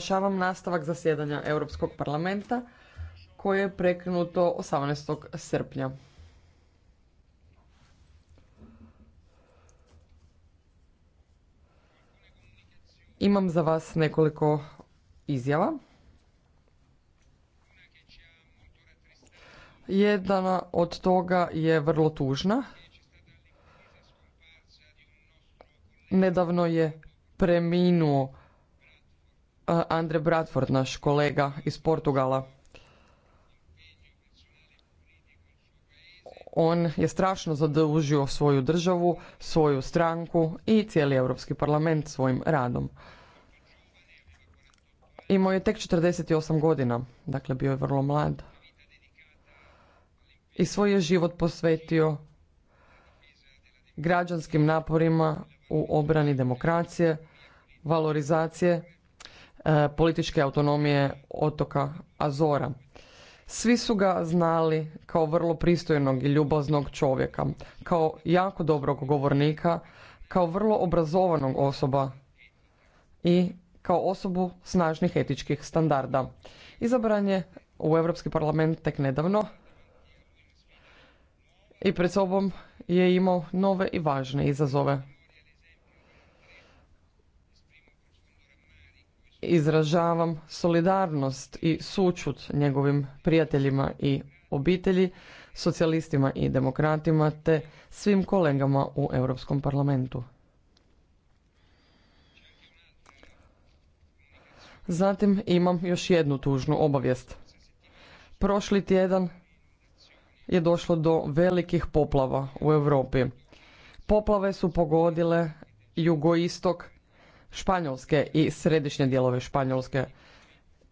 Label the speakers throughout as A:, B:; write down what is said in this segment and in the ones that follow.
A: Završavam nastavak zasjedanja Europskog parlamenta koje je prekinuto 18. srpnja. Imam za vas nekoliko izjava. Jedna od toga je vrlo tužna. Nedavno je preminuo Andre Bradford, naš kolega iz Portugala. On je strašno zadužio svoju državu, svoju stranku i cijeli Europski parlament svojim radom. Imao je tek 48 godina, dakle bio je vrlo mlad. I svoj je život posvetio građanskim naporima u obrani demokracije, valorizacije E, političke autonomije otoka Azora. Svi su ga znali kao vrlo pristojnog i ljubaznog čovjeka, kao jako dobrog govornika, kao vrlo obrazovanog osoba i kao osobu snažnih etičkih standarda. Izabran je u Europski parlament tek nedavno i pred sobom je imao nove i važne izazove. Izražavam solidarnost i sućut njegovim prijateljima i obitelji, socijalistima i demokratima te svim kolegama u Europskom parlamentu. Zatim imam još jednu tužnu obavijest. Prošli tjedan je došlo do velikih poplava u Europi. Poplave su pogodile jugoistok Španjolske i središnje dijelove Španjolske.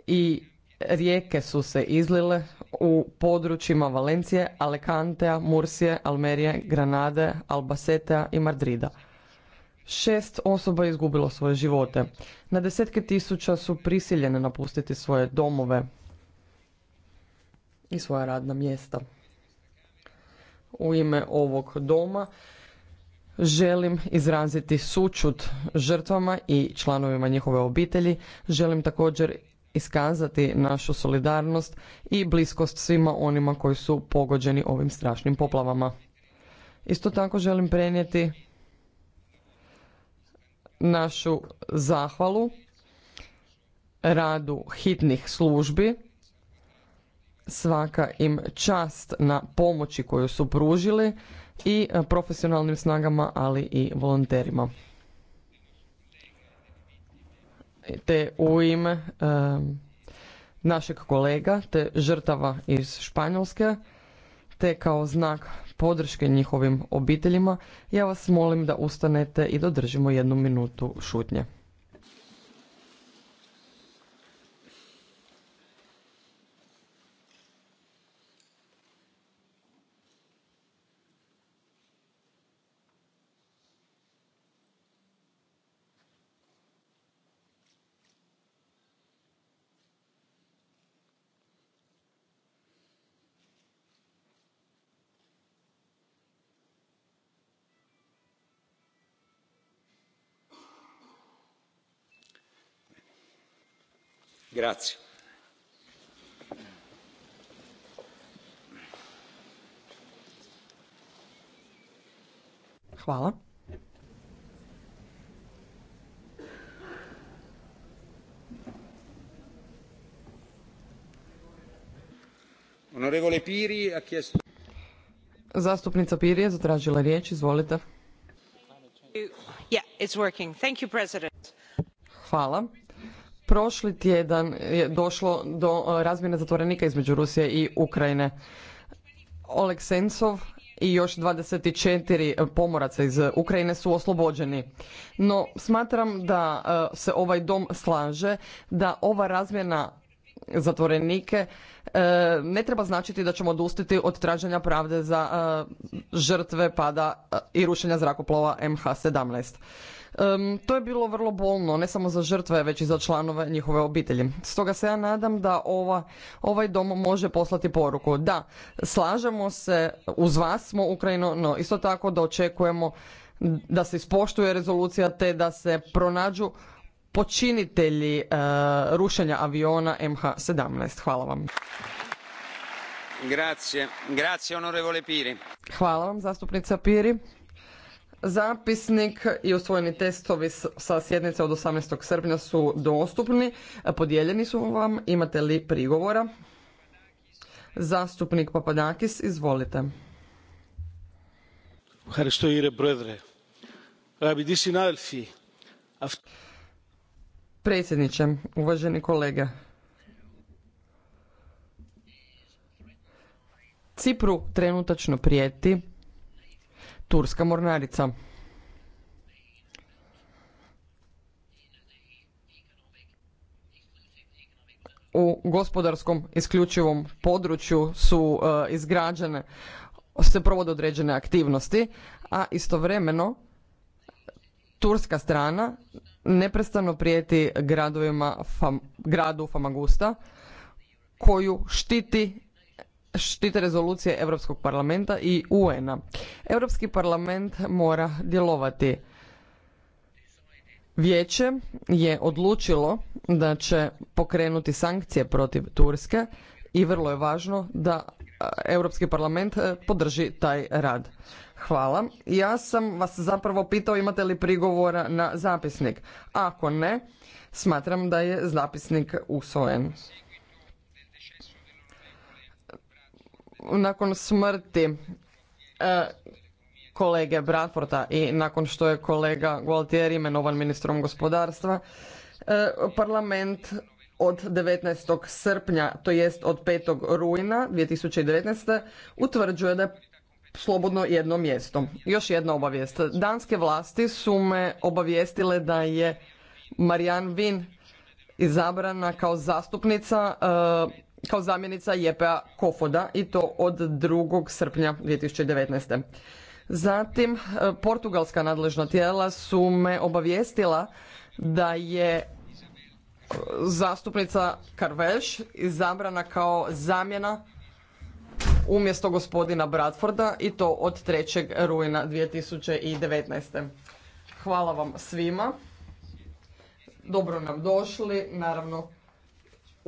A: I rijeke su se izlile u područjima Valencije, Alekantea, Mursije, Almerije, Granade, Albacetea i Madrida. Šest osoba je izgubilo svoje živote. Na desetke tisuća su prisiljene napustiti svoje domove i svoja radna mjesta. U ime ovog doma Želim izraziti sućut žrtvama i članovima njihove obitelji. Želim također iskazati našu solidarnost i bliskost svima onima koji su pogođeni ovim strašnim poplavama. Isto tako želim prenijeti našu zahvalu radu hitnih službi. Svaka im čast na pomoći koju su pružili i e, profesionalnim snagama, ali i volonterima. Te u ime e, našeg kolega, te žrtava iz Španjolske, te kao znak podrške njihovim obiteljima, ja vas molim da ustanete i dodržimo jednu minutu šutnje. Grazie. Hvala.
B: Onorevole Piri ha
C: chiesto...
A: Zastupnica Piri je zatražila riječ, izvolite.
C: Yeah, it's working. Thank you, President.
A: Hvala. Prošli tjedan je došlo do e, razmjene zatvorenika između Rusije i Ukrajine. Oleg Sensov i još 24 pomoraca iz Ukrajine su oslobođeni. No smatram da e, se ovaj dom slaže da ova razmjena zatvorenike e, ne treba značiti da ćemo odustiti od traženja pravde za žrtve pada i rušenja zrakoplova MH17 to je bilo vrlo bolno, ne samo za žrtve, već i za članove njihove obitelji. Stoga se ja nadam da ova, ovaj dom može poslati poruku. Da, slažemo se, uz vas smo Ukrajino, no isto tako da očekujemo da se ispoštuje rezolucija te da se pronađu počinitelji e, rušenja aviona MH17. Hvala vam.
B: Grazie. Grazie, onorevole Piri.
A: Hvala vam, zastupnica Piri. Zapisnik i usvojeni testovi sa sjednice od 18. srpnja su dostupni. Podijeljeni su vam. Imate li prigovora? Zastupnik Papadakis, izvolite. Predsjedniče, uvaženi kolege. Cipru trenutačno prijeti turska mornarica. U gospodarskom isključivom području su e, izgrađene, se provode određene aktivnosti, a istovremeno turska strana neprestano prijeti gradovima, fam, gradu Famagusta koju štiti štite rezolucije Europskog parlamenta i UN-a. Europski parlament mora djelovati. Vijeće je odlučilo da će pokrenuti sankcije protiv Turske i vrlo je važno da e, Europski parlament e, podrži taj rad. Hvala. Ja sam vas zapravo pitao imate li prigovora na zapisnik. Ako ne, smatram da je zapisnik usvojen. nakon smrti e, kolege Bradforda i nakon što je kolega Gualtier imenovan ministrom gospodarstva, e, parlament od 19. srpnja, to jest od 5. rujna 2019. utvrđuje da je slobodno jedno mjesto. Još jedna obavijest. Danske vlasti su me obavijestile da je Marijan Vin izabrana kao zastupnica e, kao zamjenica Jepea Kofoda i to od 2. srpnja 2019. Zatim, e, portugalska nadležna tijela su me obavijestila da je e, zastupnica Karveš izabrana kao zamjena umjesto gospodina Bradforda i to od 3. rujna 2019. Hvala vam svima. Dobro nam došli, naravno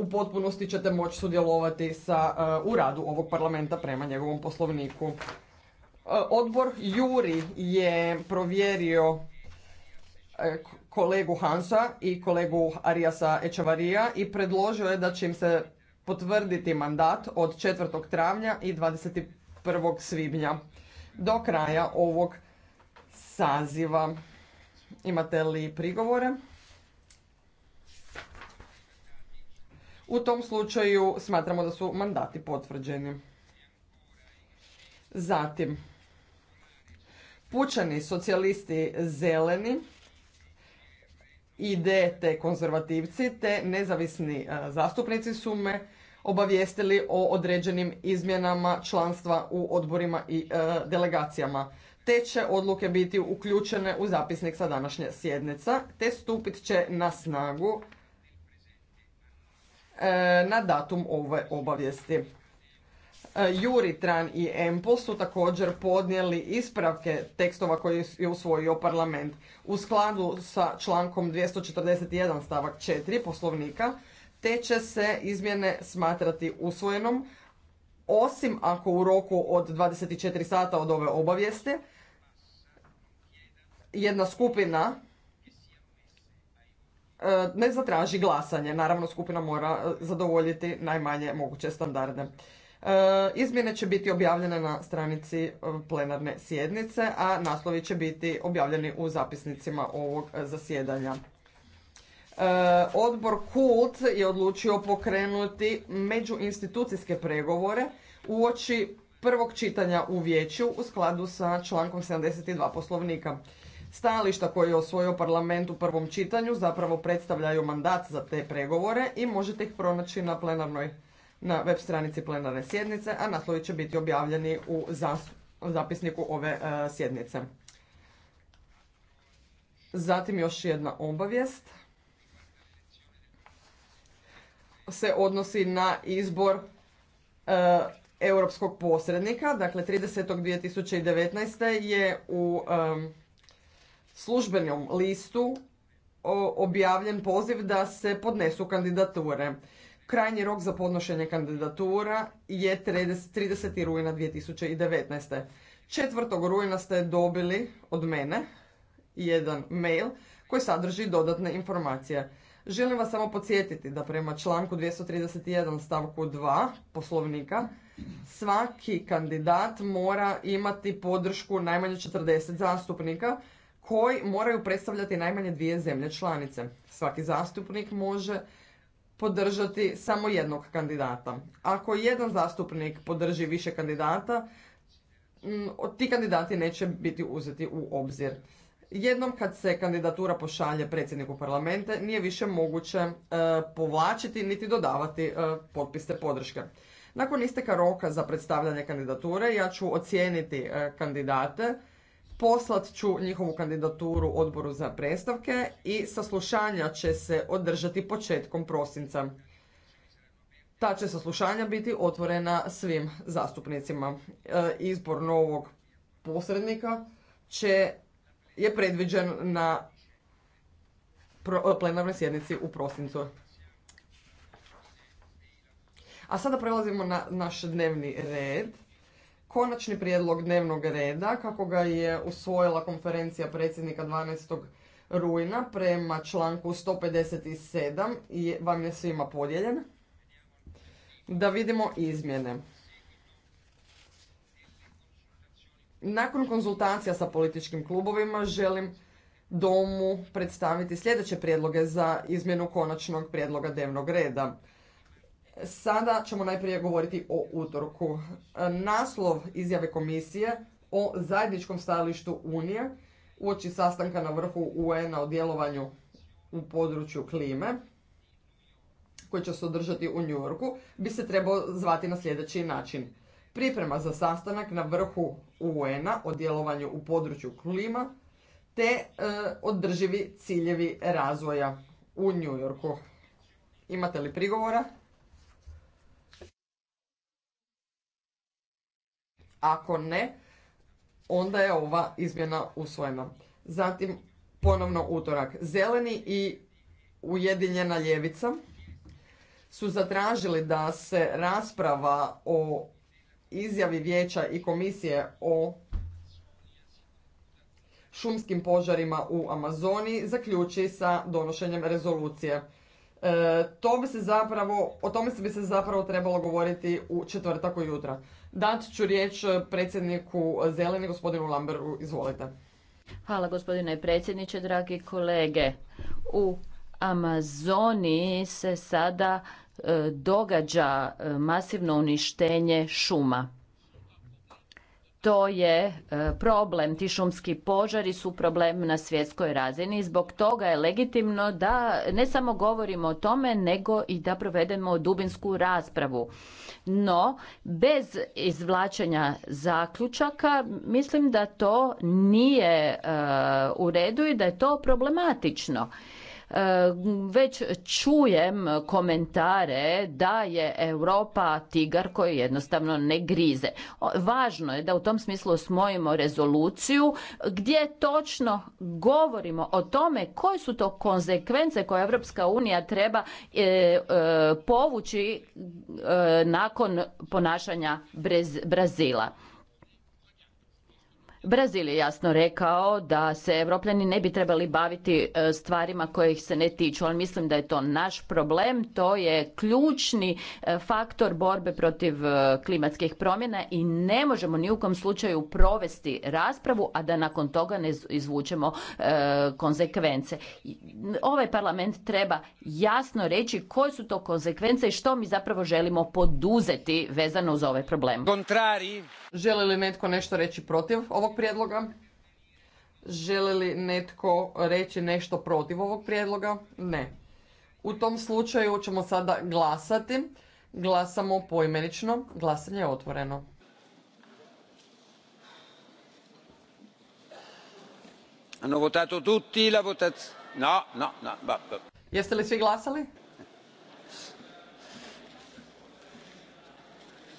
A: u potpunosti ćete moći sudjelovati sa, eh, u radu ovog parlamenta prema njegovom poslovniku. Eh, odbor Juri je provjerio eh, kolegu Hansa i kolegu Ariasa Echevarija i predložio je da će im se potvrditi mandat od 4. travnja i 21. svibnja do kraja ovog saziva. Imate li prigovore? U tom slučaju smatramo da su mandati potvrđeni. Zatim, pučani socijalisti zeleni, IDE te konzervativci te nezavisni e, zastupnici su me obavijestili o određenim izmjenama članstva u odborima i e, delegacijama. Te će odluke biti uključene u zapisnik sa današnje sjednica, te stupit će na snagu E, na datum ove obavijesti. E, Juri, Tran i Empol su također podnijeli ispravke tekstova koje je usvojio parlament. U skladu sa člankom 241 stavak 4 poslovnika, te će se izmjene smatrati usvojenom, osim ako u roku od 24 sata od ove obavijesti jedna skupina E, ne zatraži glasanje. Naravno, skupina mora e, zadovoljiti najmanje moguće standarde. E, izmjene će biti objavljene na stranici plenarne sjednice, a naslovi će biti objavljeni u zapisnicima ovog zasjedanja. Odbor KULT je odlučio pokrenuti međuinstitucijske pregovore uoči prvog čitanja u vijeću u skladu sa člankom 72 poslovnika. Stajališta koje je osvojio parlament u prvom čitanju zapravo predstavljaju mandat za te pregovore i možete ih pronaći na plenarnoj na web stranici plenarne sjednice, a naslovi će biti objavljeni u zapisniku ove e, sjednice. Zatim još jedna obavijest se odnosi na izbor e, europskog posrednika. Dakle, 2019. je u e, službenom listu objavljen poziv da se podnesu kandidature. Krajnji rok za podnošenje kandidatura je 30. rujna 2019. 4. rujna ste dobili od mene jedan mail koji sadrži dodatne informacije. Želim vas samo podsjetiti da prema članku 231 stavku 2 poslovnika svaki kandidat mora imati podršku najmanje 40 zastupnika koji moraju predstavljati najmanje dvije zemlje članice. Svaki zastupnik može podržati samo jednog kandidata. Ako jedan zastupnik podrži više kandidata, mm, ti kandidati neće biti uzeti u obzir. Jednom kad se kandidatura pošalje predsjedniku parlamente, nije više moguće e, povlačiti niti dodavati e, potpise podrške. Nakon isteka roka za predstavljanje kandidature, ja ću ocijeniti e, kandidate Poslat ću njihovu kandidaturu odboru za predstavke i saslušanja će se održati početkom prosinca. Ta će saslušanja biti otvorena svim zastupnicima. E, izbor novog posrednika će, je predviđen na e, plenarnoj sjednici u prosincu. A sada prelazimo na naš dnevni red konačni prijedlog dnevnog reda kako ga je usvojila konferencija predsjednika 12. rujna prema članku 157 i vam je svima podijeljen. Da vidimo izmjene. Nakon konzultacija sa političkim klubovima želim domu predstaviti sljedeće prijedloge za izmjenu konačnog prijedloga dnevnog reda. Sada ćemo najprije govoriti o utorku. Naslov izjave komisije o zajedničkom stajalištu Unije uoči sastanka na vrhu UN-a o djelovanju u području klime koji će se održati u New Yorku, bi se trebao zvati na sljedeći način. Priprema za sastanak na vrhu UN-a o djelovanju u području klima te e, održivi ciljevi razvoja u New Yorku. Imate li prigovora? Ako ne, onda je ova izmjena usvojena. Zatim ponovno utorak. Zeleni i Ujedinjena ljevica su zatražili da se rasprava o izjavi vijeća i komisije o šumskim požarima u Amazoniji zaključi sa donošenjem rezolucije. E, to se zapravo, o tome se bi se zapravo trebalo govoriti u četvrtak jutra. Dat ću riječ predsjedniku Zeleni, gospodinu Lamberu, izvolite.
D: Hvala gospodine predsjedniče, dragi kolege. U Amazoni se sada e, događa e, masivno uništenje šuma to je e, problem. Ti šumski požari su problem na svjetskoj razini. Zbog toga je legitimno da ne samo govorimo o tome, nego i da provedemo dubinsku raspravu. No, bez izvlačenja zaključaka, mislim da to nije e, u redu i da je to problematično. Eh, već čujem komentare da je Europa tigar koji jednostavno ne grize. Važno je da u tom smislu osmojimo rezoluciju gdje točno govorimo o tome koje su to konsekvence koje Europska unija treba eh, eh, povući nakon ponašanja Brazila. Brazil je jasno rekao da se evropljani ne bi trebali baviti e, stvarima koje ih se ne tiču, ali mislim da je to naš problem, to je ključni e, faktor borbe protiv e, klimatskih promjena i ne možemo ni u kom slučaju provesti raspravu, a da nakon toga ne izvučemo konsekvence. Ovaj parlament treba jasno reći koje su to
A: konsekvence i što mi zapravo želimo poduzeti vezano uz ovaj problem. Kontrari. Želi li netko nešto reći protiv ovog ovog prijedloga? Želi li netko reći nešto protiv ovog prijedloga? Ne. U tom slučaju ćemo sada glasati. Glasamo poimenično. Glasanje je otvoreno.
B: Hanno votato tutti la No, no, no.
A: Jeste li svi glasali?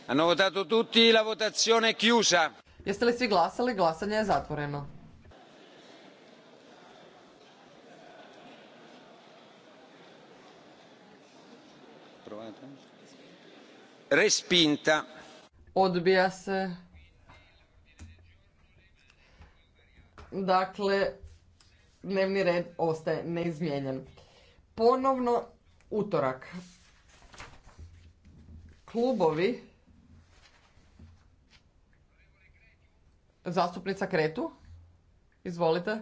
B: Hanno votato tutti la votazione chiusa.
A: Jeste li svi glasali? Glasanje je zatvoreno.
B: Respinta.
A: Odbija se. Dakle, dnevni red ostaje neizmijenjen. Ponovno utorak. Klubovi Zastupnica Kretu, izvolite.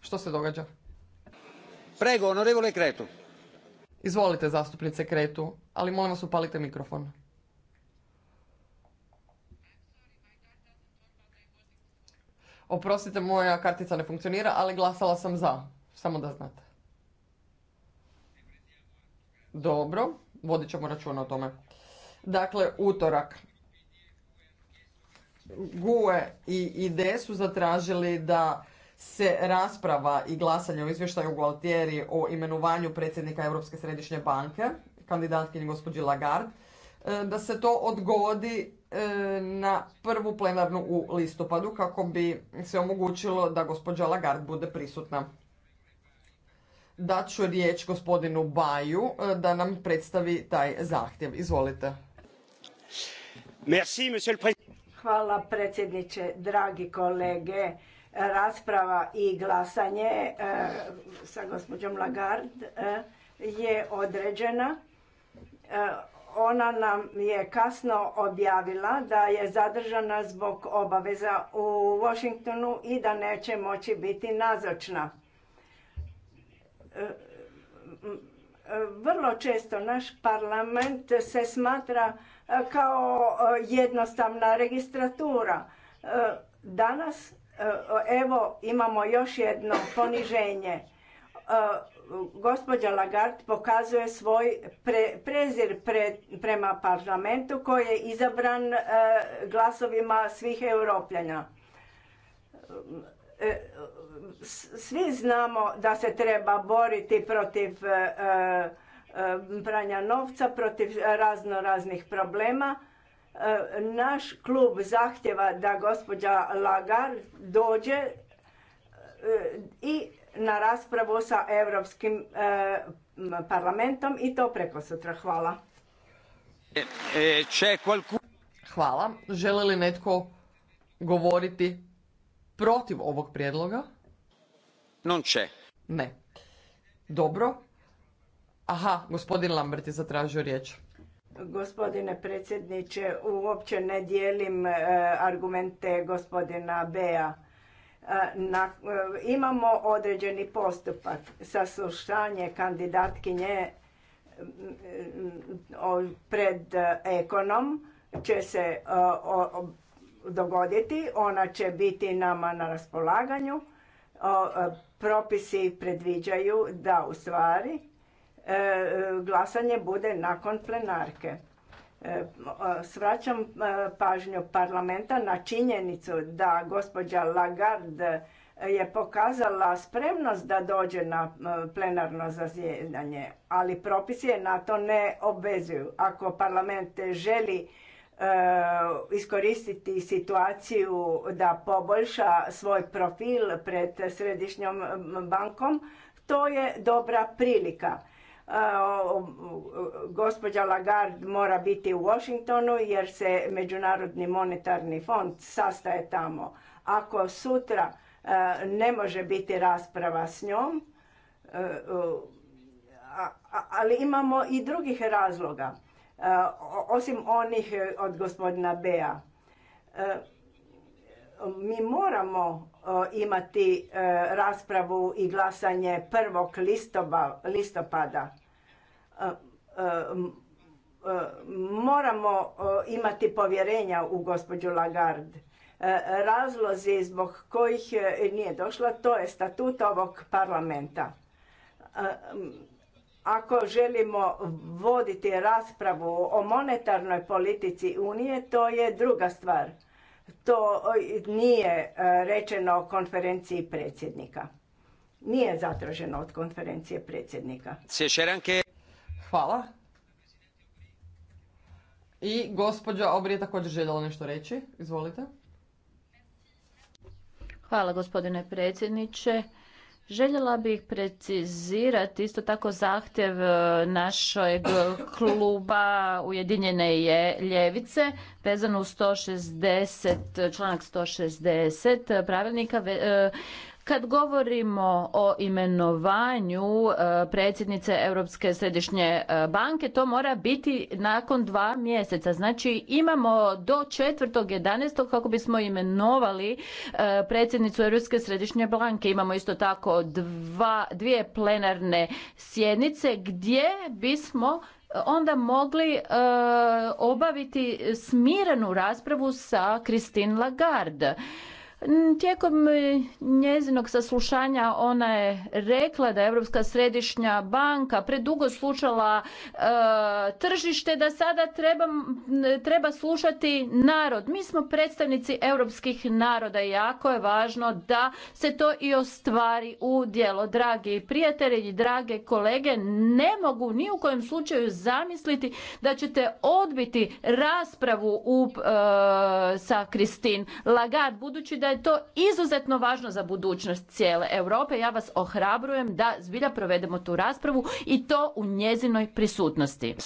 A: Što se događa? Prego, onorevole Kretu. Izvolite, zastupnice Kretu, ali molim vas upalite mikrofon. Oprostite, moja kartica ne funkcionira, ali glasala sam za. Samo da znate. Dobro, vodit ćemo računa o tome. Dakle, utorak. GUE i IDE su zatražili da se rasprava i glasanje o izvještaju Gualtieri o imenovanju predsjednika Europske središnje banke, kandidatkinje gospođi Lagarde, e, da se to odgodi e, na prvu plenarnu u listopadu kako bi se omogućilo da gospođa Lagarde bude prisutna. ću riječ gospodinu Baju e, da nam predstavi taj zahtjev. Izvolite.
E: Merci, monsieur le Hvala
F: predsjedniče, dragi kolege. Rasprava i glasanje e, sa gospođom Lagarde e, je određena. E, ona nam je kasno objavila da je zadržana zbog obaveza u Washingtonu i da neće moći biti nazočna. Vrlo često naš parlament se smatra E, kao e, jednostavna registratura. E, danas, evo, imamo još jedno poniženje. Gospođa Lagarde pokazuje svoj prezir prema parlamentu koji je izabran glasovima svih europljanja. Svi znamo da se treba boriti protiv E, pranja novca, protiv razno raznih problema. E, naš klub zahtjeva da gospođa Lagar dođe e, i na raspravu sa Europskim parlamentom i to preko sutra. Hvala.
A: Hvala. Želi li netko govoriti protiv ovog prijedloga? Non Ne. Dobro. Aha, gospodin Lambert je zatražio riječ.
F: Gospodine predsjedniče, uopće ne dijelim e, argumente gospodina Bea. E, e, imamo određeni postupak, saslušanje kandidatkinje mm, mm, pred ekonom će se dogoditi, ona će biti nama na raspolaganju. Propisi predviđaju da u stvari E, glasanje bude nakon plenarke. E, svraćam e, pažnju parlamenta na činjenicu da gospođa Lagarde je pokazala spremnost da dođe na plenarno zasjedanje, ali propisi je na to ne obvezuju. Ako parlament želi iskoristiti situaciju da poboljša svoj profil pred središnjom bankom, to je dobra prilika Gospođa Lagarde mora biti u Washingtonu jer se Međunarodni monetarni fond sastaje tamo. Ako sutra ne može biti rasprava s njom, e, ali imamo i drugih razloga, e, osim onih od gospodina Bea. E, mi moramo e, imati e, raspravu i glasanje prvog listopada. E, moramo imati povjerenja u gospođu Lagarde. Razlozi zbog kojih nije došla, to je statut ovog parlamenta. Ako želimo voditi raspravu o monetarnoj politici Unije, to je druga stvar to nije e, rečeno konferenciji predsjednika. Nije zatraženo od konferencije predsjednika.
A: Hvala. I gospođa Obri također željela nešto reći. Izvolite.
D: Hvala gospodine predsjedniče. Željela bih precizirati isto tako zahtjev e, našeg kluba Ujedinjene je ljevice vezano u 160, članak 160 pravilnika e, kad govorimo o imenovanju e, predsjednice Europske središnje e, banke, to mora biti nakon dva mjeseca. Znači imamo do 4.11. kako bismo imenovali e, predsjednicu Europske središnje banke. Imamo isto tako dva, dvije plenarne sjednice gdje bismo onda mogli obaviti smirenu raspravu sa Christine Lagarde. Tijekom e, njezinog saslušanja ona je rekla da je Europska središnja banka predugo slušala e, tržište da sada treba, treba slušati narod. Mi smo predstavnici europskih naroda i jako je važno da se to i ostvari u djelo. Dragi prijatelji drage kolege, ne mogu ni u kojem slučaju zamisliti da ćete odbiti raspravu u, e, sa Kristin Lagarde budući da je to izuzetno važno za budućnost cijele Europe. Ja vas ohrabrujem da zbilja provedemo tu raspravu i to u njezinoj
A: prisutnosti.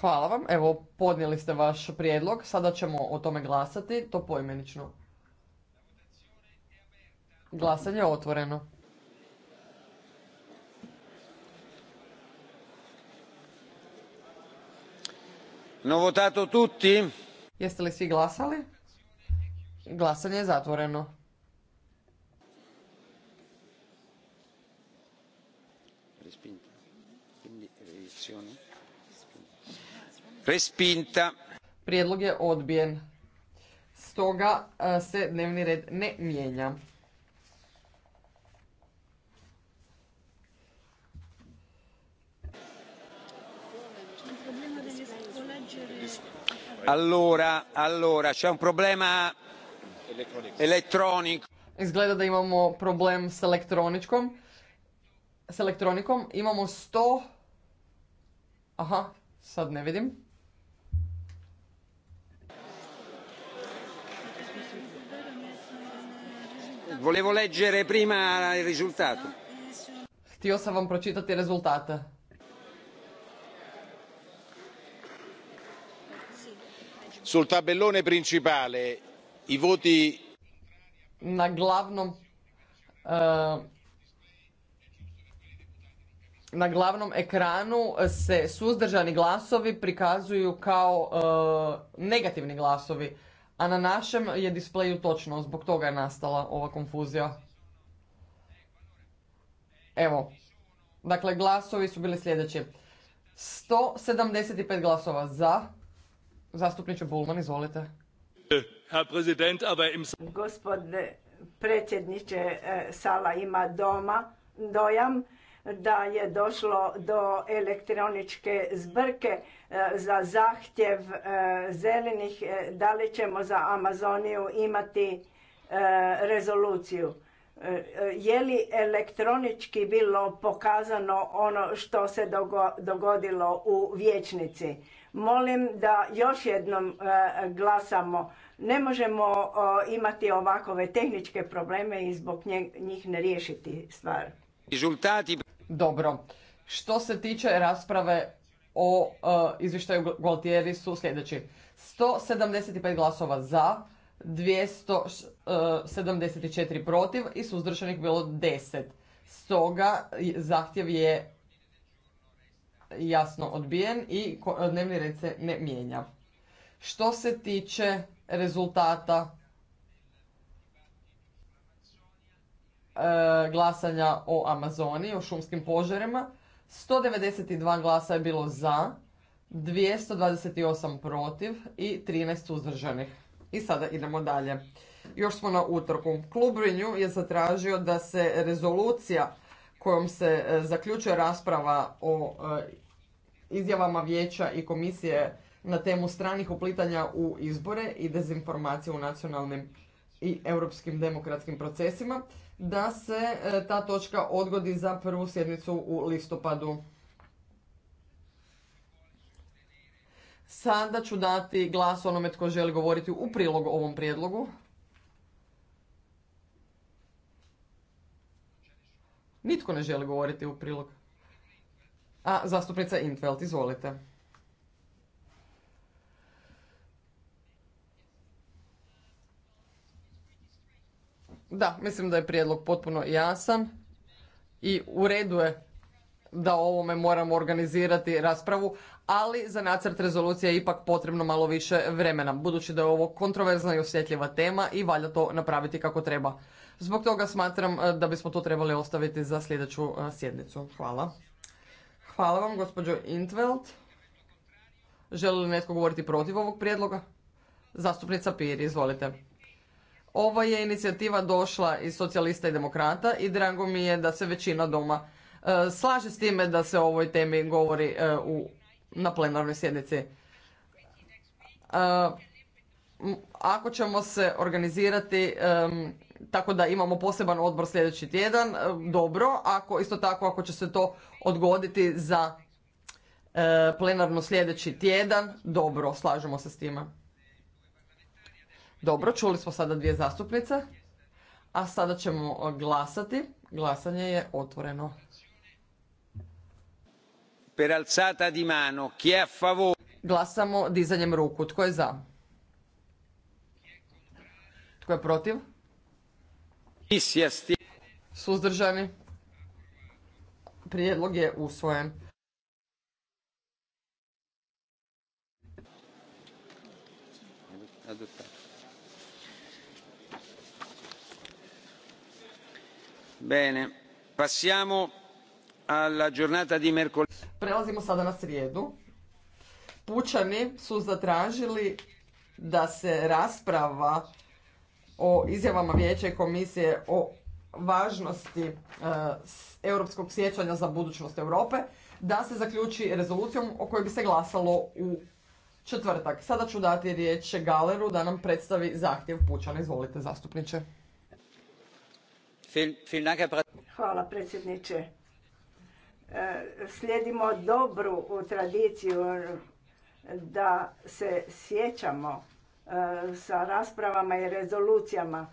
A: Hvala vam. Evo, podnijeli ste vaš prijedlog. Sada ćemo o tome glasati, to poimenično. Glasanje je otvoreno.
B: No votato tutti?
A: Jeste li svi glasali? Glasanje je zatvoreno.
B: Respinta.
A: Prijedlog je odbijen. Stoga e, se dnevni red ne mijenja.
B: Allora, allora, c'è un problema Electronic.
A: Izgleda da imamo problem s elektroničkom. S elektronikom imamo 100... Aha, sad ne vidim.
B: Volevo leggere prima il risultato.
A: Htio sam vam pročitati rezultate.
B: Sul tabellone principale i voti
A: na glavnom e, na glavnom ekranu se suzdržani glasovi prikazuju kao e, negativni glasovi, a na našem je displeju točno, zbog toga je nastala ova konfuzija. Evo, dakle glasovi su bili sljedeći. 175 glasova za, zastupniče Bulman, izvolite.
F: E, Gospodine predsjedniče e, Sala ima doma dojam da je došlo do elektroničke zbrke e, za zahtjev e, zelenih da li ćemo za Amazoniju imati rezoluciju. Je li elektronički bilo pokazano ono što se dogodilo u vječnici? Molim da još jednom glasamo ne možemo imati ovakove tehničke probleme i zbog njih ne riješiti stvar.
A: Dobro. Što se tiče rasprave o izvještaju Gualtieri su sljedeći. 175 glasova za, 274 e, protiv i suzdržanih bilo 10. Stoga zahtjev je jasno odbijen i e, dnevni red se ne mijenja. Što se tiče rezultata e, glasanja o Amazoni, o šumskim požarima. 192 glasa je bilo za, 228 protiv i 13 uzdržanih. I sada idemo dalje. Još smo na utrku. Klub Renew je zatražio da se rezolucija kojom se e, zaključuje rasprava o e, izjavama vijeća i komisije na temu stranih uplitanja u izbore i dezinformacije u nacionalnim i europskim demokratskim procesima, da se e, ta točka odgodi za prvu sjednicu u listopadu. Sada ću dati glas onome tko želi govoriti u prilog ovom prijedlogu. Nitko ne želi govoriti u prilog. A, zastupnica Intveld, izvolite. Da, mislim da je prijedlog potpuno jasan i u redu je da o ovome moramo organizirati raspravu, ali za nacrt rezolucije je ipak potrebno malo više vremena, budući da je ovo kontroverzna i osjetljiva tema i valja to napraviti kako treba. Zbog toga smatram eh, da bismo to trebali ostaviti za sljedeću eh, sjednicu. Hvala. Hvala vam, gospođo Intveld. Želi li netko govoriti protiv ovog prijedloga? Zastupnica Piri, izvolite. Ova je inicijativa došla iz socijalista i demokrata i drago mi je da se većina doma e, slaže s time da se o ovoj temi govori e, na plenarnoj sjednici. E, ako ćemo se organizirati tako da imamo poseban odbor sljedeći tjedan, dobro, ako isto tako ako će se to odgoditi za plenarno sljedeći tjedan, dobro, slažemo se s time. Dobro, čuli smo sada dvije zastupnice, a sada ćemo glasati. Glasanje je otvoreno.
B: Per di mano, chi è a
A: Glasamo dizanjem ruku. Tko je za? Tko je protiv? Suzdržani? Prijedlog je usvojen. Prelazimo sada na srijedu. Pučani su zatražili da se rasprava o izjavama Vijeća i Komisije o važnosti e, europskog sjećanja za budućnost Europe da se zaključi rezolucijom o kojoj bi se glasalo u četvrtak. Sada ću dati riječ Galeru da nam predstavi zahtjev Pučana. Izvolite zastupniče.
F: Hvala predsjedniče. E, slijedimo dobru tradiciju e, da se sjećamo e, sa raspravama i rezolucijama.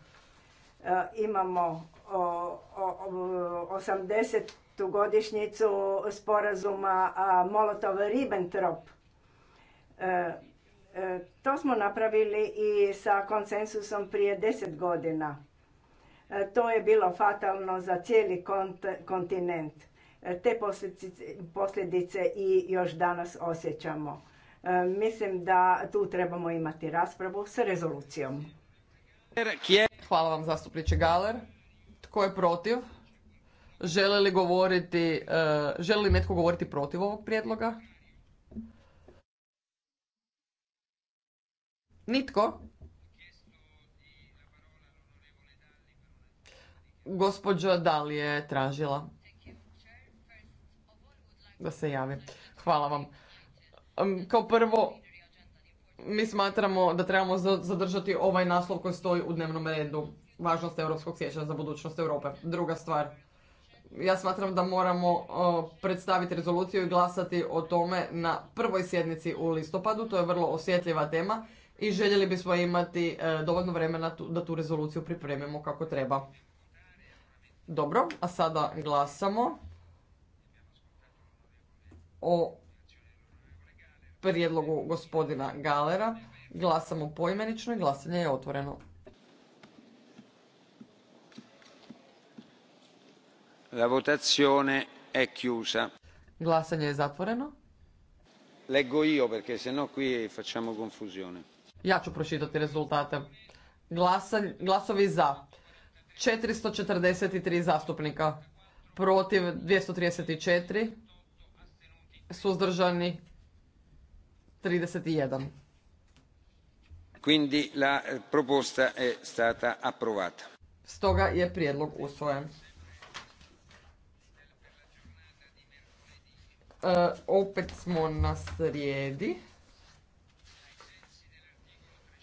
F: Imamo 80. godišnjicu sporazuma Molotov-Ribbentrop. To smo napravili i sa konsensusom prije deset godina. E, to je bilo fatalno za cijeli kontinent. E, te posljedice i još danas osjećamo. E, mislim da tu trebamo imati raspravu s rezolucijom. Hvala vam zastupniče Galer. Tko je protiv? Želi
A: li govoriti, želi li netko govoriti protiv ovog prijedloga? Nitko? Gospođa li je tražila da se javi. Hvala vam. Kao prvo, mi smatramo da trebamo zadržati ovaj naslov koji stoji u dnevnom redu. Važnost Europskog sjećanja za budućnost Europe. Druga stvar, ja smatram da moramo predstaviti rezoluciju i glasati o tome na prvoj sjednici u listopadu. To je vrlo osjetljiva tema i željeli bismo imati e, dovoljno vremena da tu rezoluciju pripremimo kako treba. Dobro, a sada glasamo o prijedlogu gospodina Galera. Glasamo poimenično i glasanje je otvoreno.
B: La votazione è chiusa.
A: Glasanje je zatvoreno.
B: Leggo io perché sennò qui facciamo confusione.
A: Ja ću pročitati rezultate. glasovi za 443 zastupnika, protiv 234, suzdržani 31.
B: Quindi la eh, proposta è stata approvata.
A: Stoga je prijedlog usvojen. Eh, opet smo na srijedi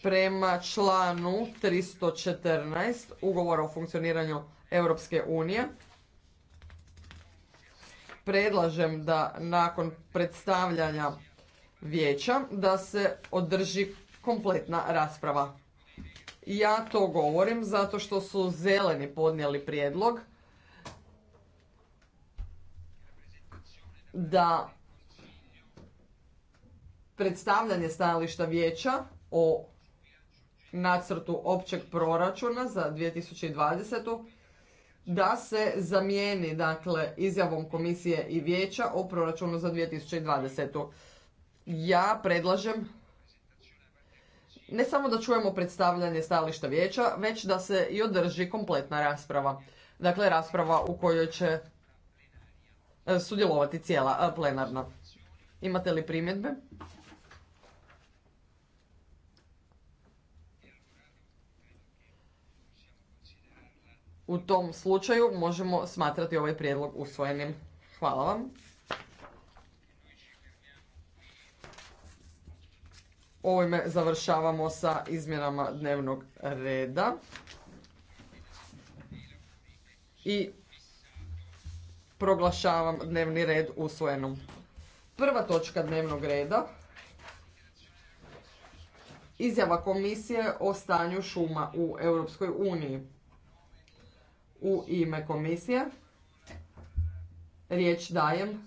A: prema članu 314 ugovora o funkcioniranju Europske unije predlažem da nakon predstavljanja vijeća da se održi kompletna rasprava. Ja to govorim zato što su zeleni podnijeli prijedlog da predstavljanje stajališta vijeća o nacrtu općeg proračuna za 2020. da se zamijeni dakle izjavom komisije i vijeća o proračunu za 2020. Ja predlažem ne samo da čujemo predstavljanje stajališta vijeća, već da se i održi kompletna rasprava. Dakle, rasprava u kojoj će e, sudjelovati cijela e, plenarna. Imate li primjedbe? u tom slučaju možemo smatrati ovaj prijedlog usvojenim. Hvala vam. Ovime završavamo sa izmjenama dnevnog reda. I proglašavam dnevni red usvojenom. Prva točka dnevnog reda izjava komisije o stanju šuma u Europskoj uniji u ime komisije. Riječ dajem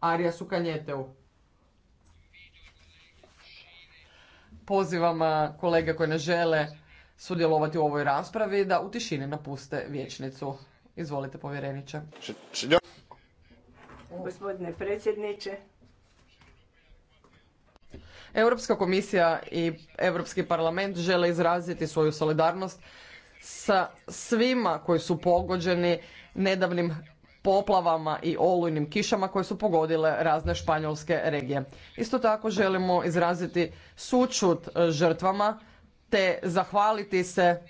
A: Arijasu Kanjeteu. Pozivam kolege koje ne žele sudjelovati u ovoj raspravi da u tišini napuste vječnicu. Izvolite povjereniče.
F: Gospodine predsjedniče,
A: Europska komisija i Europski parlament žele izraziti svoju solidarnost sa svima koji su pogođeni nedavnim poplavama i olujnim kišama koje su pogodile razne španjolske regije. Isto tako želimo izraziti sučut e, žrtvama te zahvaliti se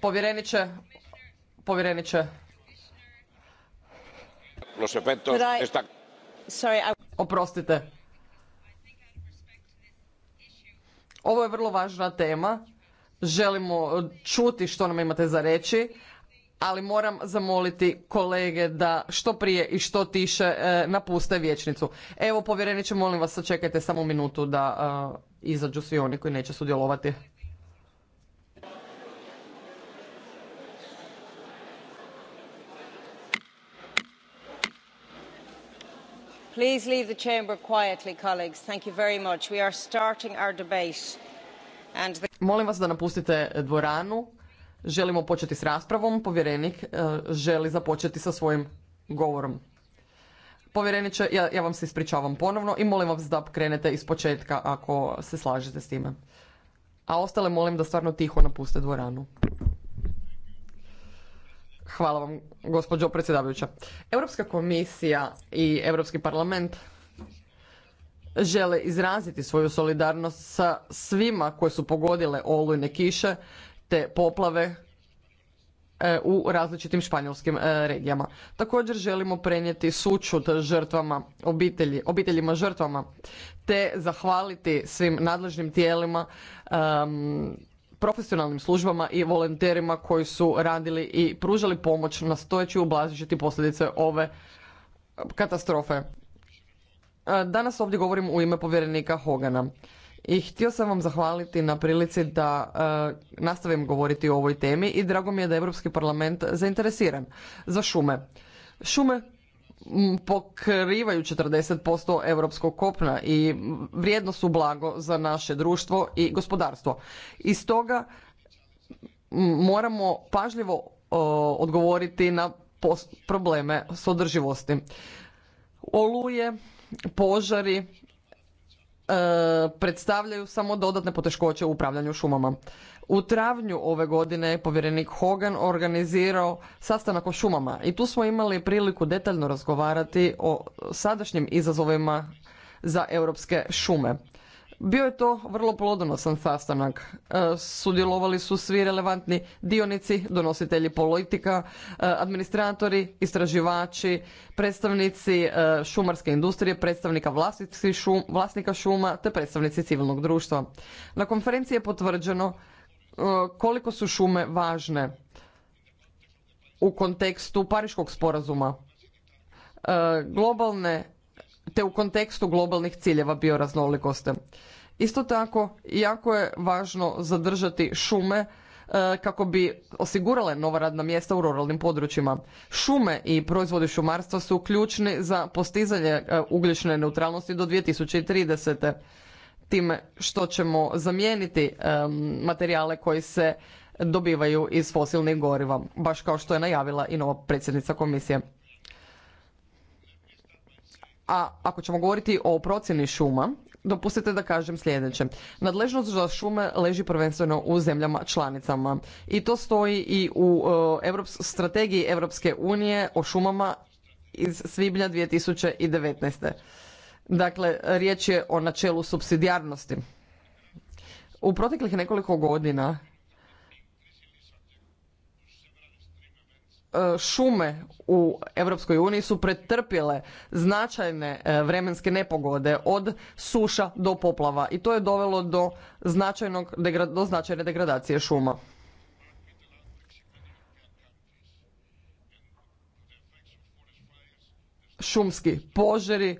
A: povjereniče povjereniče Oprostite. Ovo je vrlo važna tema želimo e, čuti što nam imate za reći, ali moram zamoliti kolege da što prije i što tiše e, napuste vječnicu. Evo, povjereniče, molim vas, sačekajte samo minutu da e, izađu svi oni koji neće sudjelovati.
F: Please leave the chamber quietly, colleagues. Thank you very much. We are starting our debate. Molim
A: vas da napustite dvoranu. Želimo početi s raspravom. Povjerenik e, želi započeti sa svojim govorom. Povjereniče, ja, vam se ispričavam ponovno i molim vas da krenete iz početka ako se slažete s time. A ostale molim da stvarno tiho napuste dvoranu. Hvala vam, gospođo predsjedavajuća. Europska komisija i Europski parlament žele izraziti svoju solidarnost sa svima koje su pogodile olujne kiše te poplave e, u različitim španjolskim e, regijama. Također želimo prenijeti sućut žrtvama, obitelji, obiteljima žrtvama te zahvaliti svim nadležnim tijelima, profesionalnim službama i volonterima koji su radili i pružali pomoć nastojeći ublažiti posljedice ove katastrofe. Danas ovdje govorim u ime povjerenika Hogana. I htio sam vam zahvaliti na prilici da nastavim govoriti o ovoj temi i drago mi je da je Europski parlament zainteresiran za šume. Šume pokrivaju 40% europskog kopna i vrijedno su blago za naše društvo i gospodarstvo. I stoga moramo pažljivo odgovoriti na probleme s održivosti. Oluje, požari e, predstavljaju samo dodatne poteškoće u upravljanju šumama. U travnju ove godine je povjerenik Hogan organizirao sastanak o šumama i tu smo imali priliku detaljno razgovarati o sadašnjim izazovima za europske šume. Bio je to vrlo plodonosan sastanak. E, sudjelovali su svi relevantni dionici, donositelji politika, e, administratori, istraživači, predstavnici e, šumarske industrije, predstavnika šum, vlasnika šuma te predstavnici civilnog društva. Na konferenciji je potvrđeno koliko su šume važne u kontekstu Pariškog sporazuma globalne te u kontekstu globalnih ciljeva bioraznolikosti. Isto tako, jako je važno zadržati šume e, kako bi osigurale nova radna mjesta u ruralnim područjima. Šume i proizvodi šumarstva su ključni za postizanje e, ugljične neutralnosti do 2030. Time što ćemo zamijeniti e, materijale koji se dobivaju iz fosilnih goriva, baš kao što je najavila i nova predsjednica komisije. A ako ćemo govoriti o procjeni šuma, dopustite da kažem sljedeće. Nadležnost za šume leži prvenstveno u zemljama članicama i to stoji i u e, Evrops strategiji Europske unije o šumama iz svibnja 2019. Dakle, riječ je o načelu subsidijarnosti. U proteklih nekoliko godina E, šume u Europskoj uniji su pretrpjele značajne e, vremenske nepogode od suša do poplava i to je dovelo do, značajnog, do značajne degradacije šuma. Šumski požari,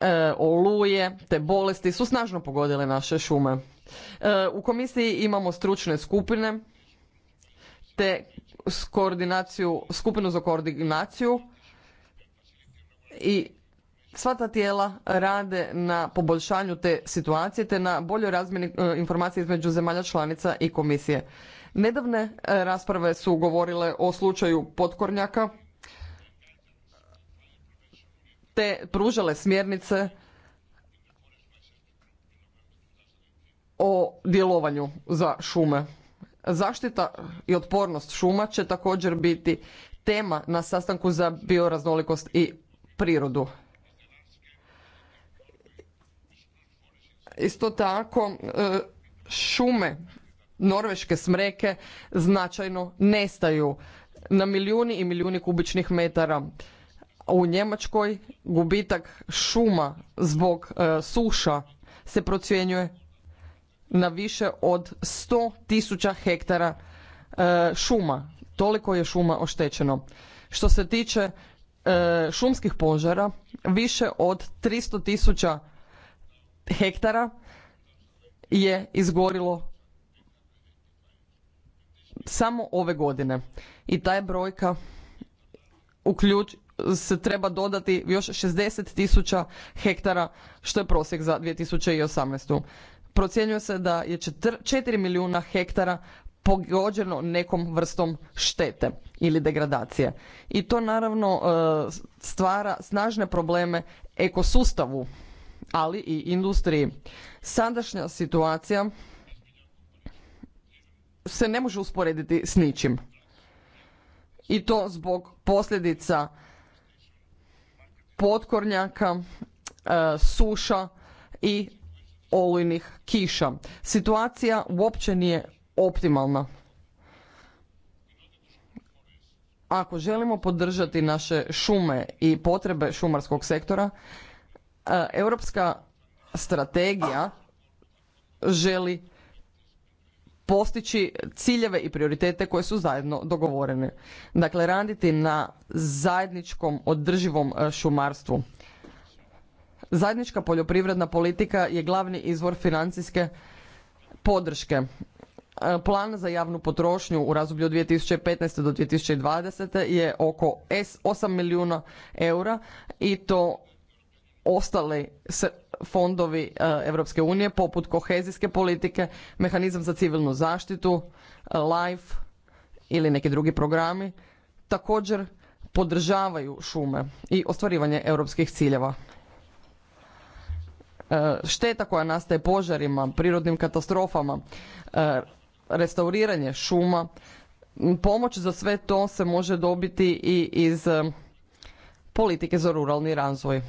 A: e, oluje te bolesti su snažno pogodile naše šume. U komisiji imamo stručne skupine te koordinaciju, skupinu za koordinaciju i sva ta tijela rade na poboljšanju te situacije te na boljoj razmjeni e, informacije između zemalja članica i komisije. Nedavne e, rasprave su govorile o slučaju potkornjaka te pružale smjernice o djelovanju za šume. Zaštita i otpornost šuma će također biti tema na sastanku za bioraznolikost i prirodu. Isto tako, e, šume norveške smreke značajno nestaju na milijuni i milijuni kubičnih metara. U Njemačkoj gubitak šuma zbog e, suša se procjenjuje na više od 100 tisuća hektara e, šuma. Toliko je šuma oštećeno. Što se tiče e, šumskih požara, više od 300 tisuća hektara je izgorilo samo ove godine. I ta brojka uključ, se treba dodati još 60 tisuća hektara, što je prosjek za 2018 procjenjuje se da je 4 milijuna hektara pogođeno nekom vrstom štete ili degradacije. I to naravno e, stvara snažne probleme ekosustavu, ali i industriji. Sadašnja situacija se ne može usporediti s ničim. I to zbog posljedica potkornjaka, e, suša i olujnih kiša. Situacija uopće nije optimalna. Ako želimo podržati naše šume i potrebe šumarskog sektora, e, europska strategija želi postići ciljeve i prioritete koje su zajedno dogovorene. Dakle, raditi na zajedničkom održivom e, šumarstvu. Zajednička poljoprivredna politika je glavni izvor financijske podrške. E, plan za javnu potrošnju u razdoblju od 2015. do 2020. je oko 8 milijuna eura i to ostali fondovi Europske unije poput kohezijske politike, mehanizam za civilnu zaštitu, e, LIFE ili neki drugi programi također podržavaju šume i ostvarivanje europskih ciljeva. E, šteta koja nastaje požarima, prirodnim katastrofama, e, restauriranje šuma, pomoć za sve to se može dobiti i iz e, politike za ruralni razvoj.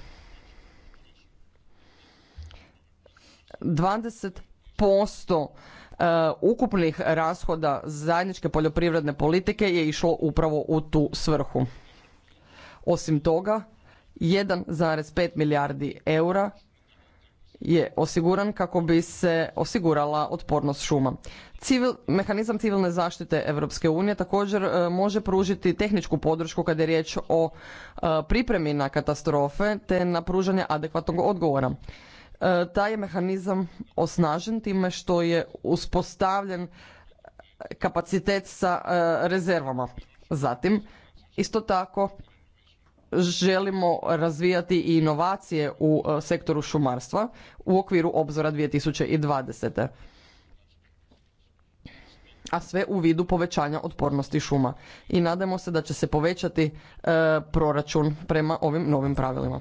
A: 20% ukupnih rashoda zajedničke poljoprivredne politike je išlo upravo u tu svrhu. Osim toga, 1,5 milijardi eura je osiguran kako bi se osigurala otpornost šuma. mehanizam civilne zaštite Europske unije također e, može pružiti tehničku podršku kada je riječ o e, pripremi na katastrofe te na pružanje adekvatnog odgovora. E, taj je mehanizam osnažen time što je uspostavljen kapacitet sa rezervama. Zatim, isto tako, želimo razvijati i inovacije u e, sektoru šumarstva u okviru obzora 2020. A sve u vidu povećanja otpornosti šuma. I nadamo se da će se povećati e, proračun prema ovim novim pravilima.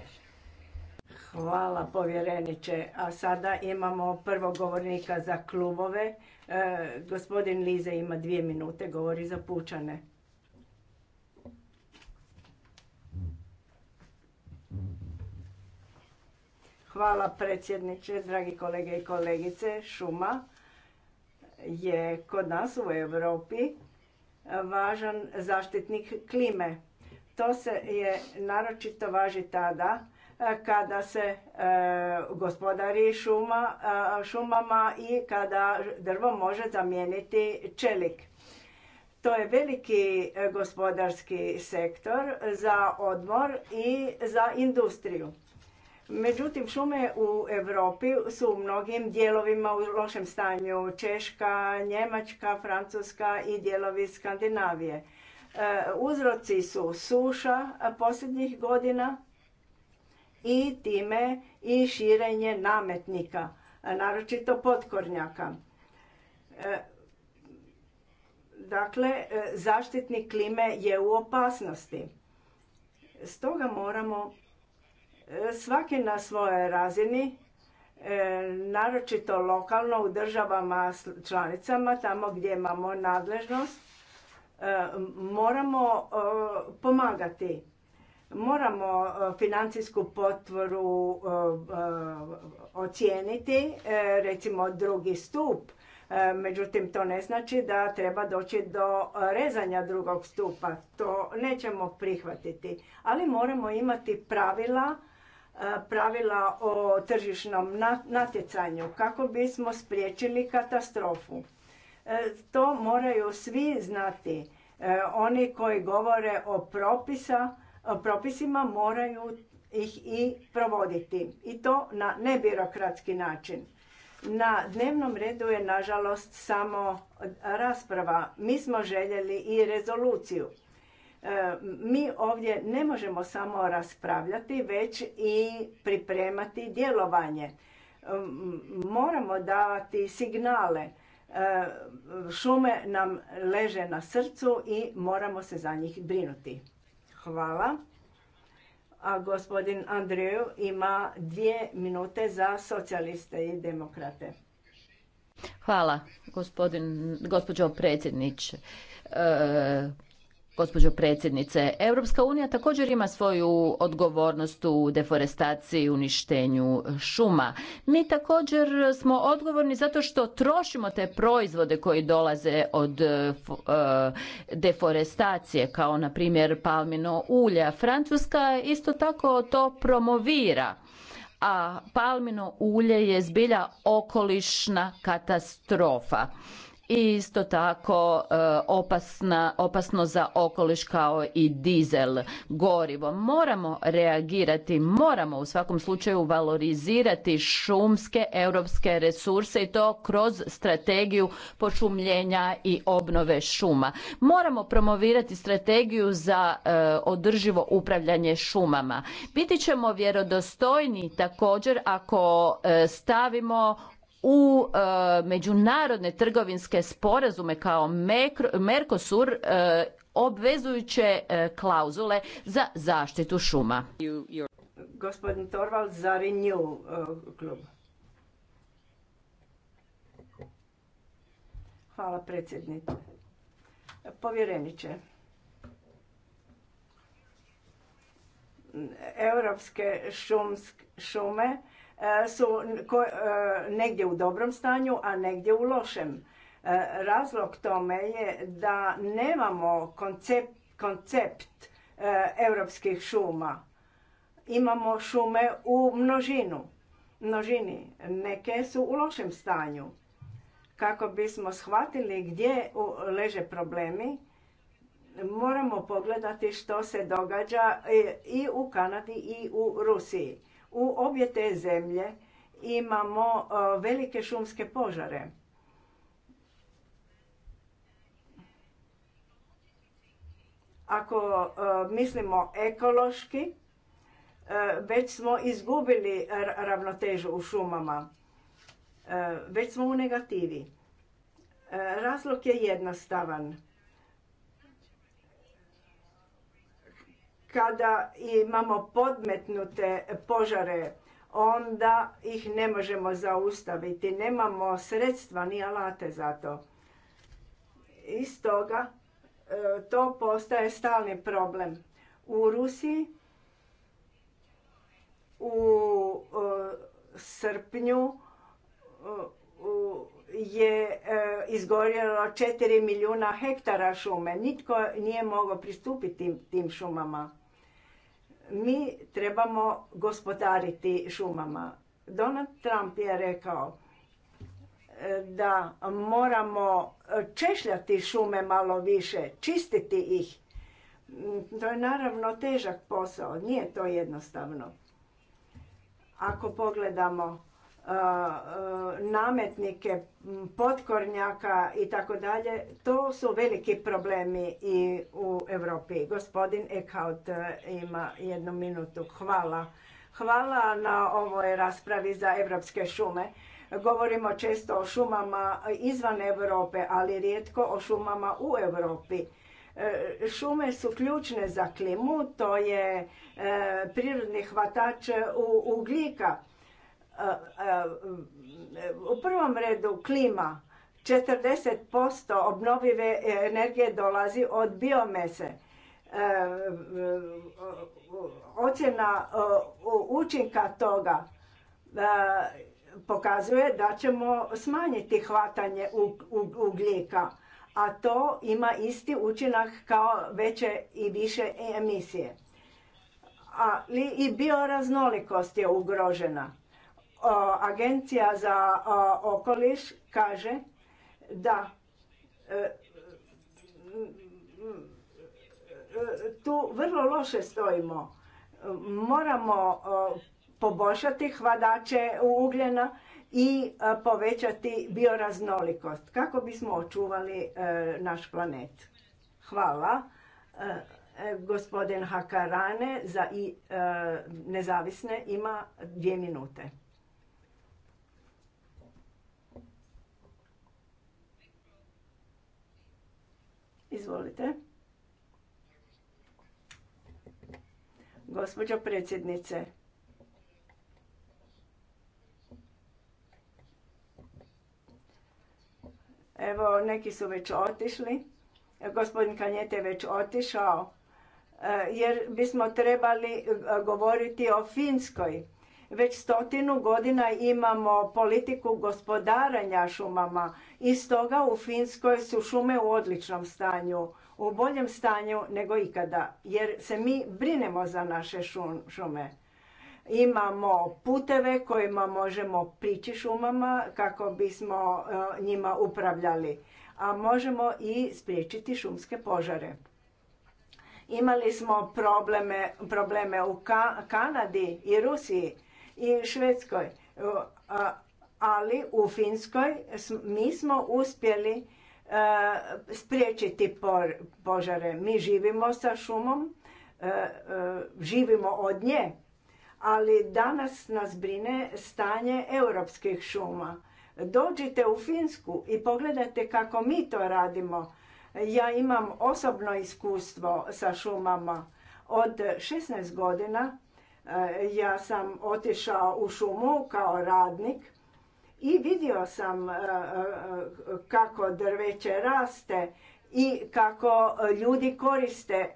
F: Hvala povjereniče. A sada imamo prvog govornika za klubove. E, gospodin Lize ima dvije minute, govori za pučane. Hvala predsjedniče, dragi kolege i kolegice. Šuma je kod nas u Europi važan zaštitnik klime. To se je naročito važi tada eh, kada se eh, gospodari eh, šumama i kada drvo može zamijeniti čelik. To je veliki gospodarski sektor za odmor i za industriju. Međutim, šume u Europi su u mnogim dijelovima u lošem stanju. Češka, Njemačka, Francuska i dijelovi Skandinavije. E, uzroci su suša posljednjih godina i time i širenje nametnika, naročito potkornjaka. E, dakle, e, zaštitnik klime je u opasnosti. Stoga moramo E, svaki na svojoj razini, e, naročito lokalno u državama članicama, tamo gdje imamo nadležnost, e, moramo pomagati. Moramo financijsku potvoru ocijeniti, recimo drugi stup, međutim to ne znači da treba doći do rezanja drugog stupa. To nećemo prihvatiti, ali moramo imati pravila E, pravila o tržišnom natjecanju kako bismo spriječili katastrofu. E, to moraju svi znati. E, oni koji govore o propisima moraju ih i provoditi. I to na nebirokratski način. Na dnevnom redu je nažalost samo rasprava. Mi smo željeli i rezoluciju. E, mi ovdje ne možemo samo raspravljati, već i pripremati djelovanje. E, moramo davati signale. E, šume nam leže na srcu i moramo se za njih brinuti. Hvala. A gospodin Andreju ima dvije minute za socijaliste i demokrate.
D: Hvala, gospodin, gospođo Gospođo predsjednice, Europska unija također ima svoju odgovornost u deforestaciji, i uništenju šuma. Mi također smo odgovorni zato što trošimo te proizvode koji dolaze od eh, eh, deforestacije, kao na primjer palmino ulje. Francuska isto tako to promovira a palmino ulje je zbilja okolišna katastrofa i isto tako e, opasno za okoliš kao i dizel gorivo. Moramo reagirati, moramo u svakom slučaju valorizirati šumske europske resurse i to kroz strategiju pošumljenja i obnove šuma. Moramo promovirati strategiju za e, održivo upravljanje šumama. Biti ćemo vjerodostojni također ako e, stavimo u e, međunarodne trgovinske sporazume kao Mercosur e, obvezujuće e, klauzule za zaštitu šuma.
F: Gospodin Torvald za Renew klub. Hvala predsjednice. Povjereniče. Europske šume E, su e, negdje u dobrom stanju, a negdje u lošem. E, razlog tome je da nemamo koncept, evropskih europskih šuma. Imamo šume u množinu, množini. Neke su u lošem stanju. Kako bismo shvatili gdje leže problemi, moramo pogledati što se događa i u Kanadi i u Rusiji u obje te zemlje imamo e, velike šumske požare. Ako e, mislimo ekološki, e, već smo izgubili ravnotežu u šumama. Već smo u negativi. Razlog je jednostavan. kada imamo podmetnute požare, onda ih ne možemo zaustaviti. Nemamo sredstva ni alate za to. Iz toga e, to postaje stalni problem. U Rusiji u e, srpnju e, je izgorjelo 4 milijuna hektara šume. Nitko nije mogao pristupiti tim šumama mi trebamo gospodariti šumama. Donald Trump je rekao e, da moramo e, češljati šume malo više, čistiti ih. Mm, to je naravno težak posao, nije to jednostavno. Ako pogledamo nametnike, potkornjaka i tako dalje, to su veliki problemi i u Europi. Gospodin Eckhout e, ima jednu minutu. Hvala. Hvala na ovoj raspravi za evropske šume. Govorimo često o šumama izvan Europe, ali rijetko o šumama u Europi. E, šume su ključne za klimu, to je e, prirodni hvatač ugljika u prvom redu klima. 40% obnovive energije dolazi od biomese. Ocjena e, učinka toga e, pokazuje da ćemo smanjiti hvatanje ugljika, a to ima isti učinak kao veće i više emisije. Ali i bioraznolikost je ugrožena Agencija za okoliš kaže da e, tu vrlo loše stojimo. Moramo poboljšati hvadače ugljena i e, povećati bioraznolikost kako bismo očuvali e, naš planet. Hvala gospodin Hakarane za nezavisne ima dvije minute. Izvolite. Gospođo predsjednice, Evo, neki su već otišli. Gospodin Kanjete je već otišao. E, jer bismo trebali e, govoriti o Finskoj. Već stotinu godina imamo politiku gospodaranja šumama i stoga u Finskoj su šume u odličnom stanju, u boljem stanju nego ikada, jer se mi brinemo za naše šume. Imamo puteve kojima možemo prići šumama kako bismo e, njima upravljali, a možemo i spriječiti šumske požare. Imali smo probleme u Kanadi i Rusiji i Švedskoj. Ali u Finskoj mi smo uspjeli e, spriječiti požare. Mi živimo sa šumom, e, e, živimo od nje, ali danas nas brine stanje europskih šuma. Dođite u Finsku i pogledajte kako mi to radimo. Ja imam osobno iskustvo sa šumama. Od 16 godina Eh, ja sam otišao u šumu kao radnik i vidio sam eh, eh, kako drveće raste i kako ljudi koriste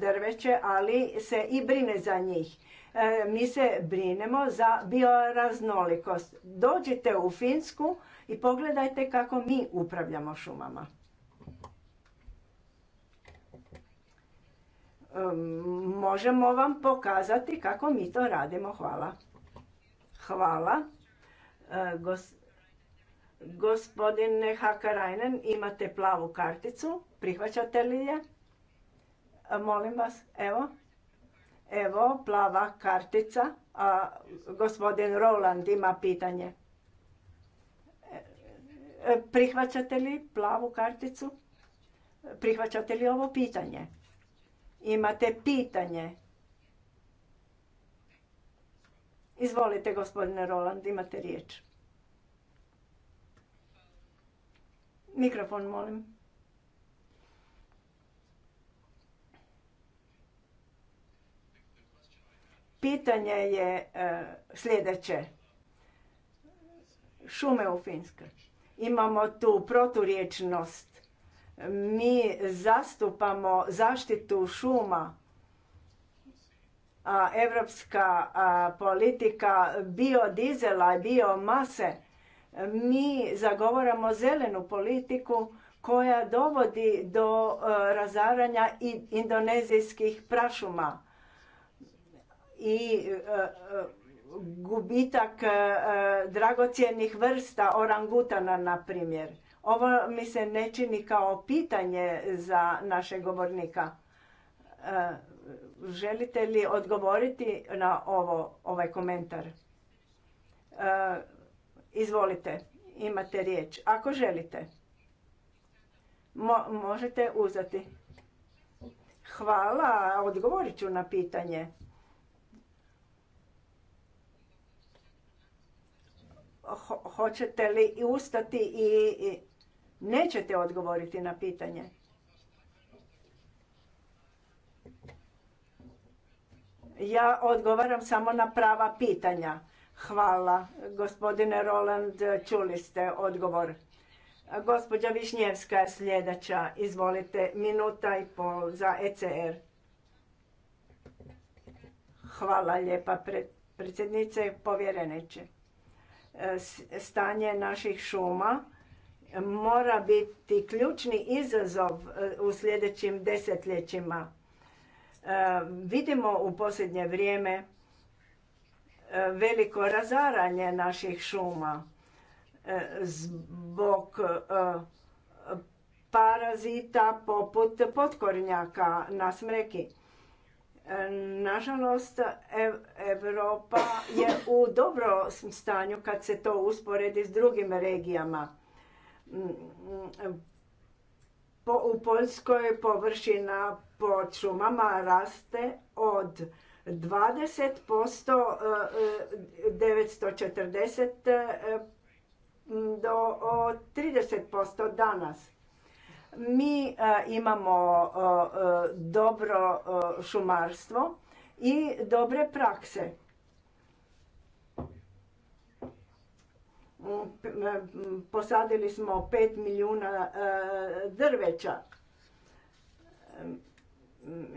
F: drveće, ali se i brine za njih. Mi se brinemo za bioraznolikost. Dođite u Finsku i pogledajte kako mi upravljamo šumama. možemo vam pokazati kako mi to radimo. Hvala. Hvala. E, gospodine Hakarajnen, imate plavu karticu. Prihvaćate li je? E, molim vas, evo. Evo, plava kartica. gospodin Roland ima pitanje. E, prihvaćate li plavu karticu? Prihvaćate li ovo pitanje? Imate pitanje? Izvolite, gospodine Roland, imate riječ. Mikrofon, molim. Pitanje je e, sljedeće. Šume u Finskoj. Imamo tu proturječnost mi zastupamo zaštitu šuma a evropska politika biodizela i biomase mi zagovaramo zelenu politiku koja dovodi do e, razaranja i indonezijskih prašuma i e, e, gubitak dragocjenih vrsta orangutana na primjer ovo mi se ne čini kao pitanje za našeg govornika. E, želite li odgovoriti na ovo, ovaj komentar? E, izvolite, imate riječ. Ako želite, možete uzeti. Hvala, odgovorit ću na pitanje. hoćete li ustati i Nećete odgovoriti na pitanje. Ja odgovaram samo na prava pitanja. Hvala, gospodine Roland, čuli ste odgovor. Gospođa Višnjevska je sljedeća. Izvolite, minuta i pol za ECR. Hvala lijepa, predsjednice, povjereneće. Stanje naših šuma mora biti ključni izazov eh, u sljedećim desetljećima. Eh, vidimo u posljednje vrijeme eh, veliko razaranje naših šuma zbog parazita poput potkornjaka na smreki. Nažalost, Europa je u dobrom stanju kad se to usporedi s drugim regijama u Poljskoj površina pod šumama raste od 20% 940 eh, eh, do 30% danas. Mi eh, imamo dobro šumarstvo i dobre prakse. posadili smo 5 milijuna e, drveća.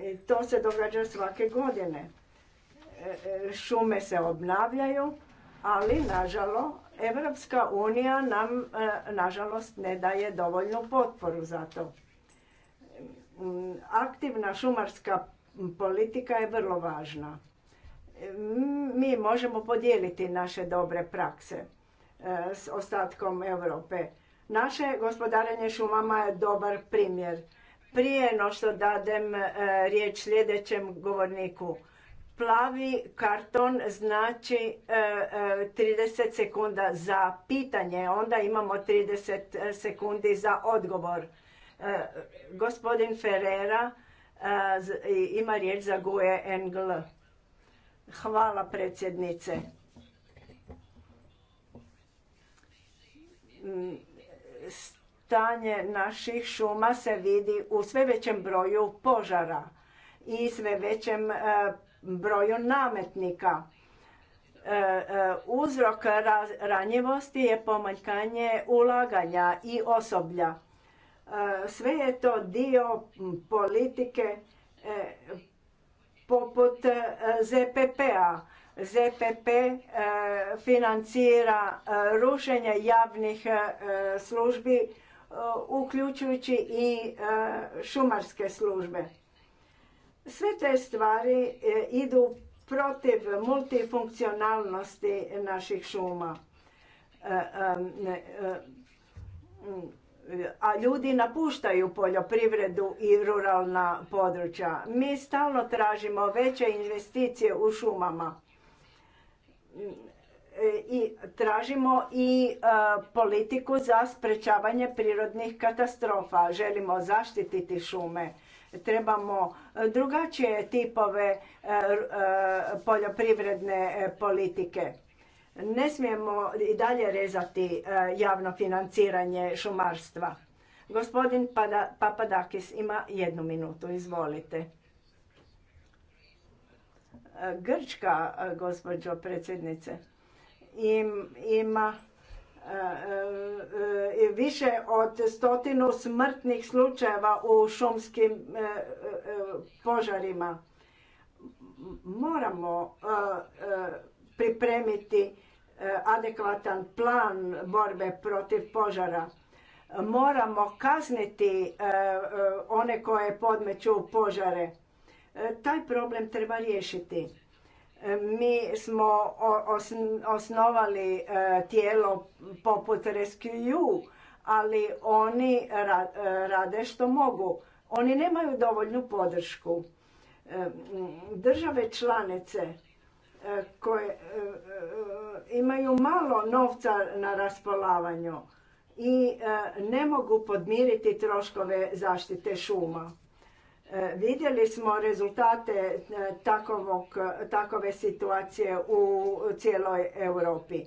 F: E, to se događa svake godine. E, šume se obnavljaju, ali nažalost Evropska unija nam nažalost ne daje dovoljnu potporu za to. Mm, aktivna šumarska politika je vrlo važna. Mi možemo podijeliti naše dobre prakse E, s ostatkom Europe. Naše gospodarenje šumama je dobar primjer. Prije no što dadem e, riječ sljedećem govorniku, plavi karton znači 30 e, sekunda za pitanje, onda imamo 30 sekundi za odgovor. Gospodin Ferreira ima riječ za GUE Engl. Hvala predsjednice. stanje naših šuma se vidi u sve većem broju požara i sve većem e, broju nametnika. E, e, uzrok ranjivosti je pomanjkanje ulaganja i osoblja. Sve je to dio politike poput ZPP-a ZPP e, financira e, rušenje javnih e, službi, uključujući i šumarske službe. Sve te stvari idu protiv multifunkcionalnosti naših šuma. A ljudi napuštaju poljoprivredu i ruralna područja. Mi stalno tražimo veće investicije u šumama. Mm, i tražimo i e, politiku za sprečavanje prirodnih katastrofa. Želimo zaštititi šume. Trebamo e, drugačije tipove e, poljoprivredne politike. Ne smijemo i dalje rezati javno financiranje šumarstva. Gospodin Papadakis ima jednu minutu, izvolite. E, Grčka, e, gospođo predsjednice, ima e, više od stotinu smrtnih slučajeva u šumskim požarima. Moramo pripremiti adekvatan plan borbe protiv požara. Moramo kazniti one koje podmeću požare E, taj problem treba riješiti. E, mi smo osnovali e, tijelo poput Rescue, ali oni rade što mogu. Oni nemaju dovoljnu podršku. Države članice koje imaju malo novca na raspolavanju i ne mogu podmiriti troškove zaštite šuma. E, vidjeli smo rezultate e, takove situacije u cijeloj Europi.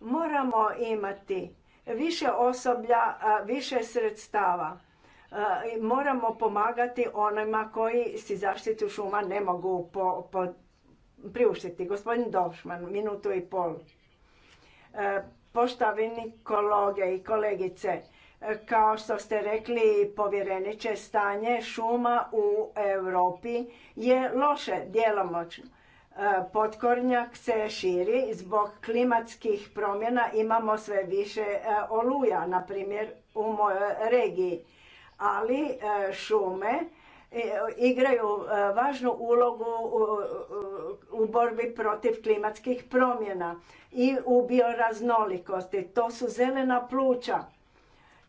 F: Moramo imati više osoblja, više sredstava. E, moramo pomagati onima koji si zaštitu šuma ne mogu po, priuštiti. Gospodin Došman, minutu i pol. Poštavini kolege i kolegice, kao što ste rekli, povjereniče, stanje šuma u Europi je loše djelomočno. E, potkornjak se širi zbog klimatskih promjena, imamo sve više e, oluja, na primjer u mojoj regiji. Ali e, šume igraju važnu ulogu u borbi protiv klimatskih promjena i u bioraznolikosti. To su zelena pluća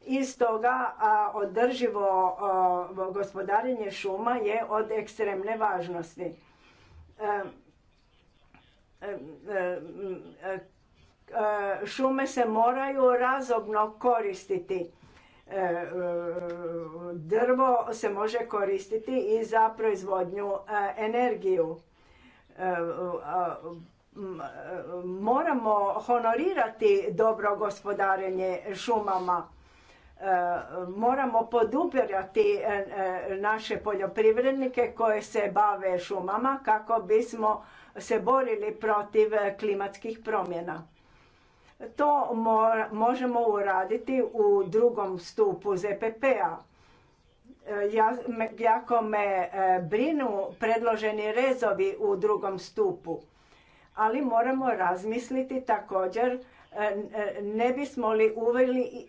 F: iz toga održivo gospodarenje šuma je od ekstremne važnosti e, e, šume se moraju razobno koristiti e, drvo se može koristiti i za proizvodnju energiju moramo honorirati dobro gospodarenje šumama Eh, moramo podupirati eh, eh, naše poljoprivrednike koje se bave šumama kako bismo se borili protiv klimatskih promjena. To možemo uraditi u drugom stupu ZPP-a. Jako me brinu predloženi rezovi u drugom stupu, ali moramo razmisliti također ne bismo li uveli e,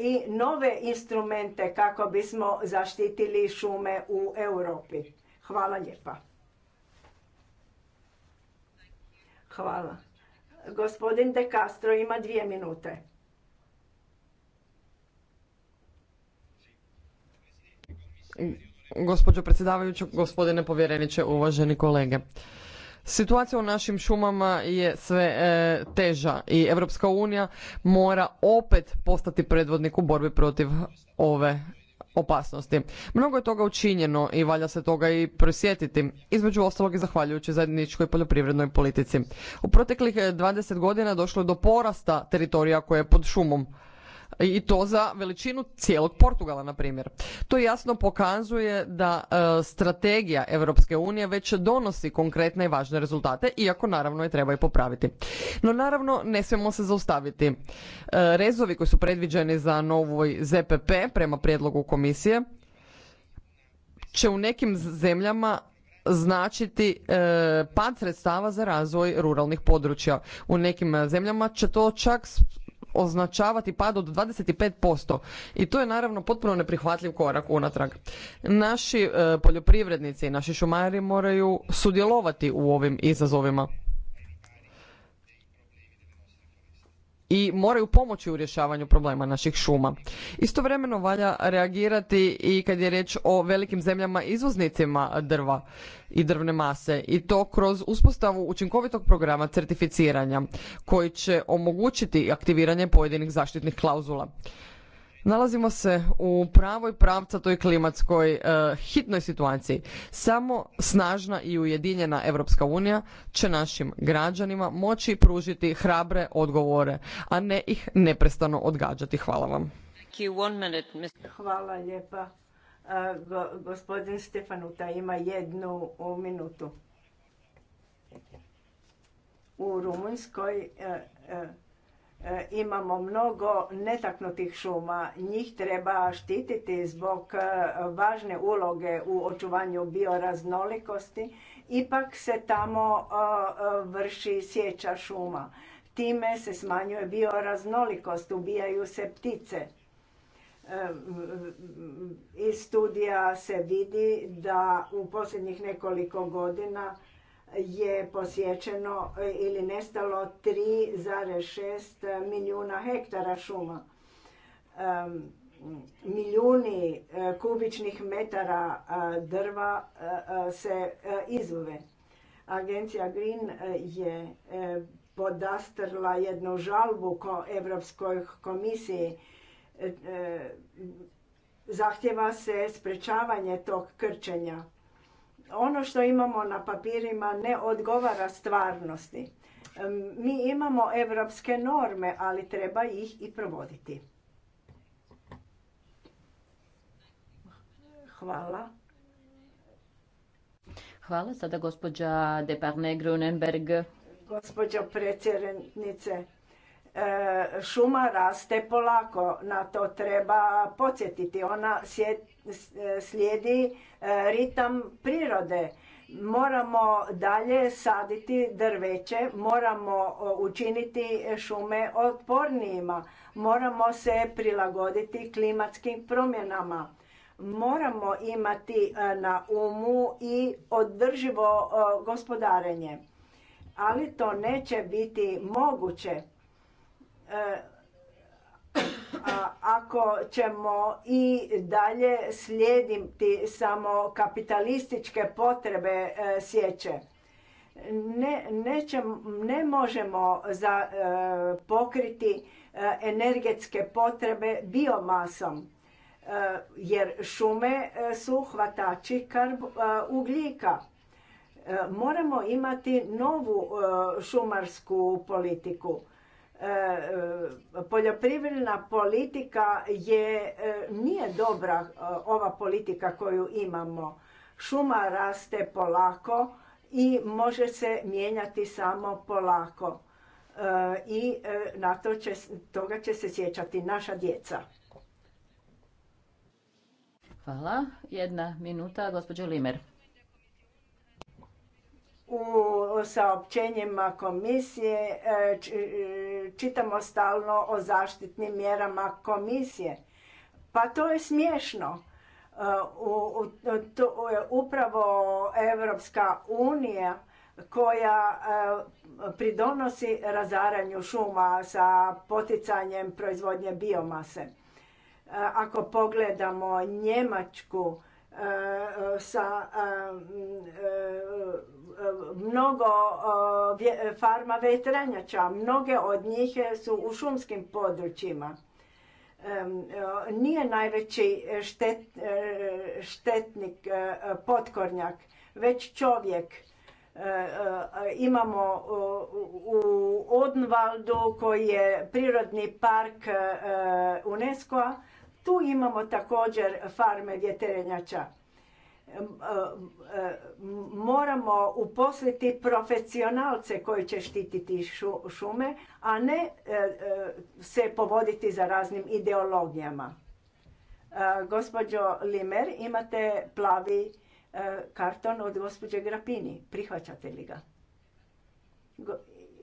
F: i nove instrumente kako bismo zaštitili šume u Europi. Hvala lijepa. Hvala. Gospodin De Castro ima dvije minute.
A: Gospodin predsjedavajući, gospodine povjereniče, uvaženi kolege. Situacija u našim šumama je sve e, teža i Europska unija mora opet postati predvodnik u borbi protiv ove opasnosti. Mnogo je toga učinjeno i valja se toga i prosjetiti, između ostalog i zahvaljujući zajedničkoj poljoprivrednoj politici. U proteklih 20 godina došlo je do porasta teritorija koje je pod šumom i to za veličinu cijelog Portugala na primjer. To jasno pokazuje da e, strategija Europske unije već donosi konkretne i važne rezultate iako naravno je treba i popraviti. No naravno ne smijemo se zaustaviti. E, rezovi koji su predviđeni za novoj ZPP prema prijedlogu komisije će u nekim zemljama značiti e, pad sredstava za razvoj ruralnih područja. U nekim zemljama će to čak označavati pad od 25%. I to je naravno potpuno neprihvatljiv korak unatrag. Naši e, poljoprivrednici i naši šumari moraju sudjelovati u ovim izazovima. i moraju pomoći u rješavanju problema naših šuma. Istovremeno valja reagirati i kad je riječ o velikim zemljama izvoznicima drva i drvne mase i to kroz uspostavu učinkovitog programa certificiranja koji će omogućiti aktiviranje pojedinih zaštitnih klauzula. Nalazimo se u pravoj pravca toj klimatskoj e, hitnoj situaciji. Samo snažna i ujedinjena Europska unija će našim građanima moći pružiti hrabre odgovore, a ne ih neprestano odgađati. Hvala vam.
F: Hvala lijepa. E, gospodin Stefanuta ima jednu minutu. U Rumunjskoj e, E, imamo mnogo netaknutih šuma, njih treba štititi zbog e, važne uloge u očuvanju bioraznolikosti. Ipak se tamo e, vrši sjeća šuma. Time se smanjuje bioraznolikost, ubijaju se ptice. Iz studija se vidi da u posljednjih nekoliko godina je posjećeno e, ili nestalo 3,6 milijuna hektara šuma. Milijuni e, kubičnih metara e, drva se izuve. Agencija Green je podastrla jednu žalbu ko Evropskoj komisiji. Zahtjeva se sprečavanje tog krčenja ono što imamo na papirima ne odgovara stvarnosti. Mi imamo evropske norme, ali treba ih i provoditi. Hvala. Hvala
D: sada gospođa Deparne Grunenberg.
F: Gospođo predsjednice, E, šuma raste polako, na to treba podsjetiti. Ona e, slijedi e, ritam prirode. Moramo dalje saditi drveće, moramo učiniti šume otpornijima, moramo se prilagoditi klimatskim promjenama. Moramo imati na umu i održivo gospodarenje. Ali to neće biti moguće ako ćemo i dalje slijediti samo kapitalističke potrebe e, sjeće, ne, ne možemo za, e, pokriti e, energetske potrebe biomasom jer šume su hvatači ugljika. Moramo imati novu šumarsku politiku E, e, poljoprivredna politika je, e, nije dobra ova politika koju imamo. Šuma raste polako i može se mijenjati samo polako. I na to će, toga će se sjećati naša djeca.
D: Hvala. Jedna minuta, gospođo Limer
F: u saopćenjima komisije e, e, čitamo stalno o zaštitnim mjerama komisije. Pa to je smiješno. E, to je upravo Evropska unija koja pridonosi razaranju šuma sa poticanjem proizvodnje biomase. Ako pogledamo Njemačku sa mnogo farma vetranjača, mnoge od njih su u šumskim područjima. Nije najveći e, štetnik e, potkornjak, već čovjek. E, imamo u Odnvaldu, koji je prirodni park unesco tu imamo također farme vjetrenjača E, e, moramo uposliti profesionalce koji će štititi šume, a ne e, se povoditi za raznim ideologijama. Gospođo Limer, imate plavi karton od gospođe Grapini. Prihvaćate li ga?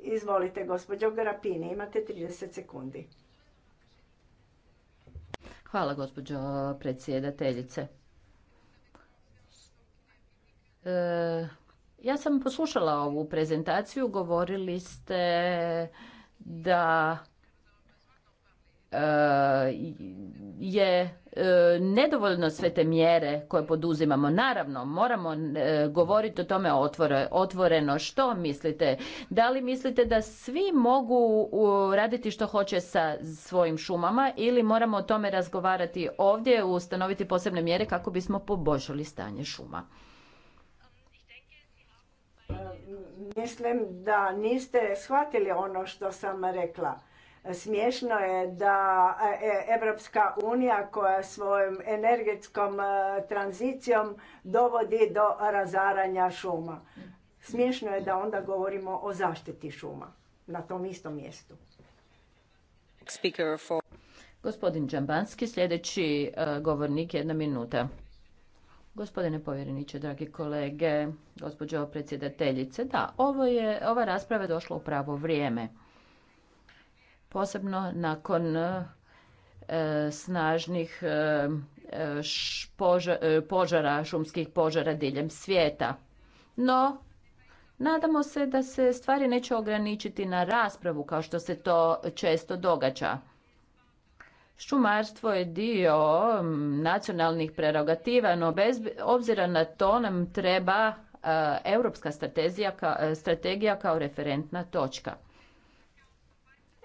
F: Izvolite, gospođo Grapini, imate 30 sekundi.
D: Hvala, gospođo predsjedateljice. E, ja sam poslušala ovu prezentaciju, govorili ste da e, je e, nedovoljno sve te mjere koje poduzimamo. Naravno, moramo govoriti o tome otvoreno. Što mislite? Da li mislite da svi mogu raditi što hoće sa svojim šumama ili moramo o tome razgovarati ovdje, ustanoviti posebne mjere kako bismo poboljšali stanje šuma?
F: mislim da niste shvatili ono što sam rekla. Smiješno je da e, Evropska unija koja svojom energetskom e, tranzicijom dovodi do razaranja šuma. Smiješno je da onda govorimo o zaštiti šuma na tom istom mjestu.
D: Gospodin Džambanski, sljedeći e, govornik, jedna minuta. Gospodine povjereniče, dragi kolege, gospođo predsjedateljice, da, ovo je, ova rasprava je došla u pravo vrijeme. Posebno nakon e, snažnih e, e, požara, šumskih požara diljem svijeta. No, nadamo se da se stvari neće ograničiti na raspravu kao što se to često događa. Šumarstvo je dio nacionalnih prerogativa, no bez obzira na to nam treba e, europska e, strategija kao referentna točka.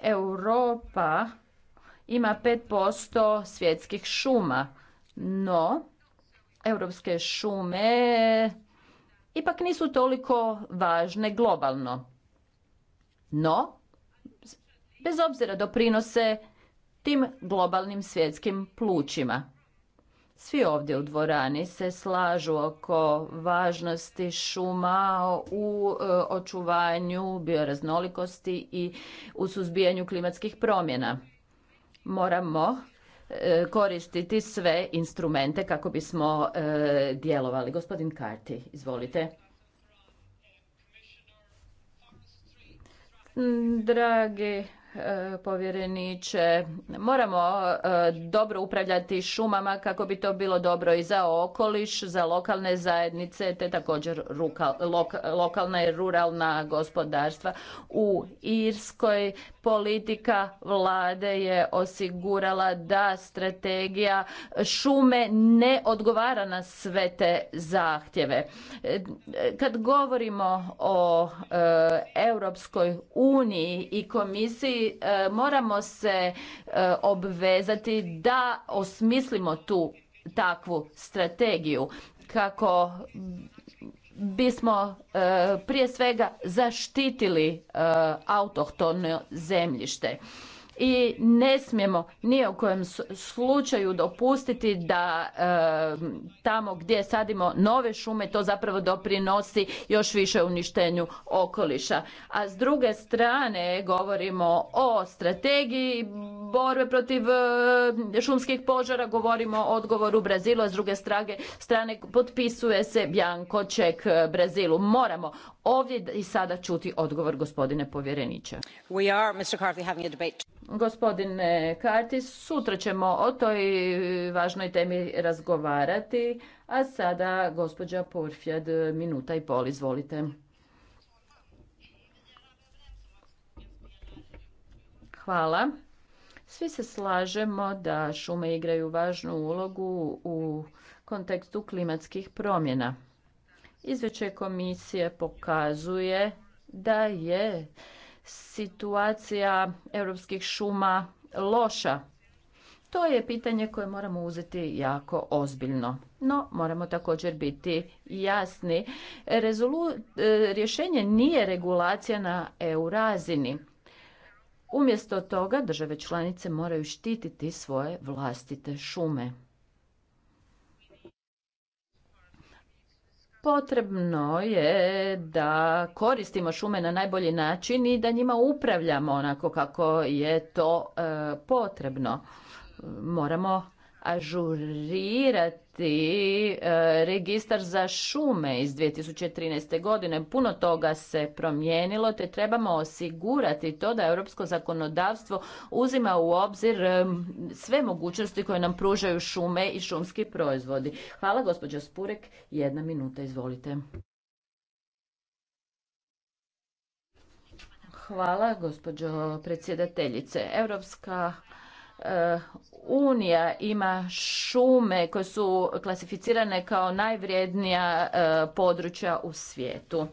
D: Europa ima 5% svjetskih šuma, no europske šume ipak nisu toliko važne globalno. No, bez obzira doprinose tim globalnim svjetskim plućima. Svi ovdje u dvorani se slažu oko važnosti šuma u e, očuvanju bioraznolikosti i u suzbijanju klimatskih promjena. Moramo e, koristiti sve instrumente kako bismo e, djelovali. Gospodin Karti, izvolite. Dragi E, povjereniče. Moramo e, dobro upravljati šumama kako bi to bilo dobro i za okoliš, za lokalne zajednice, te također lokalna i ruralna gospodarstva. U Irskoj politika vlade je osigurala da strategija šume ne odgovara na sve te zahtjeve. E, kad govorimo o Europskoj uniji i komisiji, E, moramo se e, obvezati da osmislimo tu takvu strategiju kako bismo e, prije svega zaštitili e, autohtono zemljište i ne smijemo ni u kojem slučaju dopustiti da tamo gdje sadimo nove šume to zapravo doprinosi još više uništenju okoliša. A s druge strane govorimo o strategiji borbe protiv šumskih požara, govorimo o odgovoru Brazilu, a s druge strane potpisuje se Bjanko Ček Brazilu. Moramo ovdje i sada čuti odgovor gospodine povjereniče. Mr. Gospodine Kartis, sutra ćemo o toj važnoj temi razgovarati, a sada gospođa Porfjad, minuta i pol, izvolite. Hvala. Svi se slažemo da šume igraju važnu ulogu u kontekstu klimatskih promjena. Izveće komisije pokazuje da je situacija europskih šuma loša? To je pitanje koje moramo uzeti jako ozbiljno. No, moramo također biti jasni. E, rješenje nije regulacija na EU razini. Umjesto toga države članice moraju štititi svoje vlastite šume. Potrebno je da koristimo šume na najbolji način i da njima upravljamo onako kako je to e, potrebno. Moramo ažurirati e, registar za šume iz 2013. godine. Puno toga se promijenilo te trebamo osigurati to da europsko zakonodavstvo uzima u obzir e, sve mogućnosti koje nam pružaju šume i šumski proizvodi. Hvala gospođo Spurek. Jedna minuta, izvolite. Hvala gospođo predsjedateljice. Europska Eh, Unija ima šume koje su klasificirane kao najvrijednija eh, područja u svijetu.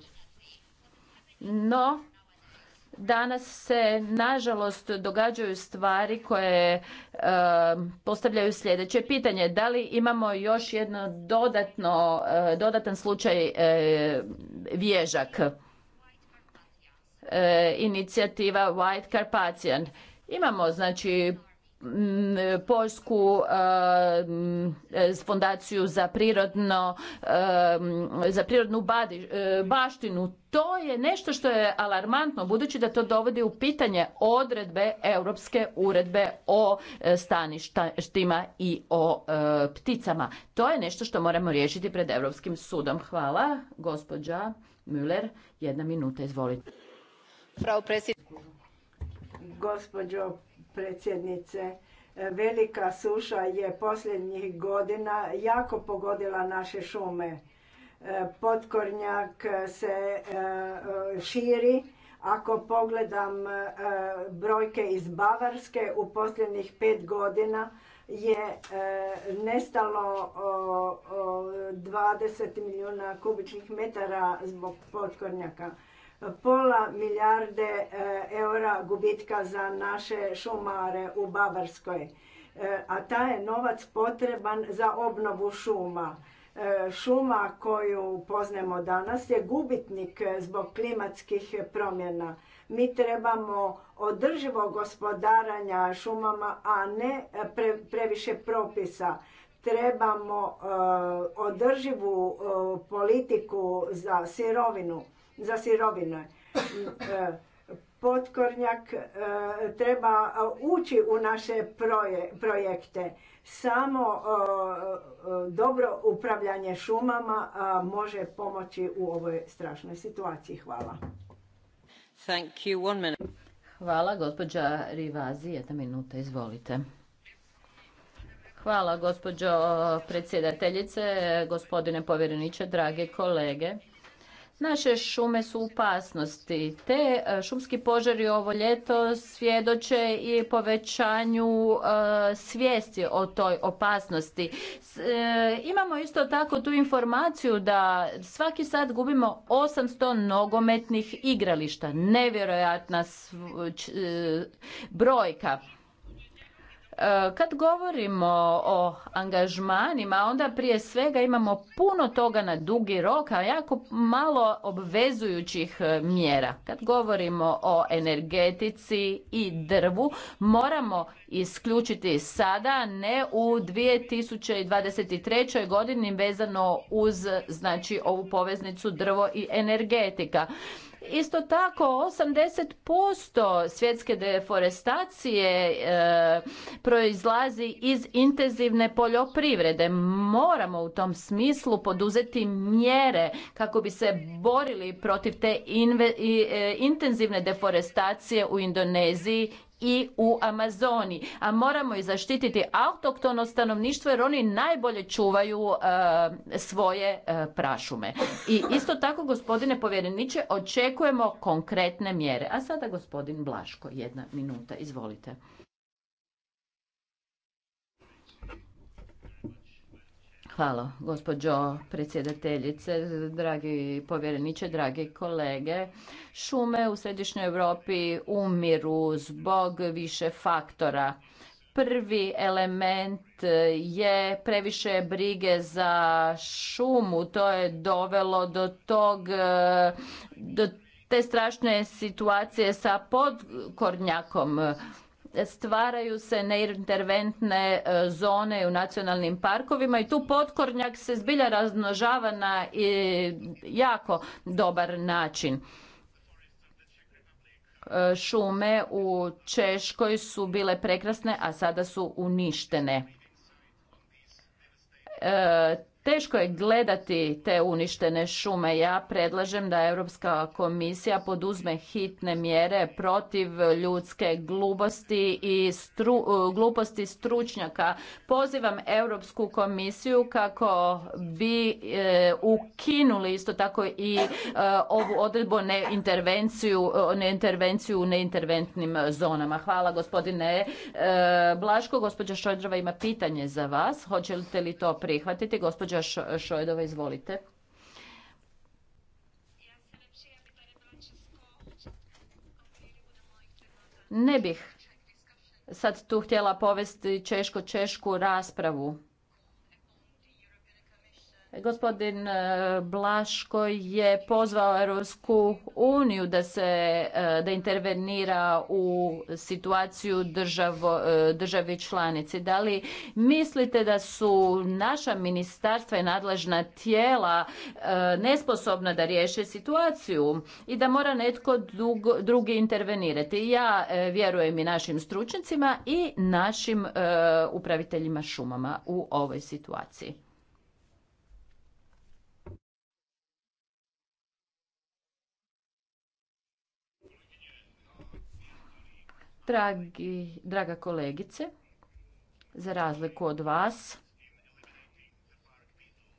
D: No, danas se nažalost događaju stvari koje eh, postavljaju sljedeće pitanje. Da li imamo još jedno dodatno, dodatan slučaj vježak? Inicijativa White Carpathian. Imamo znači Mm, Poljsku eh, fondaciju za prirodno eh, za prirodnu eh, baštinu to je nešto što je alarmantno budući da to dovodi u pitanje odredbe europske uredbe o staništima i o pticama to je nešto što moramo riješiti pred europskim sudom hvala gospođa Müller jedna minuta izvolite
F: Frau gospođo predsjednice. E, velika suša je posljednjih godina jako pogodila naše šume. E, potkornjak se e, širi. Ako pogledam brojke iz Bavarske, u posljednjih pet godina je nestalo 20 milijuna kubičnih metara zbog potkornjaka pola milijarde e, eura gubitka za naše šumare u Bavarskoj. E, a taj je novac potreban za obnovu šuma. E, šuma koju poznemo danas je gubitnik zbog klimatskih promjena. Mi trebamo održivo gospodaranja šumama, a ne previše propisa. Trebamo održivu politiku za sirovinu za sirovine. Potkornjak e, treba ući u naše projekte. Samo e, e, dobro upravljanje šumama može pomoći u ovoj strašnoj situaciji. Hvala.
D: Hvala, gospođa Rivazi, jedna minuta, izvolite.
F: Hvala, gospođo
D: predsjedateljice, gospodine povjereniče, drage kolege. Naše šume su u opasnosti. Te e, šumski požari ovo ljeto svjedoče i povećanju e, svijesti o toj opasnosti. E, imamo isto tako tu informaciju da svaki sat gubimo 800 nogometnih igrališta. Nevjerojatna brojka. E, kad govorimo o angažmanima, onda prije svega imamo puno toga na dugi rok, a jako malo obvezujućih e, mjera. Kad govorimo o energetici i drvu, moramo isključiti sada, ne u 2023. godini vezano uz znači, ovu poveznicu drvo i energetika. Isto tako, 80% svjetske deforestacije e, proizlazi iz intenzivne poljoprivrede. Moramo u tom smislu poduzeti mjere kako bi se borili protiv te inve, e, intenzivne deforestacije u Indoneziji i u Amazoni. A moramo i zaštititi autoktono stanovništvo jer oni najbolje čuvaju e, svoje e, prašume. I isto tako, gospodine povjereniče, očekujemo konkretne mjere. A sada gospodin Blaško, jedna minuta, izvolite. Hvala, gospođo predsjedateljice, dragi povjereniče, dragi kolege. Šume u središnjoj Europi umiru zbog više faktora. Prvi element je previše brige za šumu, to je dovelo do tog do te strašne situacije sa podkornjakom stvaraju se neinterventne e, zone u nacionalnim parkovima i tu potkornjak se zbilja razmnožava na e, jako dobar način e, šume u Češkoj su bile prekrasne, a sada su uništene. Teško je gledati te uništene šume. Ja predlažem da Europska komisija poduzme hitne mjere protiv ljudske gluposti i gluposti stručnjaka. Pozivam Europsku komisiju kako bi e, ukinuli isto tako i e, ovu odredbu ne intervenciju, intervenciju u neinterventnim zonama. Hvala gospodine e, Blaško. Gospođa Šojdrova ima pitanje za vas. Hoćete li to prihvatiti? Gospođa Gospođa Šojdova, izvolite. Ne bih sad tu htjela povesti češko-češku raspravu. Gospodin e, Blaško je pozvao Europsku uniju da se e, da intervenira u situaciju državo, e, državi članici. Da li mislite da su naša ministarstva i nadležna tijela nesposobna da riješe situaciju i da mora netko drugi intervenirati? Ja vjerujem i našim stručnicima i našim upraviteljima šumama u ovoj situaciji. Dragi, draga kolegice, za razliku od vas,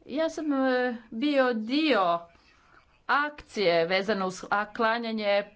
D: ja sam e, bio dio akcije vezano uz klanjanje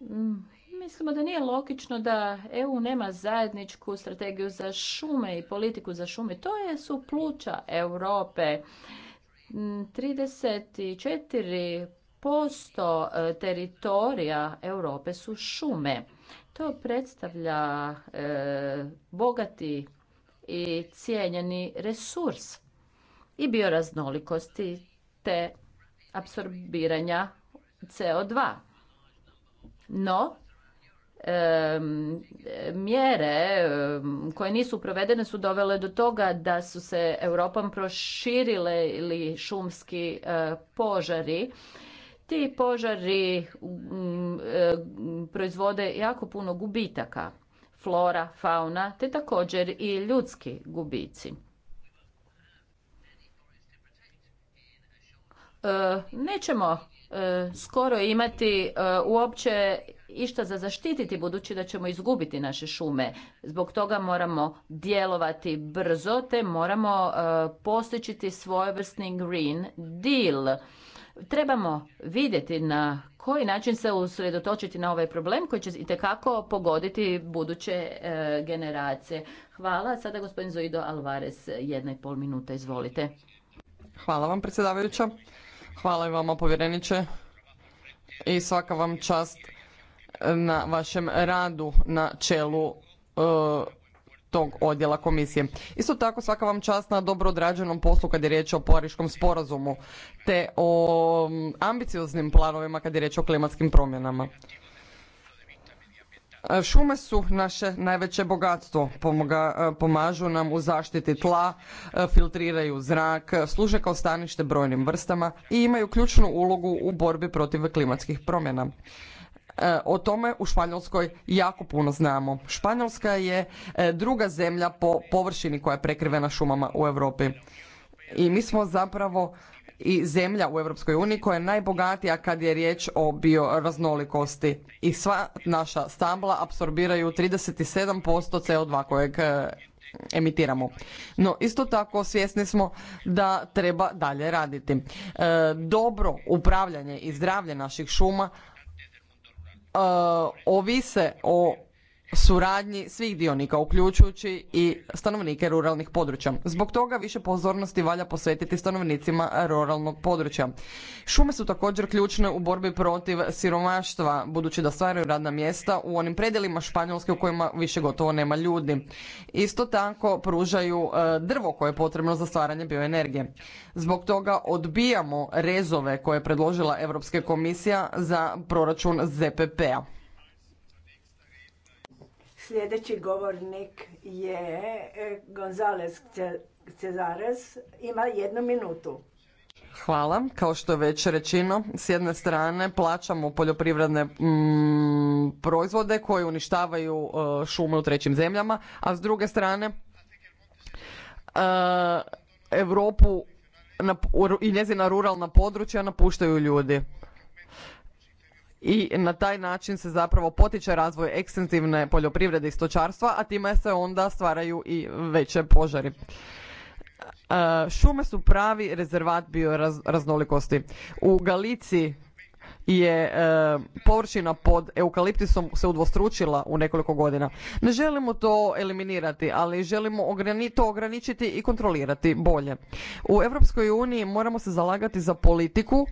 D: Mm. Mislimo da nije logično da EU nema zajedničku strategiju za šume i politiku za šume. To je su pluća Europe. 34% mm, e, teritorija Europe su šume. To predstavlja e, bogati i cijenjeni resurs i bioraznolikosti te apsorbiranja CO2. No, mjere koje nisu provedene su dovele do toga da su se Europom proširile ili šumski e, požari. Ti požari mm, e, proizvode jako puno gubitaka, flora, fauna, te također i ljudski gubici. E, nećemo E, skoro imati e, uopće išta za zaštititi budući da ćemo izgubiti naše šume. Zbog toga moramo djelovati brzo te moramo e, postići svojevrsni green deal. Trebamo vidjeti na koji način se usredotočiti na ovaj problem koji će itekako pogoditi buduće generacije. Hvala. Sada gospodin Zoido Alvarez, jedna i pol
A: minuta, izvolite. Hvala vam predsjedavajuća. Hvala i vama povjereniče i svaka vam čast e, na vašem radu na čelu e, tog odjela komisije. Isto tako svaka vam čast na dobro odrađenom poslu kad je riječ o Pariškom sporazumu te o ambicioznim planovima kad je riječ o klimatskim promjenama. E, šume su naše najveće bogatstvo, e, pomažu nam u zaštiti tla, e, filtriraju zrak, služe kao stanište brojnim vrstama i imaju ključnu ulogu u borbi protiv klimatskih promjena. O tome u Španjolskoj jako puno znamo. Španjolska je druga zemlja po površini koja je prekrivena šumama u Europi. I mi smo zapravo i zemlja u Europskoj koja je najbogatija kad je riječ o bioraznolikosti i sva naša stambla apsorbiraju 37% CO2 kojeg e, emitiramo. No isto tako svjesni smo da treba dalje raditi. E, dobro upravljanje i zdravlje naših šuma e, ovise o suradnji svih dionika, uključujući i stanovnike ruralnih područja. Zbog toga više pozornosti valja posvetiti stanovnicima ruralnog područja. Šume su također ključne u borbi protiv siromaštva, budući da stvaraju radna mjesta u onim predjelima Španjolske u kojima više gotovo nema ljudi. Isto tako pružaju e, drvo koje je potrebno za stvaranje bioenergije. Zbog toga odbijamo rezove koje je predložila Europska komisija za proračun ZPP-a.
F: Sljedeći govornik je e, Gonzales Cezares. Ima jednu minutu.
A: Hvala. Kao što je već rečeno, s jedne strane plaćamo poljoprivredne mm, proizvode koji uništavaju e, šume u trećim zemljama, a s druge strane e, Europu i njezina ruralna područja napuštaju ljudi i na taj način se zapravo potiče razvoj ekstenzivne poljoprivrede i stočarstva, a time se onda stvaraju i veće požari. E, šume su pravi rezervat bioraznolikosti. U Galiciji je e, površina pod eukaliptisom se udvostručila u nekoliko godina. Ne želimo to eliminirati, ali želimo ograni, to ograničiti i kontrolirati bolje. U Europskoj uniji moramo se zalagati za politiku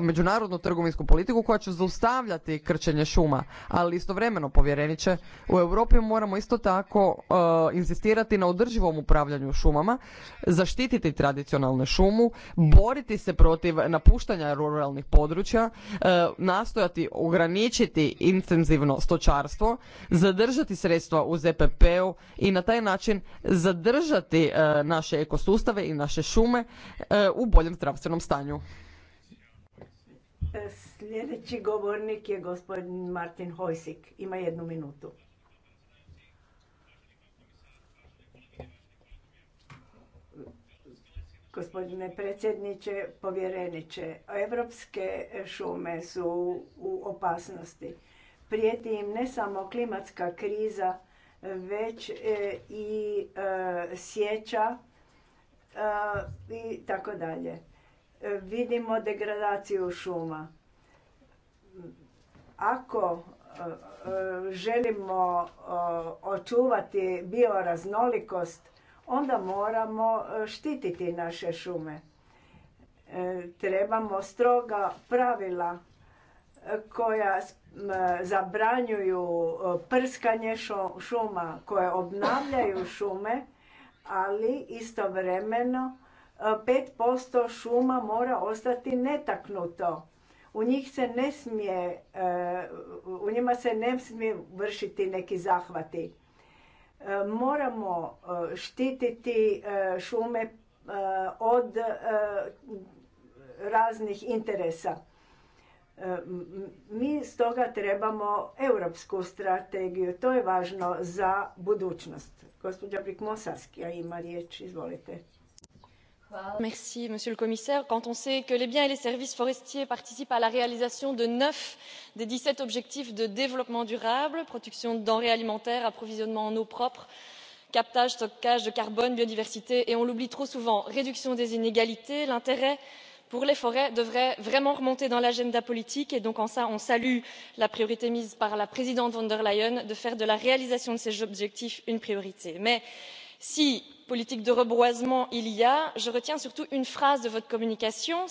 A: međunarodnu trgovinsku politiku koja će zaustavljati krčenje šuma. Ali istovremeno, povjereniče, u Europi moramo isto tako uh, e, insistirati na održivom upravljanju šumama, zaštititi tradicionalne šumu, boriti se protiv napuštanja ruralnih područja, e, nastojati ograničiti intenzivno stočarstvo, zadržati sredstva u ZPP-u i na taj način zadržati uh, naše ekosustave i naše šume u boljem zdravstvenom stanju.
F: Sljedeći govornik je gospodin Martin Hojsik. Ima jednu minutu. Gospodine predsjedniče, povjereniče, evropske šume su u opasnosti. Prijeti im ne samo klimatska kriza, već e, i e, sjeća e, i tako dalje vidimo degradaciju šuma. Ako e, e, želimo e, očuvati bioraznolikost, onda moramo štititi naše šume. Trebamo stroga pravila koja zabranjuju prskanje šuma, koje obnavljaju šume, ali istovremeno 5% šuma mora ostati netaknuto. U njih se ne smije, e, u njima se ne smije vršiti neki zahvati. E, moramo e, štititi šume od raznih interesa. Mi stoga trebamo europsku strategiju. To je važno za budućnost. Gospođa Brikmosarskija ima riječ. Izvolite.
E: Merci, monsieur le commissaire quand on sait que les biens et les services forestiers participent à la réalisation de neuf des dix sept objectifs de développement durable production de denrées alimentaires approvisionnement en eau propre captage stockage de carbone biodiversité et on l'oublie trop souvent réduction des inégalités l'intérêt pour les forêts devrait vraiment remonter dans l'agenda politique et donc en cela on salue la priorité mise par la présidente von der leyen de faire de la réalisation de ces objectifs une priorité. mais si politique de reboisement il y a je retiens surtout une phrase de votre communication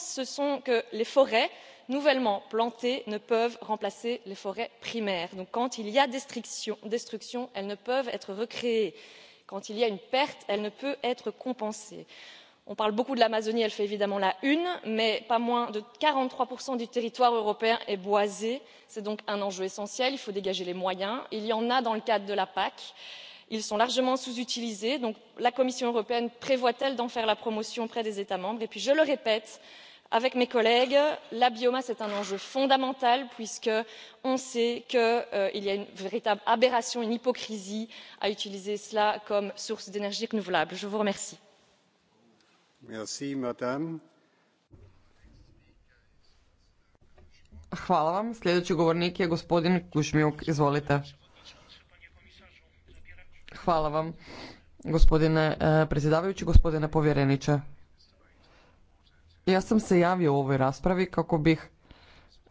E: les forêts nouvellement plantées ne peuvent remplacer les forêts primaires. donc quand il y a destruction elles ne peuvent être recréées quand il y a une perte elle ne peut être compensée. on parle beaucoup de l'amazonie elle fait évidemment la une mais pas moins de quarante trois du territoire européen est boisé c'est donc un enjeu essentiel il faut dégager les moyens il y en a dans le cadre de la pac ils sont largement sous utilisés donc la commission européenne prévoit elle d'en faire la promotion auprès des états membres? et puis je le répète avec mes collègues la biomasse est un enjeu fondamental puisqu'on sait qu'il euh, y a une véritable aberration une hypocrisie à utiliser cela comme source d'énergie renouvelable. je vous remercie.
A: Hvala vam, gospodine e, predsjedavajući, gospodine povjereniče. Ja sam se javio u ovoj raspravi kako bih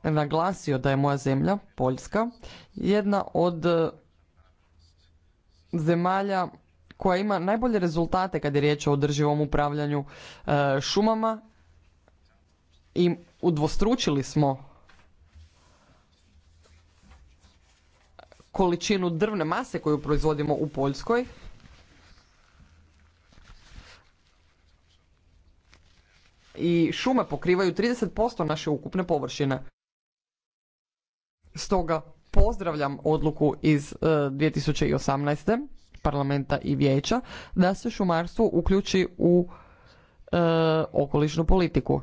A: naglasio da je moja zemlja, Poljska, jedna od e, zemalja koja ima najbolje rezultate kad je riječ o održivom upravljanju e, šumama i udvostručili smo količinu drvne mase koju proizvodimo u Poljskoj, i šume pokrivaju 30% naše ukupne površine. Stoga pozdravljam odluku iz 2018. E, parlamenta i vijeća da se šumarstvo uključi u e, okolišnu politiku.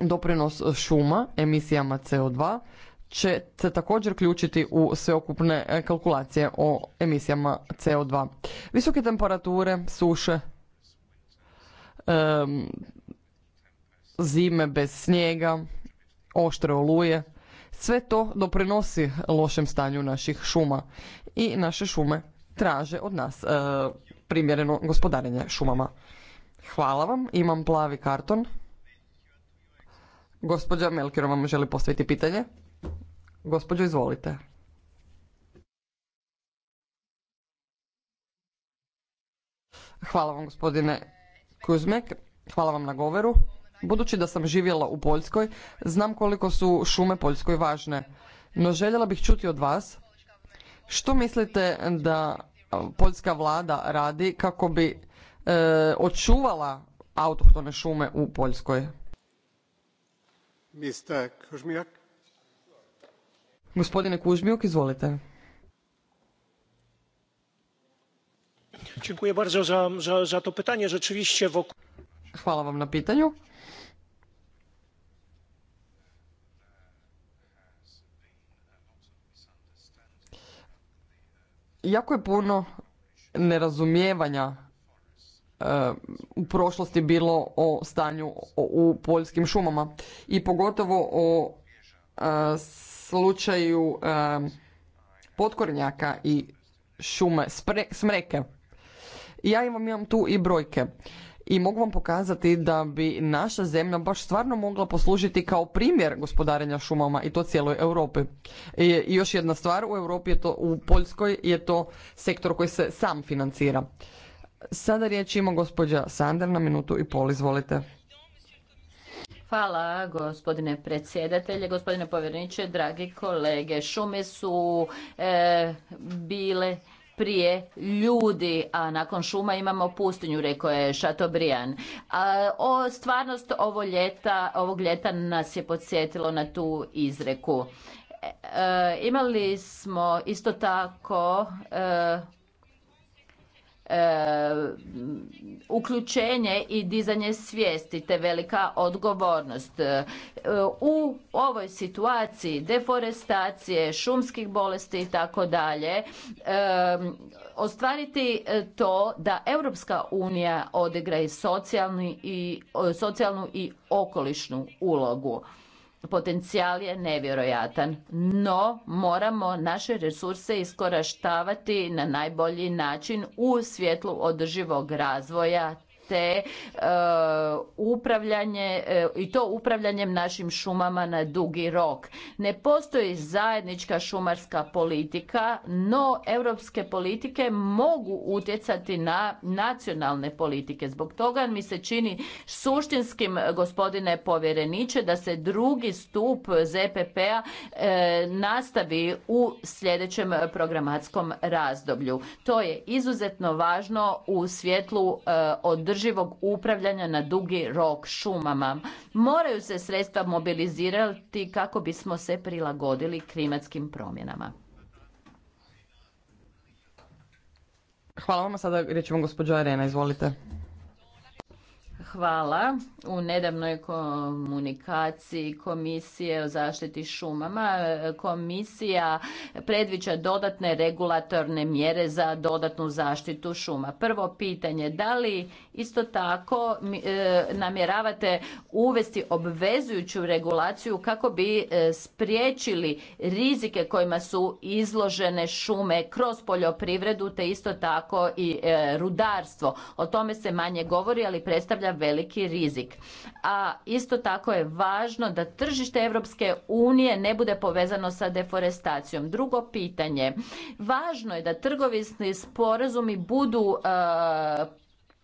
A: Doprinos šuma emisijama CO2 će se također ključiti u sveokupne e, kalkulacije o emisijama CO2. Visoke temperature, suše, zime bez snijega, oštre oluje, sve to doprinosi lošem stanju naših šuma i naše šume traže od nas e, primjereno gospodarenje šumama. Hvala vam, imam plavi karton. Gospođa Melkirova vam želi postaviti pitanje. Gospođo, izvolite. Hvala vam gospodine Kuzmek, hvala vam na govoru. Budući da sam živjela u Poljskoj, znam koliko su šume Poljskoj važne. No željela bih čuti od vas što mislite da poljska vlada radi kako bi e, očuvala autohtone šume u Poljskoj?
G: Mr. Kuzmijak.
A: Gospodine Kužmijuk, izvolite.
H: Dziękuję bardzo za, za, to pytanie. Rzeczywiście
A: Hvala vam na pitanju. Jako je puno nerazumijevanja e, u prošlosti bilo o stanju u poljskim šumama i pogotovo o e, slučaju potkornjaka i šume smreke. Ja imam, tu i brojke i mogu vam pokazati da bi naša zemlja baš stvarno mogla poslužiti kao primjer gospodarenja šumama i to cijeloj Europi. I još jedna stvar, u Europi je to, u Poljskoj je to sektor koji se sam financira. Sada riječ ima gospođa Sander na minutu i pol, izvolite.
D: Hvala gospodine predsjedatelje, gospodine povjereniče, dragi kolege. Šume su e, bile prije ljudi, a nakon šuma imamo pustinju, rekao je Šatobrijan. o, stvarnost ovo ljeta, ovog ljeta nas je podsjetilo na tu izreku. E, e, imali smo isto tako E, uključenje i dizanje svijesti te velika odgovornost. E, u ovoj situaciji deforestacije, šumskih bolesti i tako dalje e, ostvariti to da Europska unija odigra i socijalnu i okolišnu ulogu. Potencijal je nevjerojatan, no moramo naše resurse iskoraštavati na najbolji način u svjetlu održivog razvoja te e, upravljanje e, i to upravljanjem našim šumama na dugi rok. Ne postoji zajednička šumarska politika, no europske politike mogu utjecati na nacionalne politike. Zbog toga mi se čini suštinskim gospodine povjereniče da se drugi stup ZPP-a e, nastavi u sljedećem programatskom razdoblju. To je izuzetno važno u svjetlu od održivog upravljanja na dugi rok šumama. Moraju se sredstva mobilizirati kako bismo se prilagodili klimatskim promjenama.
A: Hvala vam, sada riječ gospođo Arena, izvolite.
D: Hvala. U nedavnoj komunikaciji Komisije o zaštiti šumama komisija predviđa dodatne regulatorne mjere za dodatnu zaštitu šuma. Prvo pitanje, da li isto tako e, namjeravate uvesti obvezujuću regulaciju kako bi e, spriječili rizike kojima su izložene šume kroz poljoprivredu te isto tako i e, rudarstvo. O tome se manje govori, ali predstavlja veliki rizik. A isto tako je važno da tržište Europske unije ne bude povezano sa deforestacijom. Drugo pitanje, važno je da trgovinski sporazumi budu e,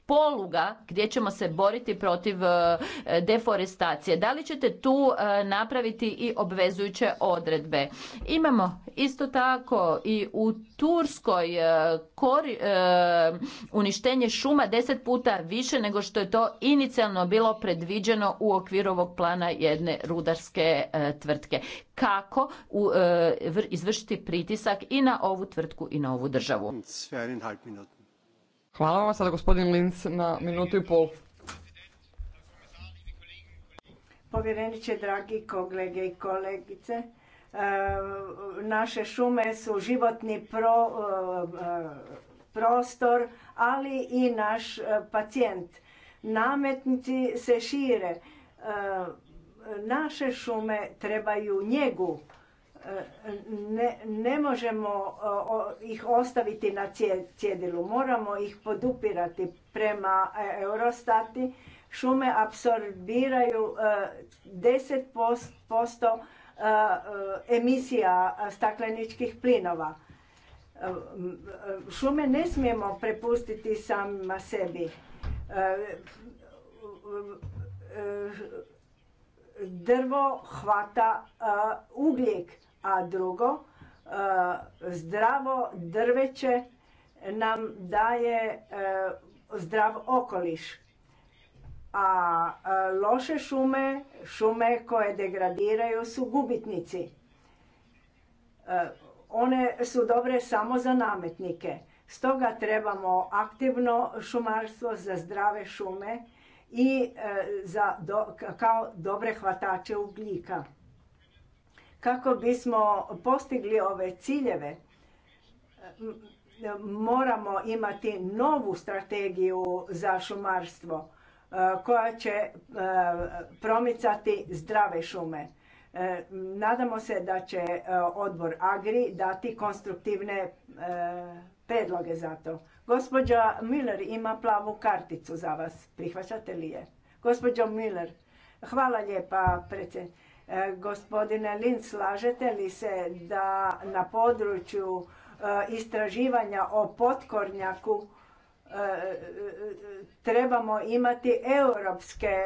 D: poluga gdje ćemo se boriti protiv e, deforestacije. Da li ćete tu e, napraviti i obvezujuće odredbe? Imamo isto tako i u Turskoj e, uništenje šuma deset puta više nego što je to inicijalno bilo predviđeno u okviru ovog plana jedne rudarske tvrtke. Kako izvršiti pritisak
A: i na ovu tvrtku i na ovu državu? Hvala vam sada gospodin Linz na minutu i pol.
F: Povjereniče, dragi kolege i kolegice, e, naše šume su životni e, e, prostor, ali i naš pacijent. Nametnici se šire. Naše šume trebaju njegu ne, možemo ih ostaviti na cjedilu, moramo ih podupirati prema e, Eurostati. Šume apsorbiraju 10% e, e, emisija stakleničkih plinova. Šume ne smijemo prepustiti samima sebi. Drvo hvata ugljik a drugo, e, zdravo drveće nam daje e, zdrav okoliš. A e, loše šume, šume koje degradiraju su gubitnici. One su dobre samo za nametnike. Stoga trebamo aktivno šumarstvo za zdrave šume i kao dobre hvatače ugljika. Kako bismo postigli ove ciljeve, moramo imati novu strategiju za šumarstvo e, koja će e, promicati zdrave šume. E, nadamo se da će odbor Agri dati konstruktivne predloge za to. Gospođa Miller ima plavu karticu za vas. Prihvaćate li je? Gospođo Miller, hvala lijepa predsjedniče. E, gospodine Lin, slažete li se da na području e, istraživanja o potkornjaku e, trebamo imati europske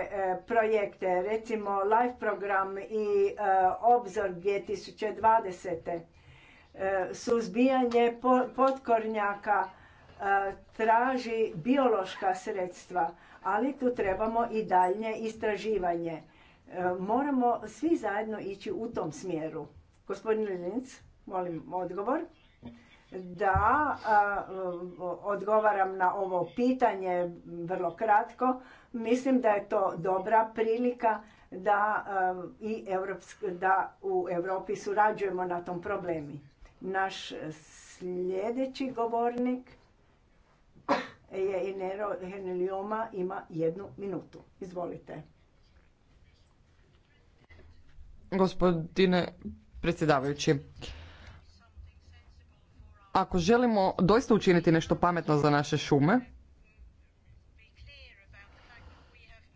F: projekte, recimo LIFE program i Obzor 2020. Suzbijanje potkornjaka traži biološka sredstva, ali tu trebamo i daljnje istraživanje. Moramo svi zajedno ići u tom smjeru. Gospodin Linc, molim odgovor. Da, odgovaram na ovo pitanje vrlo kratko. Mislim da je to dobra prilika da, i da u Europi surađujemo na tom problemi. Naš sljedeći govornik je Inero Henelioma, ima jednu minutu. Izvolite
A: gospodine predsjedavajući. Ako želimo doista učiniti nešto pametno za naše šume,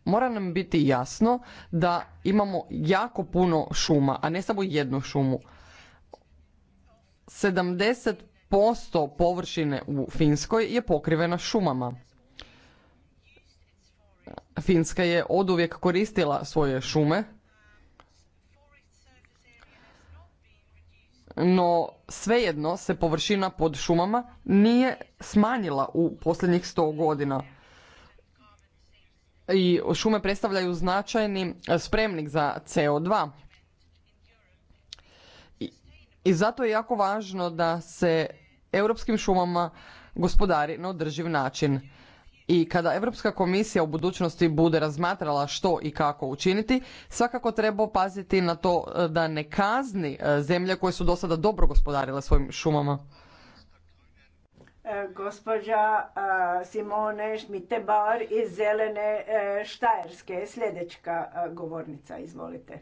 A: mora nam biti jasno da imamo jako puno šuma, a ne samo jednu šumu. 70% površine u Finskoj je pokrivena šumama. Finska je oduvijek koristila svoje šume no svejedno se površina pod šumama nije smanjila u posljednjih sto godina i šume predstavljaju značajni spremnik za CO2. I, i zato je jako važno da se europskim šumama gospodari na održiv način. I kada Europska komisija u budućnosti bude razmatrala što i kako učiniti, svakako treba paziti na to e, da ne kazni e, zemlje koje su do sada dobro gospodarile svojim šumama.
F: E, gospođa Simone Šmitebar iz Zelene Štajerske, sljedećka govornica, izvolite.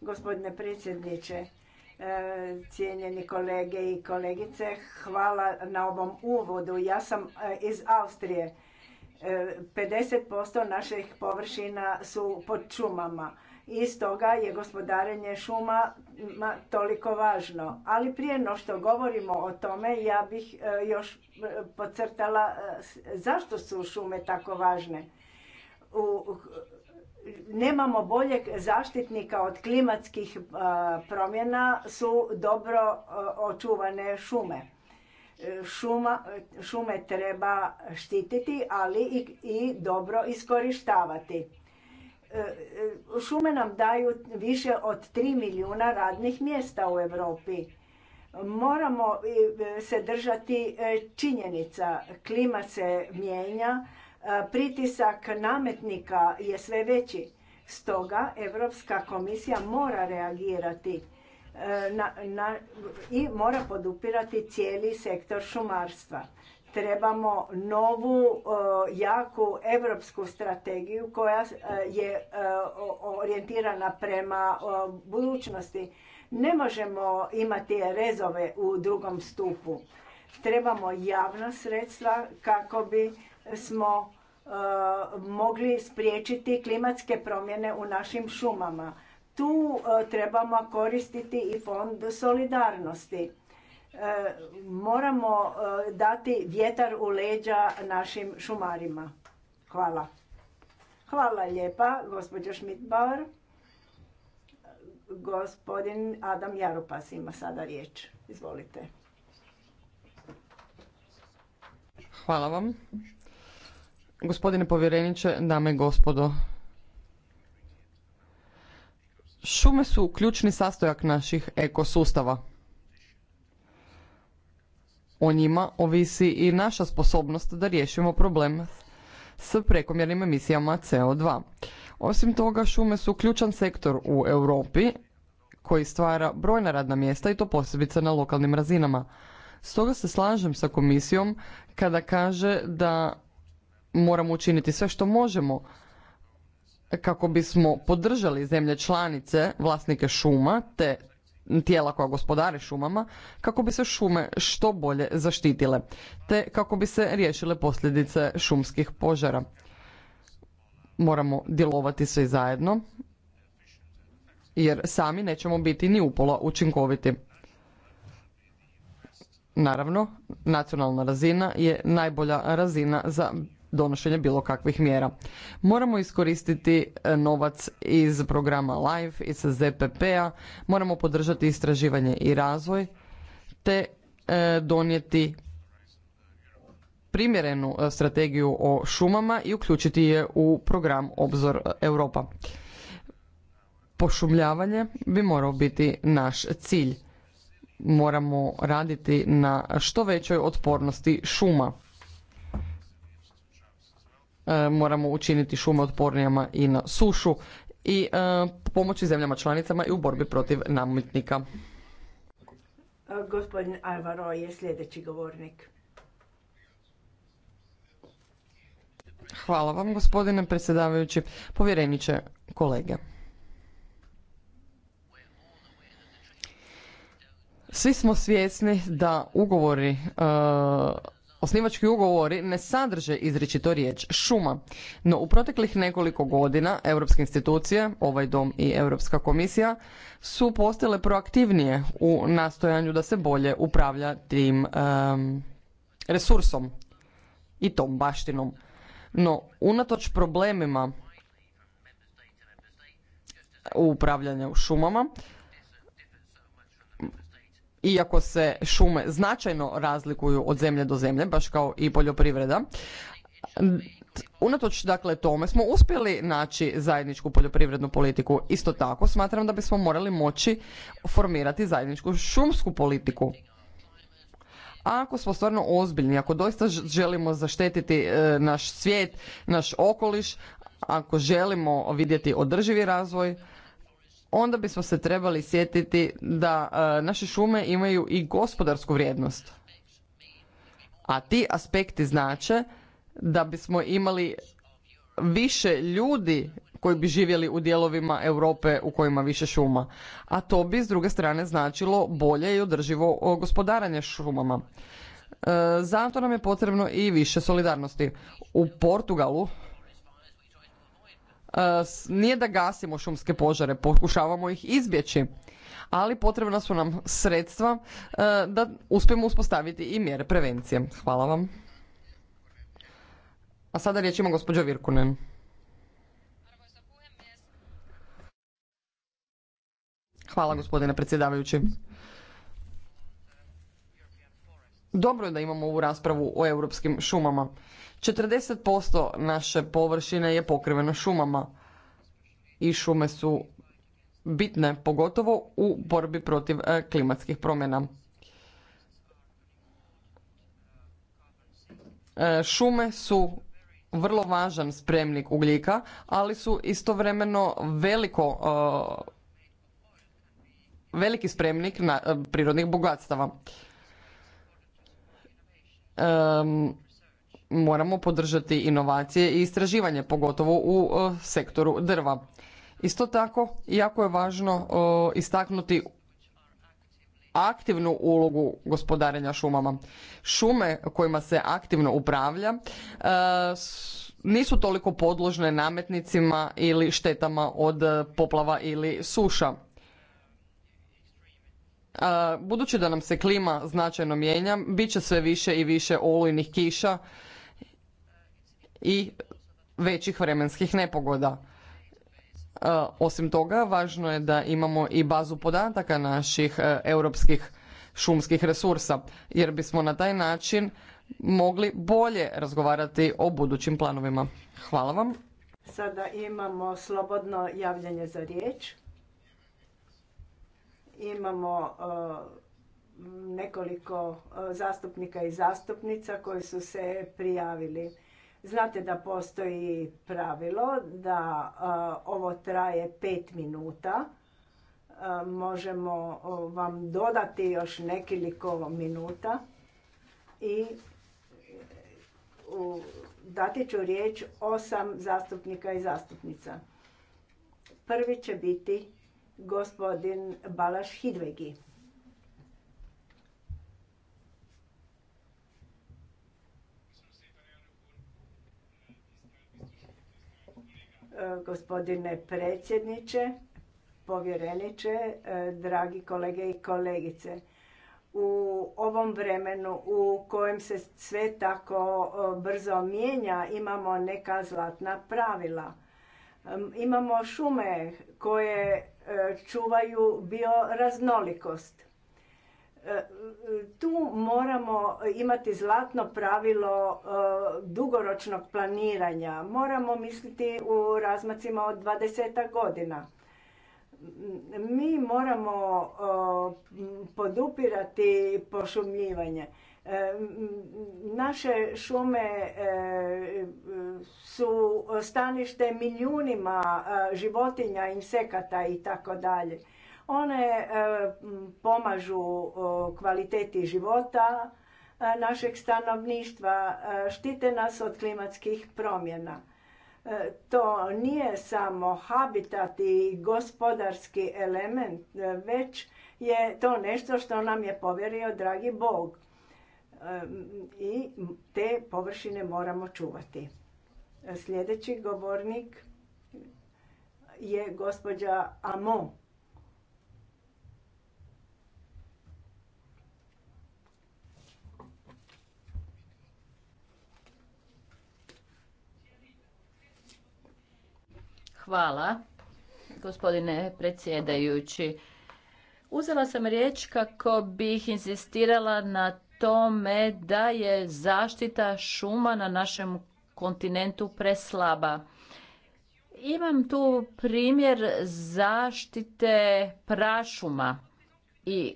F: Gospodine predsjedniče, E, cijenjeni kolege i kolegice. Hvala na ovom uvodu. Ja sam e, iz Austrije. 50% e, naših površina su pod šumama. I stoga je gospodarenje šuma toliko važno. Ali prije no što govorimo o tome, ja bih još podcrtala zašto su šume tako važne. U nemamo boljeg zaštitnika od klimatskih promjena su dobro očuvane šume. Šuma, šume treba štititi, ali i, i dobro iskorištavati. E, e, šume nam daju više od 3 milijuna radnih mjesta u Europi. Moramo e, se držati činjenica. Klima se mijenja, E, pritisak nametnika je sve veći. Stoga Europska komisija mora reagirati e, i mora podupirati cijeli sektor šumarstva. Trebamo novu e, jaku europsku strategiju koja je orijentirana prema budućnosti. Ne možemo imati rezove u drugom stupu. Trebamo javna sredstva kako bi smo e, mogli spriječiti klimatske promjene u našim šumama. Tu e, trebamo koristiti i fond solidarnosti. E, moramo dati vjetar u leđa našim šumarima. Hvala. Hvala lijepa, gospođo Schmidbauer. Gospodin Adam Jarupas ima sada riječ. Izvolite.
A: Hvala vam. Gospodine povjereniče, dame i gospodo. Šume su ključni sastojak naših ekosustava. O njima ovisi i naša sposobnost da riješimo problem s prekomjernim emisijama CO2. Osim toga, šume su ključan sektor u Europi koji stvara brojna radna mjesta i to posebice na lokalnim razinama. Stoga se slažem sa komisijom kada kaže da moramo učiniti sve što možemo kako bismo podržali zemlje članice, vlasnike šuma te tijela koja gospodare šumama kako bi se šume što bolje zaštitile te kako bi se riješile posljedice šumskih požara. Moramo djelovati sve zajedno jer sami nećemo biti ni upola učinkoviti. Naravno, nacionalna razina je najbolja razina za donošenja bilo kakvih mjera. Moramo iskoristiti e, novac iz programa LIFE, iz ZPP-a, moramo podržati istraživanje i razvoj, te e, donijeti primjerenu e, strategiju o šumama i uključiti je u program Obzor Europa. Pošumljavanje bi morao biti naš cilj. Moramo raditi na što većoj otpornosti šuma. E, moramo učiniti šume otpornijama i na sušu i e, pomoći zemljama članicama i u borbi protiv nametnika.
F: E, gospodin Alvaro je sljedeći govornik.
A: Hvala vam gospodine predsjedavajući, povjereniče, kolege. Svi smo svjesni da ugovori Osnivački ugovori ne sadrže izričito riječ šuma, no u proteklih nekoliko godina europske institucije, ovaj dom i Europska komisija, su postale proaktivnije u nastojanju da se bolje upravlja tim resursom i tom baštinom. No, unatoč problemima u upravljanju šumama, iako se šume značajno razlikuju od zemlje do zemlje, baš kao i poljoprivreda, Unatoč dakle tome smo uspjeli naći zajedničku poljoprivrednu politiku. Isto tako smatram da bismo morali moći formirati zajedničku šumsku politiku. A ako smo stvarno ozbiljni, ako doista želimo zaštetiti e, naš svijet, naš okoliš, ako želimo vidjeti održivi razvoj, onda bismo se trebali sjetiti da e, naše šume imaju i gospodarsku vrijednost. A ti aspekti znače da bismo imali više ljudi koji bi živjeli u dijelovima Europe u kojima više šuma. A to bi s druge strane značilo bolje i održivo e, gospodaranje šumama. E, zato nam je potrebno i više solidarnosti. U Portugalu E, nije da gasimo šumske požare, pokušavamo ih izbjeći, ali potrebna su nam sredstva e, da uspijemo uspostaviti i mjere prevencije. Hvala vam. A sada riječ ima gospođo Virkunen. Hvala gospodine predsjedavajući. Dobro je da imamo ovu raspravu o europskim šumama. 40% naše površine je pokriveno šumama i šume su bitne, pogotovo u borbi protiv e, klimatskih promjena. E, šume su vrlo važan spremnik ugljika, ali su istovremeno veliko e, veliki spremnik na prirodnih bogatstava moramo podržati inovacije i istraživanje, pogotovo u e, sektoru drva. Isto tako, jako je važno e, istaknuti aktivnu ulogu gospodarenja šumama. Šume kojima se aktivno upravlja e, nisu toliko podložne nametnicima ili štetama od poplava ili suša. Budući da nam se klima značajno mijenja, bit će sve više i više olujnih kiša, i većih vremenskih nepogoda. E, osim toga, važno je da imamo i bazu podataka naših e, europskih šumskih resursa, jer bismo na taj način mogli bolje razgovarati o budućim planovima. Hvala vam.
F: Sada imamo slobodno javljanje za riječ. Imamo e, nekoliko zastupnika i zastupnica koji su se prijavili. Znate da postoji pravilo da ovo traje pet minuta. možemo vam dodati još nekoliko minuta i dati ću riječ osam zastupnika i zastupnica. Prvi će biti gospodin Balaš Hidvegi. E, gospodine predsjedniče, povjereniče, e, dragi kolege i kolegice. U ovom vremenu u kojem se sve tako e, brzo mijenja imamo neka zlatna pravila. Imamo šume koje čuvaju bioraznolikost. E, tu moramo imati zlatno pravilo e, dugoročnog planiranja. Moramo misliti u razmacima od 20 godina. Mi moramo e, podupirati pošumljivanje. Naše šume su stanište milijunima životinja, insekata i tako dalje one e, pomažu kvaliteti života e, našeg stanovništva, e, štite nas od klimatskih promjena. To nije samo habitat i gospodarski element, već je to nešto što nam je povjerio dragi Bog. I te površine moramo čuvati. Sljedeći govornik je gospođa Amon.
D: Hvala, gospodine predsjedajući. Uzela sam riječ kako bih insistirala na tome da je zaštita šuma na našem kontinentu preslaba. Imam tu primjer zaštite prašuma i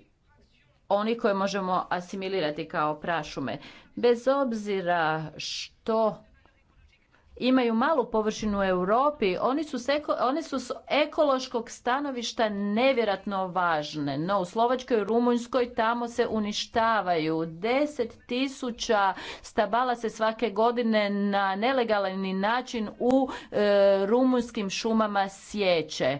D: oni koje možemo asimilirati kao prašume. Bez obzira što imaju malu površinu u Europi, oni su, su s ekološkog stanovišta nevjerojatno važne. No, u Slovačkoj i Rumunjskoj tamo se uništavaju. Deset tisuća stabala se svake godine na nelegalni način u e, rumunjskim šumama sjeće.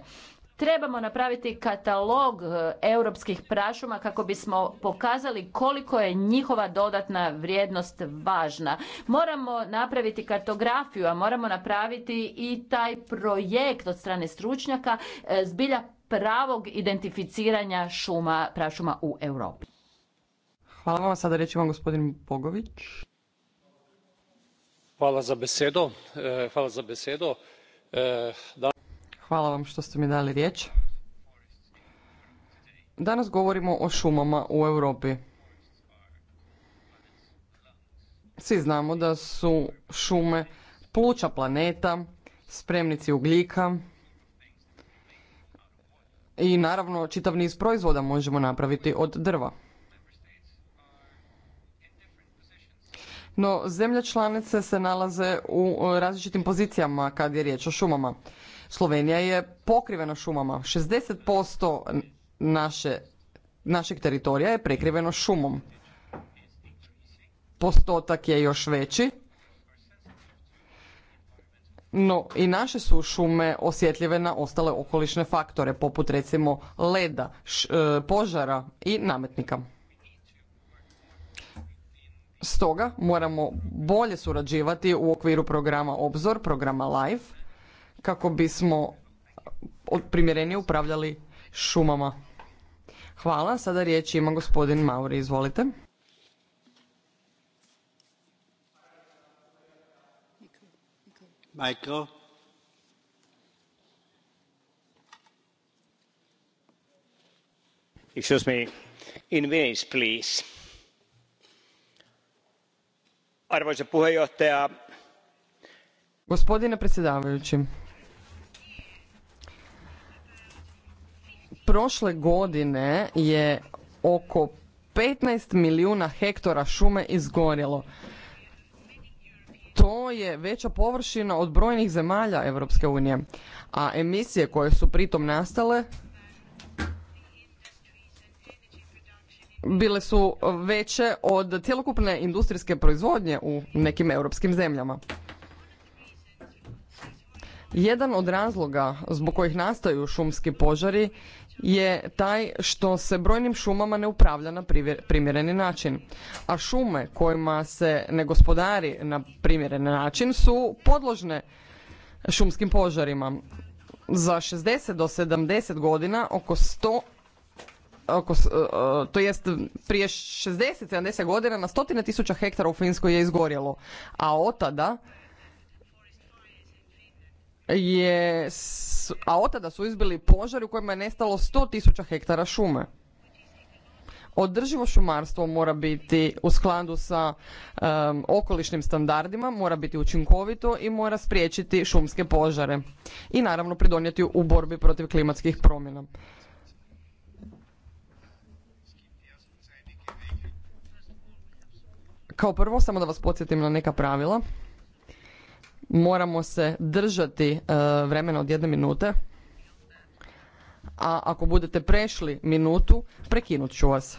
D: Trebamo napraviti katalog e, europskih prašuma kako bismo pokazali koliko je njihova dodatna vrijednost važna. Moramo napraviti kartografiju, a moramo napraviti i taj projekt od strane stručnjaka e, zbilja pravog identificiranja šuma, prašuma u Europi.
A: Hvala vam, sada reći Hvala
I: za e, Hvala za
A: Hvala vam što ste mi dali riječ. Danas govorimo o šumama u Europi. Svi znamo da su šume pluća planeta, spremnici ugljika i naravno čitav niz proizvoda možemo napraviti od drva. No, zemlje članice se nalaze u različitim pozicijama kad je riječ o šumama. Slovenija je pokrivena šumama. 60% naše, našeg teritorija je prekriveno šumom. Postotak je još veći. No i naše su šume osjetljive na ostale okolišne faktore, poput recimo leda, e, požara i nametnika. Stoga moramo bolje surađivati u okviru programa Obzor, programa Live, kako bismo primjerenije upravljali šumama. Hvala. Sada riječ ima gospodin Mauri. Izvolite.
H: Michael.
J: Excuse me. In
A: please. Arvoisa puheenjohtaja. Gospodine predsjedavajući, Prošle godine je oko 15 milijuna hektara šume izgorjelo. To je veća površina od brojnih zemalja Europske unije, a emisije koje su pritom nastale bile su veće od cjelokupne industrijske proizvodnje u nekim europskim zemljama. Jedan od razloga zbog kojih nastaju šumski požari je taj što se brojnim šumama ne upravlja na primjereni način. A šume kojima se ne gospodari na primjereni način su podložne šumskim požarima. Za 60 do 70 godina oko 100 oko, e, e, to jest prije 60-70 godina na stotine tisuća hektara u Finskoj je izgorjelo, a od tada je, a od tada su izbili požari u kojima je nestalo 100.000 hektara šume. Održivo šumarstvo mora biti u skladu sa okolišnim standardima, mora biti učinkovito i mora spriječiti šumske požare. I naravno pridonijeti u borbi protiv klimatskih promjena. Kao prvo, samo da vas podsjetim na neka pravila moramo se držati e, vremena od jedne minute, a ako budete prešli minutu, prekinut ću vas.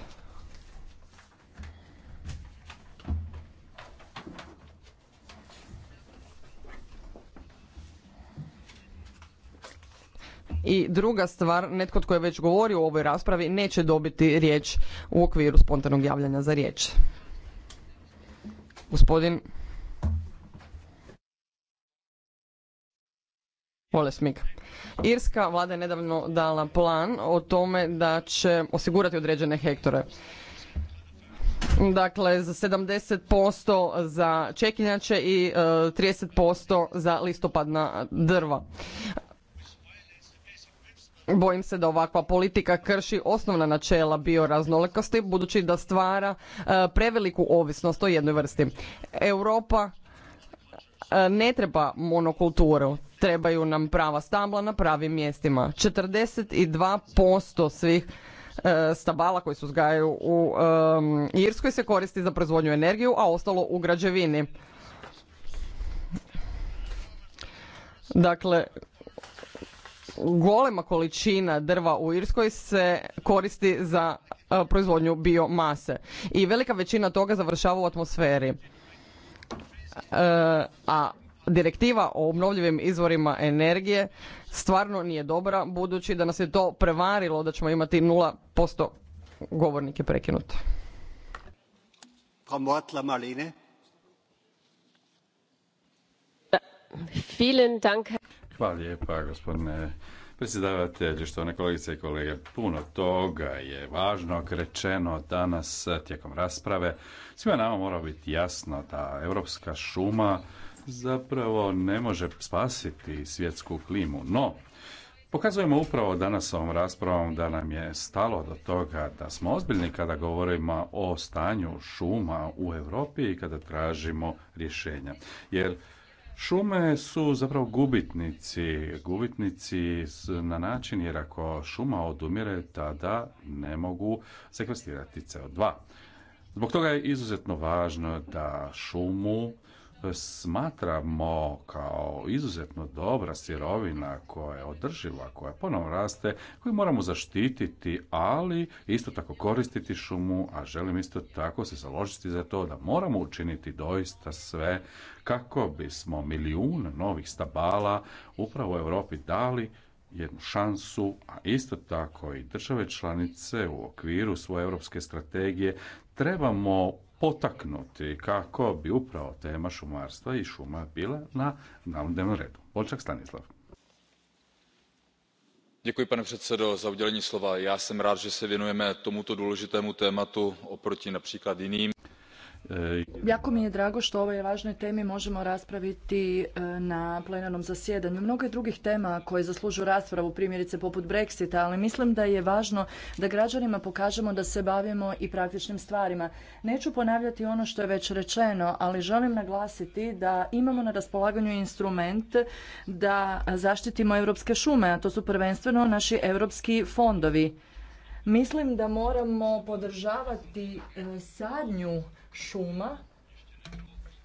A: I druga stvar, netko tko je već govorio u ovoj raspravi neće dobiti riječ u okviru spontanog javljanja za riječ. Gospodin Mika. Irska vlada je nedavno dala plan o tome da će osigurati određene hektore. Dakle, za 70% za čekinjače i 30% e, za listopadna drva. Bojim se da ovakva politika krši osnovna načela bioraznolikosti budući da stvara e, preveliku ovisnost o jednoj vrsti. Europa e, ne treba monokulturu, trebaju nam prava stabla na pravim mjestima. 42% svih e, stabala koji se uzgajaju u Irskoj se koristi za proizvodnju energiju, a ostalo u građevini. Dakle, golema količina drva u Irskoj se koristi za e, proizvodnju biomase i velika većina toga završava u atmosferi. E, a direktiva o obnovljivim izvorima energije stvarno nije dobra budući da nas je to prevarilo da ćemo imati 0% govornike je prekinut.
K: Hvala lijepa gospodine što štovane kolegice i kolege. Puno toga je važno rečeno danas tijekom rasprave. Svima nama mora biti jasno da europska šuma zapravo ne može spasiti svjetsku klimu, no Pokazujemo upravo danas ovom raspravom da nam je stalo do toga da smo ozbiljni kada govorimo o stanju šuma u Europi i kada tražimo rješenja. Jer Šume su zapravo gubitnici, gubitnici na način jer ako šuma odumire tada ne mogu sekvestirati CO2. Zbog toga je izuzetno važno da šumu smatramo kao izuzetno dobra sirovina koja je održiva, koja ponovno raste, koju moramo zaštititi, ali isto tako koristiti šumu, a želim isto tako se založiti za to da moramo učiniti doista sve kako bismo milijun novih stabala upravo u Europi dali jednu šansu, a isto tako i države članice u okviru svoje europske strategije trebamo potaknuti kako bi upravo tema šumarstva i šuma bila na dnevnom redu. Počak Stanislav. Děkuji, pane předsedo, za udělení slova. Já jsem rád, že se věnujeme tomuto důležitému tématu
L: oproti například jiným. E, jako mi je drago što ovoj važnoj temi možemo raspraviti e, na plenarnom zasjedanju. Mnogo je drugih tema koje zaslužuju raspravu, primjerice poput Brexita, ali mislim da je važno da građanima pokažemo da se bavimo i praktičnim stvarima. Neću ponavljati ono što je već rečeno, ali želim naglasiti da imamo na raspolaganju instrument da zaštitimo europske šume, a to su prvenstveno naši europski fondovi. Mislim da moramo podržavati e, sadnju šuma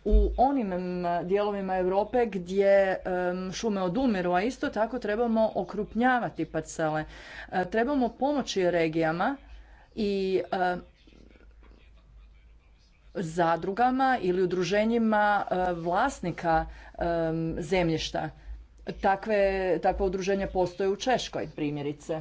L: u onim dijelovima Europe gdje šume odumiru, a isto tako trebamo okrupnjavati parcele. E, trebamo pomoći regijama i zadrugama ili udruženjima e, vlasnika zemljišta. Takve, takve udruženja postoje u Češkoj primjerice.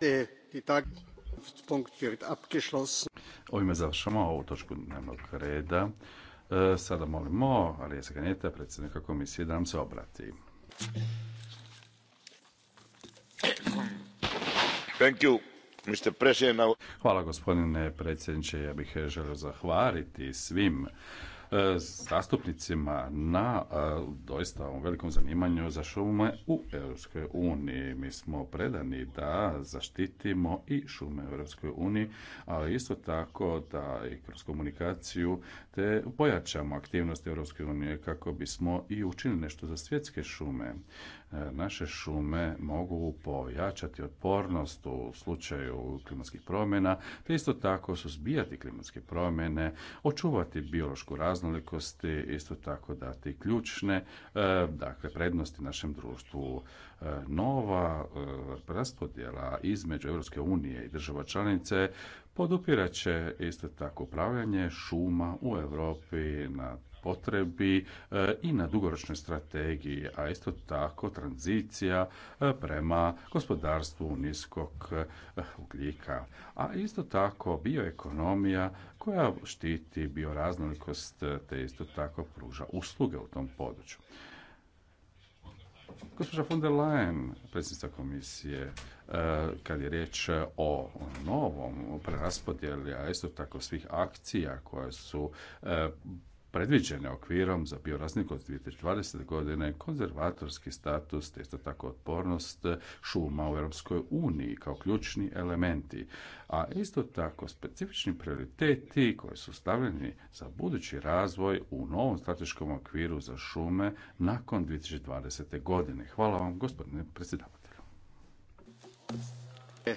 J: Äh, Ovime
K: završamo ovu točku dnevnog reda. Äh, sada molimo Alija Kanjeta, predsjednika komisije, da nam se obrati. Hvala gospodine predsjedniče, ja bih želio zahvaliti svim E, zastupnicima na e, doista ovom velikom zanimanju za šume u Europskoj uniji. Mi smo predani da zaštitimo i šume u Europskoj uniji, ali isto tako da i kroz komunikaciju te pojačamo aktivnosti Europske unije kako bismo i učinili nešto za svjetske šume. E, naše šume mogu pojačati otpornost u slučaju klimatskih promjena, te isto tako suzbijati klimatske promjene, očuvati biološku raznolikost isto tako dati ključne e, dakle, prednosti našem društvu. E, nova raspodjela između Europske unije i država članice podupirat će isto tako upravljanje šuma u Europi na potrebi e, i na dugoročnoj strategiji, a isto tako tranzicija e, prema gospodarstvu niskog e, ugljika. A isto tako bioekonomija koja štiti bioraznolikost te isto tako pruža usluge u tom području. Gospođa von der Leyen, predsjednica komisije, kad je riječ o novom preraspodjeli, a isto tako svih akcija koje su predviđene okvirom za bioraznolikost 2020. godine, konzervatorski status, te isto tako otpornost šuma u Europskoj uniji kao ključni elementi, a isto tako specifični prioriteti koji su stavljeni za budući razvoj u novom strateškom okviru za šume nakon 2020. godine. Hvala vam, gospodine predsjedavatelju. Eh,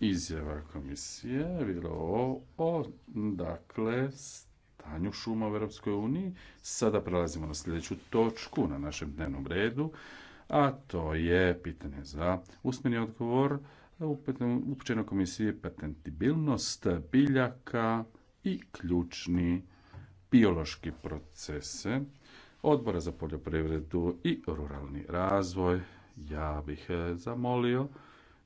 K: izjava komisije bilo o, dakle stanju šuma u Europskoj uniji. Sada prelazimo na sljedeću točku na našem dnevnom redu, a to je pitanje za usmeni odgovor upućeno komisije patentibilnost biljaka i ključni biološki procese Odbora za poljoprivredu i ruralni razvoj. Ja bih eh, zamolio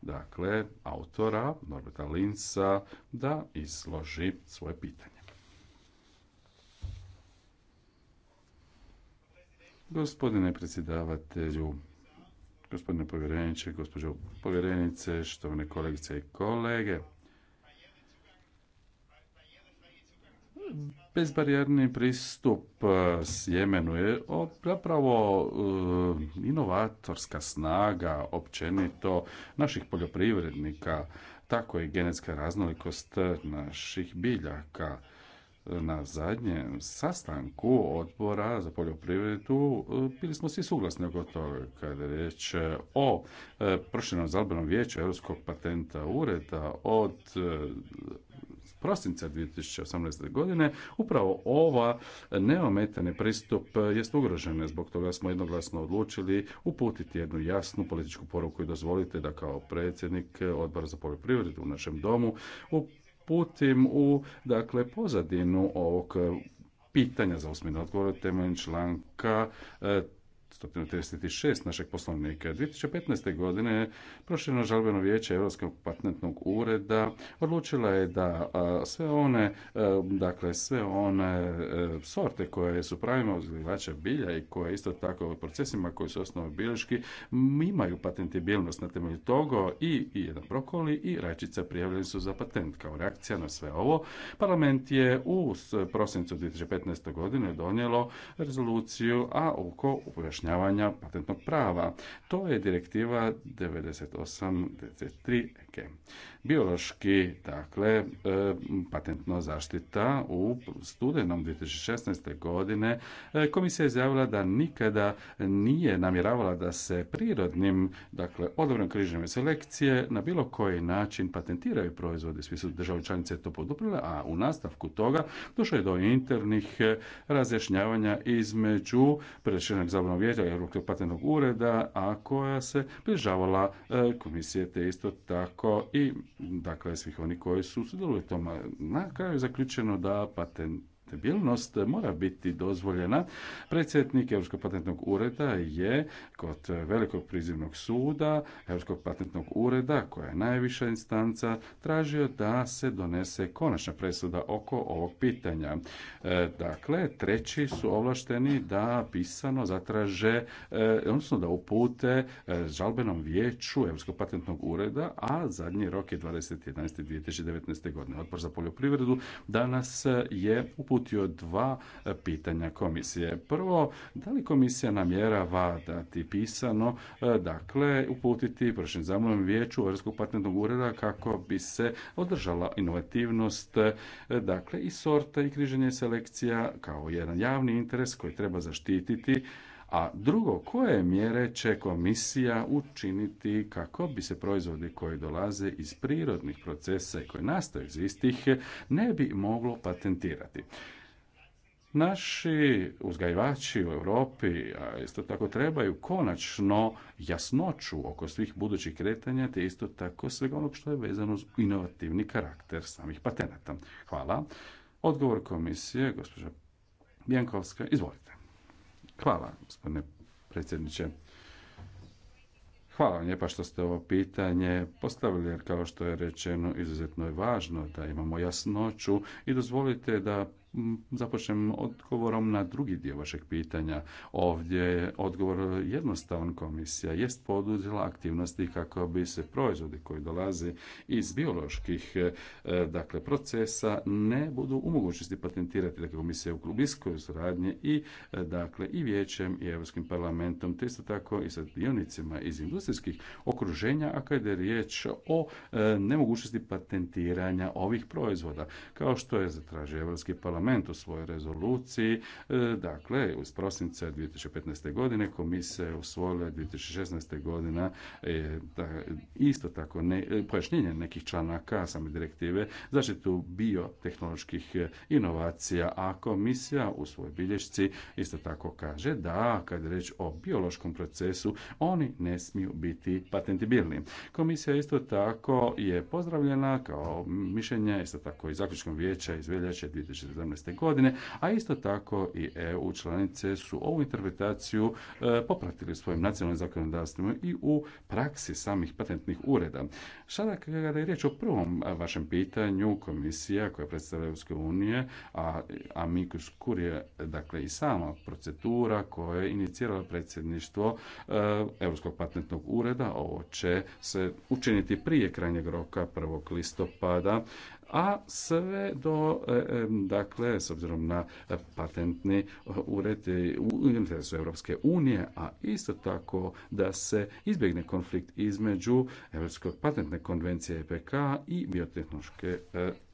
K: dakle, autora Norberta Linsa da izloži svoje pitanje. Gospodine predsjedavatelju, gospodine povjereniče, gospođo povjerenice, štovane kolegice i kolege, Bezbarijerni pristup eh, Sjemenu je zapravo eh, inovatorska snaga općenito naših poljoprivrednika, tako i genetska raznolikost naših biljaka. Na zadnjem sastanku odbora za poljoprivredu eh, bili smo svi suglasni oko toga kada je riječ o proširenom zalbenom vijeću Europskog patenta ureda od prosinca 2018. godine, upravo ova neometani pristup jest ugrožen. Zbog toga smo jednoglasno odlučili uputiti jednu jasnu političku poruku i dozvolite da kao predsjednik odbora za poljoprivredu u našem domu uputim u dakle pozadinu ovog pitanja za usmeni odgovor temeljem članka 136 našeg poslovnika. 2015. godine prošljeno žalbeno vijeće Europskog patentnog ureda odlučila je da sve one, e, dakle sve one e, sorte koje su pravima uzgljivača bilja i koje isto tako u procesima koji su osnova bilješki imaju patentibilnost na temelju toga i, jedan brokoli i rajčica prijavljeni su za patent. Kao reakcija na sve ovo, parlament je u prosincu 2015. godine donijelo rezoluciju, a oko uvešnje izjašnjavanja patentnog prava. To je direktiva 98.3 EG biološki, dakle, e, patentno zaštita u studenom 2016. godine e, komisija je izjavila da nikada nije namjeravala da se prirodnim, dakle, odobrenom križnjem selekcije na bilo koji način patentiraju proizvodi. Svi su države članice to poduprile, a u nastavku toga došlo je do internih e, razjašnjavanja između Prešenog zabavnog vijeća i Europskog patentnog ureda, a koja se prižavala komisije te isto tako i dakle svih oni koji su sudjelovali u tome. Na kraju je zaključeno da patent Stabilnost mora biti dozvoljena. Predsjednik Europskog patentnog ureda je kod Velikog prizivnog suda, Europskog patentnog ureda, koja je najviša instanca, tražio da se donese konačna presuda oko ovog pitanja. E, dakle, treći su ovlašteni da pisano zatraže, e, odnosno da upute e, žalbenom vijeću Europskog patentnog ureda, a zadnji rok je 2019. godine. Odbor za poljoprivredu danas je uputio uputio dva e, pitanja komisije. Prvo, da li komisija namjerava dati pisano, e, dakle, uputiti vršim zamlom vijeću Europskog patentnog ureda kako bi se održala inovativnost, e, dakle, i sorta i križenje selekcija kao jedan javni interes koji treba zaštititi a drugo, koje mjere će komisija učiniti kako bi se proizvodi koji dolaze iz prirodnih procesa i koji nastaju iz istih ne bi moglo patentirati? Naši uzgajivači u Europi isto tako trebaju konačno jasnoću oko svih budućih kretanja, te isto tako svega onog što je vezano uz inovativni karakter samih patenata. Hvala. Odgovor komisije, gospođa Bjankovska, izvolite. Hvala, gospodine predsjedniče. Hvala vam lijepa što ste ovo pitanje postavili, jer kao što je rečeno, izuzetno je važno da imamo jasnoću i dozvolite da Mm, započnem odgovorom na drugi dio vašeg pitanja. Ovdje je odgovor jednostavan komisija. Jest poduzela aktivnosti kako bi se proizvodi koji dolaze iz bioloških e, dakle, procesa ne budu u mogućnosti patentirati. Dakle, komisija u klubiskoj suradnji i e, dakle i vijećem i Europskim parlamentom, te isto tako i sa dionicima iz industrijskih okruženja, a kada je riječ o e, nemogućnosti patentiranja ovih proizvoda, kao što je zatražio Europski parlament parlament u svojoj rezoluciji, e, dakle, uz prosinca 2015. godine komisija je usvojila 2016. godina e, isto tako ne, e, pojašnjenje nekih članaka same direktive zaštitu biotehnoloških inovacija, a komisija u svojoj bilješci isto tako kaže da kad je reč o biološkom procesu oni ne smiju biti patentibilni. Komisija isto tako je pozdravljena kao mišljenje, isto tako i zaključkom vijeća iz veljače godine, a isto tako i EU članice su ovu interpretaciju e, popratili svojim nacionalnim zakonodavstvima i u praksi samih patentnih ureda. Sada kada je riječ o prvom vašem pitanju, komisija koja predstavlja Europske unije, a Mikus Kurije, dakle i sama procedura koja je inicirala predsjedništvo e, Europskog patentnog ureda, ovo će se učiniti prije krajnjeg roka 1. listopada a sve do, e, e, dakle, s obzirom na patentni ured e, u interesu Europske unije, a isto tako da se izbjegne konflikt između Europskog patentne konvencije EPK i biotehnološke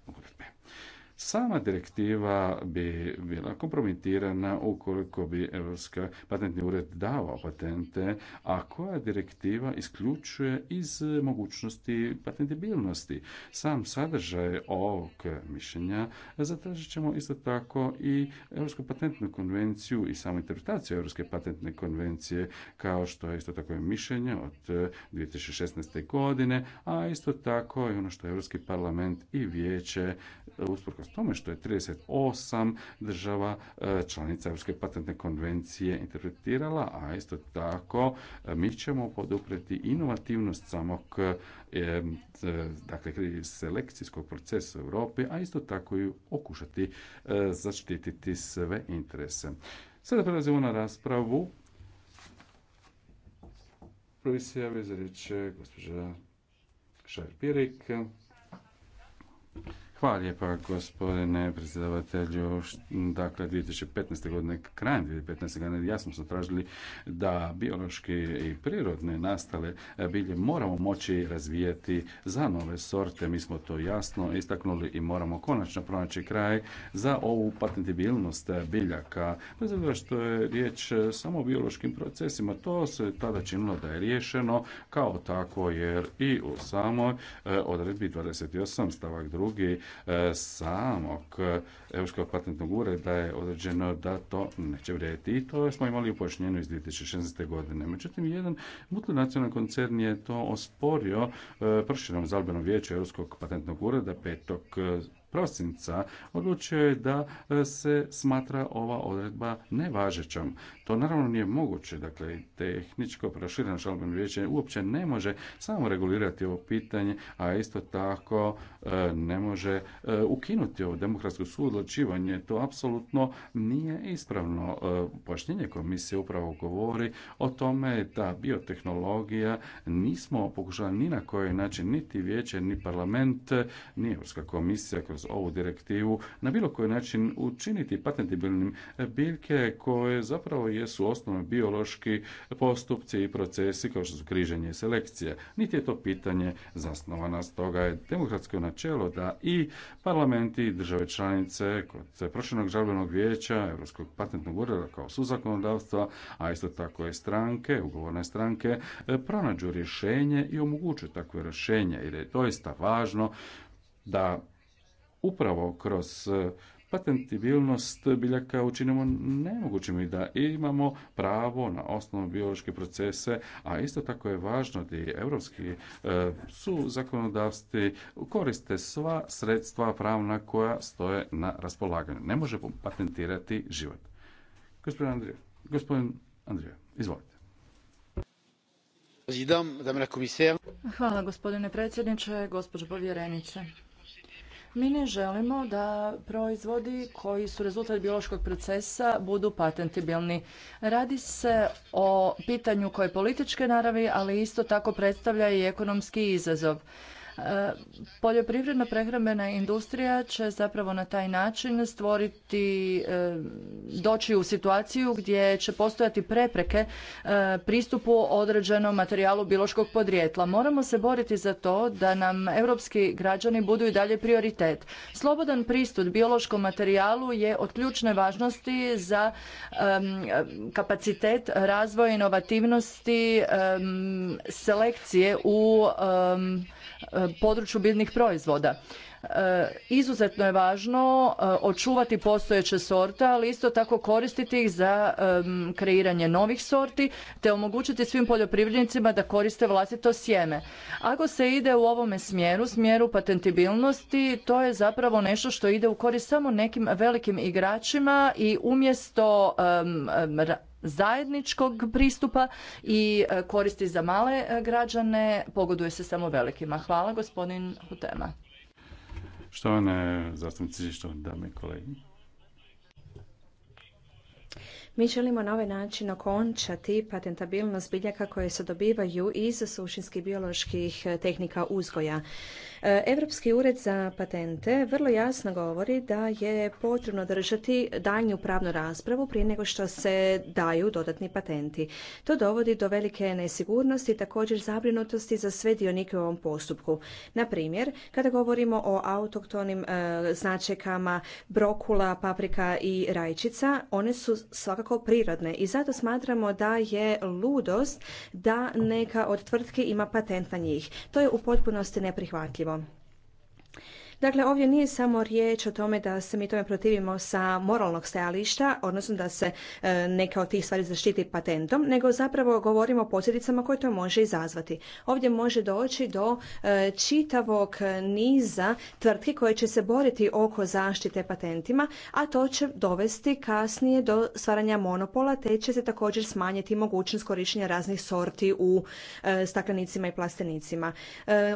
K: uredbe sama direktiva bi bila kompromitirana ukoliko bi Europska patentni ured davao patente, a koja direktiva isključuje iz mogućnosti patentibilnosti. Sam sadržaj ovog mišljenja zatražit ćemo isto tako i Europsku patentnu konvenciju i samu interpretaciju Europske patentne konvencije, kao što je isto tako mišljenje od 2016. godine, a isto tako i ono što je Europski parlament i vijeće usprkos tome što je 38 država e, članica Europske patentne konvencije interpretirala, a isto tako e, mi ćemo podupreti inovativnost samog e, dakle, selekcijskog procesa u Europi, a isto tako i okušati zaštititi sve interese. Sada prelazimo na raspravu. Prvi se javio za gospođa Šarpirik. Hvala lijepa gospodine predsjedavatelju. Dakle, 2015. godine, krajem 2015. godine, jasno smo tražili da biološke i prirodne nastale bilje moramo moći razvijati za nove sorte. Mi smo to jasno istaknuli i moramo konačno pronaći kraj za ovu patentibilnost biljaka. Bez obzira što je riječ samo o biološkim procesima, to se tada činilo da je riješeno kao tako jer i u samoj e, odredbi 28 stavak drugi E, samog Europskog patentnog ureda je određeno da to neće vrijediti. I to smo imali u iz 2016. godine. Međutim, jedan multinacionalni koncern je to osporio e, proširenom zalbenom vijeću Europskog patentnog ureda petok prosinca odlučio je da e, se smatra ova odredba nevažećom. To naravno nije moguće, dakle tehničko prošireno žalbeno vijeće uopće ne može samo regulirati ovo pitanje, a isto tako e, ne može e, ukinuti ovo demokratsko suodlučivanje. To apsolutno nije ispravno. Pojašnjenje komisije upravo govori o tome da biotehnologija nismo pokušali ni na koji način niti vijeće, ni parlament, ni Europska komisija kroz ovu direktivu na bilo koji način učiniti patentibilnim biljke koje zapravo jesu osnovni biološki postupci i procesi kao što su križenje i selekcije. Niti je to pitanje zasnovana, stoga je demokratsko načelo da i parlamenti i države članice kod prošljenog žalbenog vijeća Europskog patentnog ureda kao suzakonodavstva, a isto tako i stranke, ugovorne stranke, pronađu rješenje i omogućuju takve rješenje jer je doista važno da upravo kroz e, patentibilnost biljaka učinimo nemogućim i da imamo pravo na osnovno biološke procese, a isto tako je važno da i europski e, su zakonodavstvi koriste sva sredstva pravna koja stoje na raspolaganju. Ne može patentirati život. Gospodin Andrija, gospodin Andrija, izvolite.
L: Hvala gospodine predsjedniče, gospođo povjerenice. Mi ne želimo da proizvodi koji su rezultat biološkog procesa budu patentibilni. Radi se o pitanju koje je političke naravi, ali isto tako predstavlja i ekonomski izazov. Poljoprivredna prehrambena industrija će zapravo na taj način stvoriti, e, doći u situaciju gdje će postojati prepreke e, pristupu određenom materijalu biološkog podrijetla. Moramo se boriti za to da nam europski građani budu i dalje prioritet. Slobodan pristup biološkom materijalu je od ključne važnosti za kapacitet razvoja inovativnosti selekcije u području biljnih proizvoda. E, izuzetno je važno e, očuvati postojeće sorte, ali isto tako koristiti ih za kreiranje novih sorti, te omogućiti svim poljoprivrednicima da koriste vlastito sjeme. Ako se ide u ovome smjeru, smjeru patentibilnosti, to je zapravo nešto što ide u korist samo nekim velikim igračima i umjesto zajedničkog pristupa i e, koristi za male građane, pogoduje se samo velikima. Hvala gospodin Hutema.
K: Štovane zastupnici, štovane dame i kolegi.
C: Mi želimo na ovaj način okončati patentabilnost biljaka koje se dobivaju iz sušinskih bioloških tehnika uzgoja. Europski ured za patente vrlo jasno govori da je potrebno držati daljnju pravnu raspravu prije nego što se daju dodatni patenti. To dovodi do velike nesigurnosti i također zabrinutosti za sve dionike u ovom postupku. Na primjer, kada govorimo o autoktonim e, značajkama brokula, paprika i rajčica, one su svakako prirodne i zato smatramo da je ludost da neka od tvrtki ima patent na njih. To je u potpunosti neprihvatljivo. Hvala Dakle, ovdje nije samo riječ o tome da se mi tome protivimo sa moralnog stajališta, odnosno da se e, neka od tih stvari zaštiti patentom, nego zapravo govorimo o posljedicama koje to može izazvati. Ovdje može doći do e, čitavog niza tvrtki koje će se boriti oko zaštite patentima, a to će dovesti kasnije do stvaranja monopola, te će se također smanjiti mogućnost korištenja raznih sorti u e, staklenicima i plastenicima.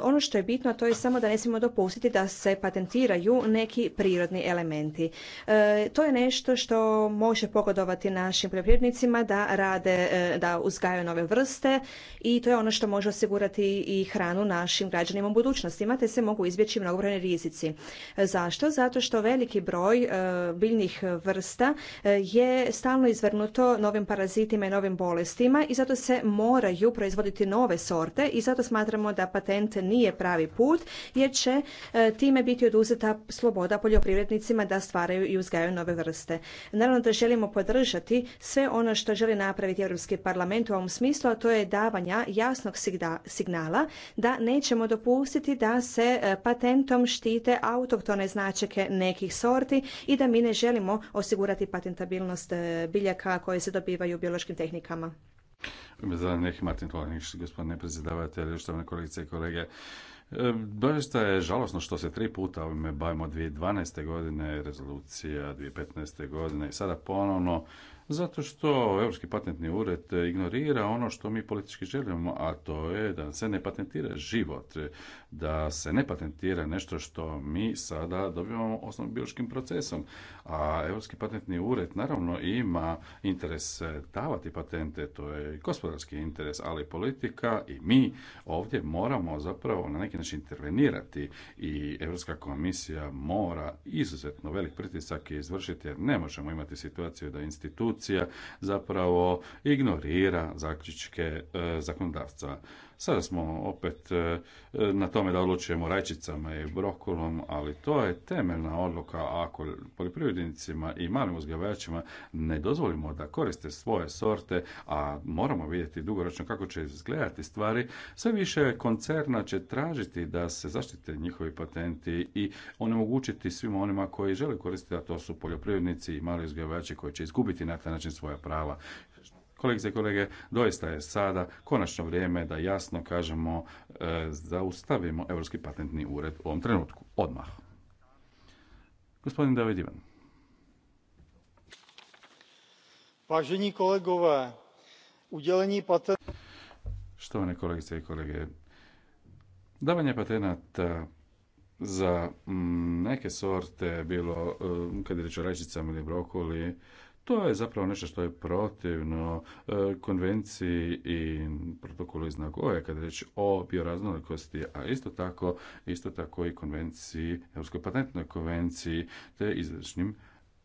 C: Ono što je bitno, to je samo da ne smijemo dopustiti da se patentiraju neki prirodni elementi. E, to je nešto što može pogodovati našim poljoprivrednicima da rade, e, da uzgajaju nove vrste i to je ono što može osigurati i hranu našim građanima u budućnosti. te se mogu izbjeći mnogobrojni rizici. E, zašto? Zato što veliki broj biljnih vrsta je stalno izvrnuto novim parazitima i novim bolestima i zato se moraju proizvoditi nove sorte i zato smatramo da patent nije pravi put jer će time biti oduzeta sloboda poljoprivrednicima da stvaraju i uzgajaju nove vrste. Naravno da želimo podržati sve ono što želi napraviti Europski parlament u ovom smislu, a to je davanja jasnog signala da nećemo dopustiti da se e, patentom štite autohtone značke nekih sorti i da mi ne želimo osigurati patentabilnost e, biljaka koje se dobivaju biološkim tehnikama.
K: Martin Tolanić, gospodine predsjedavatelju, štovane kolegice i kolege, Doista je žalosno što se tri puta ovime bavimo 2012. godine, rezolucija 2015. godine i sada ponovno zato što Europski patentni ured ignorira ono što mi politički želimo, a to je da se ne patentira život da se ne patentira nešto što mi sada dobivamo osnovnim biološkim procesom. A Europski patentni ured naravno ima interes eh, davati patente, to je gospodarski interes, ali politika i mi ovdje moramo zapravo na neki način intervenirati i Europska komisija mora izuzetno velik pritisak izvršiti jer ne možemo imati situaciju da institucija zapravo ignorira zaključke eh, zakonodavca. Sada smo opet e, na tome da odlučujemo rajčicama i brokolom, ali to je temeljna odluka ako poljoprivrednicima i malim uzgajivačima ne dozvolimo da koriste svoje sorte, a moramo vidjeti dugoročno kako će izgledati stvari, sve više koncerna će tražiti da se zaštite njihovi patenti i onemogućiti svima onima koji žele koristiti, a to su poljoprivrednici i mali uzgajivači koji će izgubiti na taj način svoja prava. Kolegice i kolege, doista je sada konačno vrijeme da jasno kažemo e, zaustavimo Europski patentni ured u ovom trenutku. Odmah. Gospodin David Ivan.
I: Vážení kolegové, patent...
K: Štovane kolegice i kolege, davanje patenata za mm, neke sorte, bilo e, kad je reč o rajčicama ili brokoli, to je zapravo nešto što je protivno e, konvenciji i protokolu iz Nagoje kada je riječ o bioraznolikosti, a isto tako, isto tako i konvenciji, Europskoj patentnoj konvenciji te izvršnim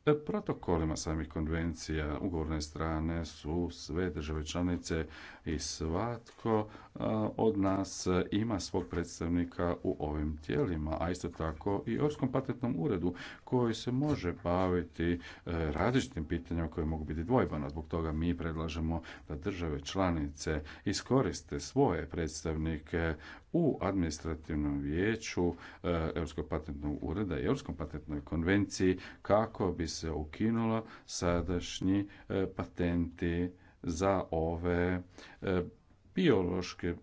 K: E, protokolima samih konvencija ugovorne strane su sve države članice i svatko e, od nas ima svog predstavnika u ovim tijelima, a isto tako i Europskom patentnom uredu koji se može baviti e, različitim pitanjima koje mogu biti dvojbana. Zbog toga mi predlažemo da države članice iskoriste svoje predstavnike u administrativnom vijeću e, Europskog patentnog ureda i Europskom patentnoj konvenciji kako bi se ukinula sadašnji e, patenti za ove e, biološke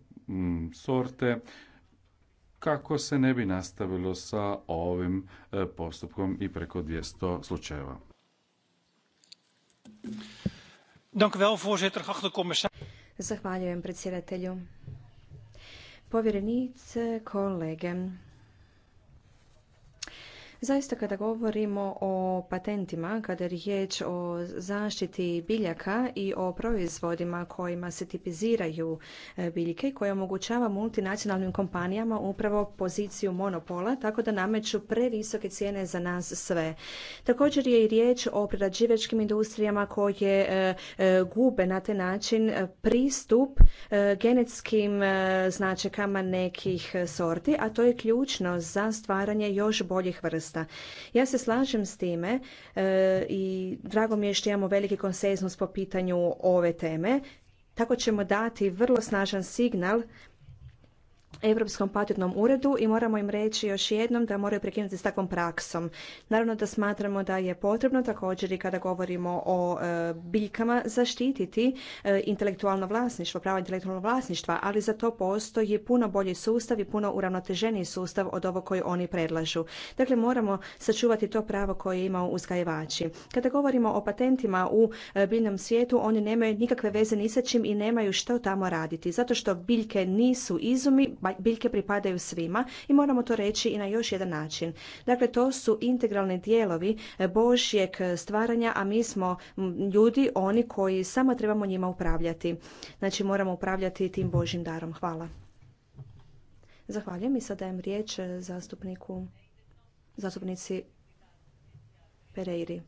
K: sorte kako se ne bi nastavilo sa ovim postupkom i preko 200 slučajeva.
C: Zahvaljujem predsjedatelju povjerenice, kolege. Zaista kada govorimo o patentima, kada je riječ o zaštiti biljaka i o proizvodima kojima se tipiziraju e, biljke koje omogućava multinacionalnim kompanijama upravo poziciju monopola, tako da nameću previsoke cijene za nas sve. Također je i riječ o prerađivačkim industrijama koje e, e, gube na taj način pristup genetskim značekama nekih sorti, a to je ključno za stvaranje još boljih vrsta. Ja se slažem s time e, i drago mi je što imamo veliki konsenzus po pitanju ove teme. Tako ćemo dati vrlo snažan signal Europskom patentnom uredu i moramo im reći još jednom da moraju prekinuti s takvom praksom. Naravno da smatramo da je potrebno također i kada govorimo o e, biljkama zaštititi e, intelektualno vlasništvo, prava intelektualnog vlasništva, ali za to postoji puno bolji sustav i puno uravnoteženiji sustav od ovog koji oni predlažu. Dakle, moramo sačuvati to pravo koje imaju uzgajivači. Kada govorimo o patentima u e, biljnom svijetu, oni nemaju nikakve veze ni sa čim i nemaju što tamo raditi, zato što biljke nisu izumi, biljke pripadaju svima i moramo to reći i na još jedan način. Dakle, to su integralni dijelovi e, Božjeg e, stvaranja, a mi smo ljudi oni koji samo trebamo njima upravljati. Znači, moramo upravljati tim Božjim darom. Hvala. Zahvaljujem i sad dajem riječ e, zastupniku, zastupnici Pereiri.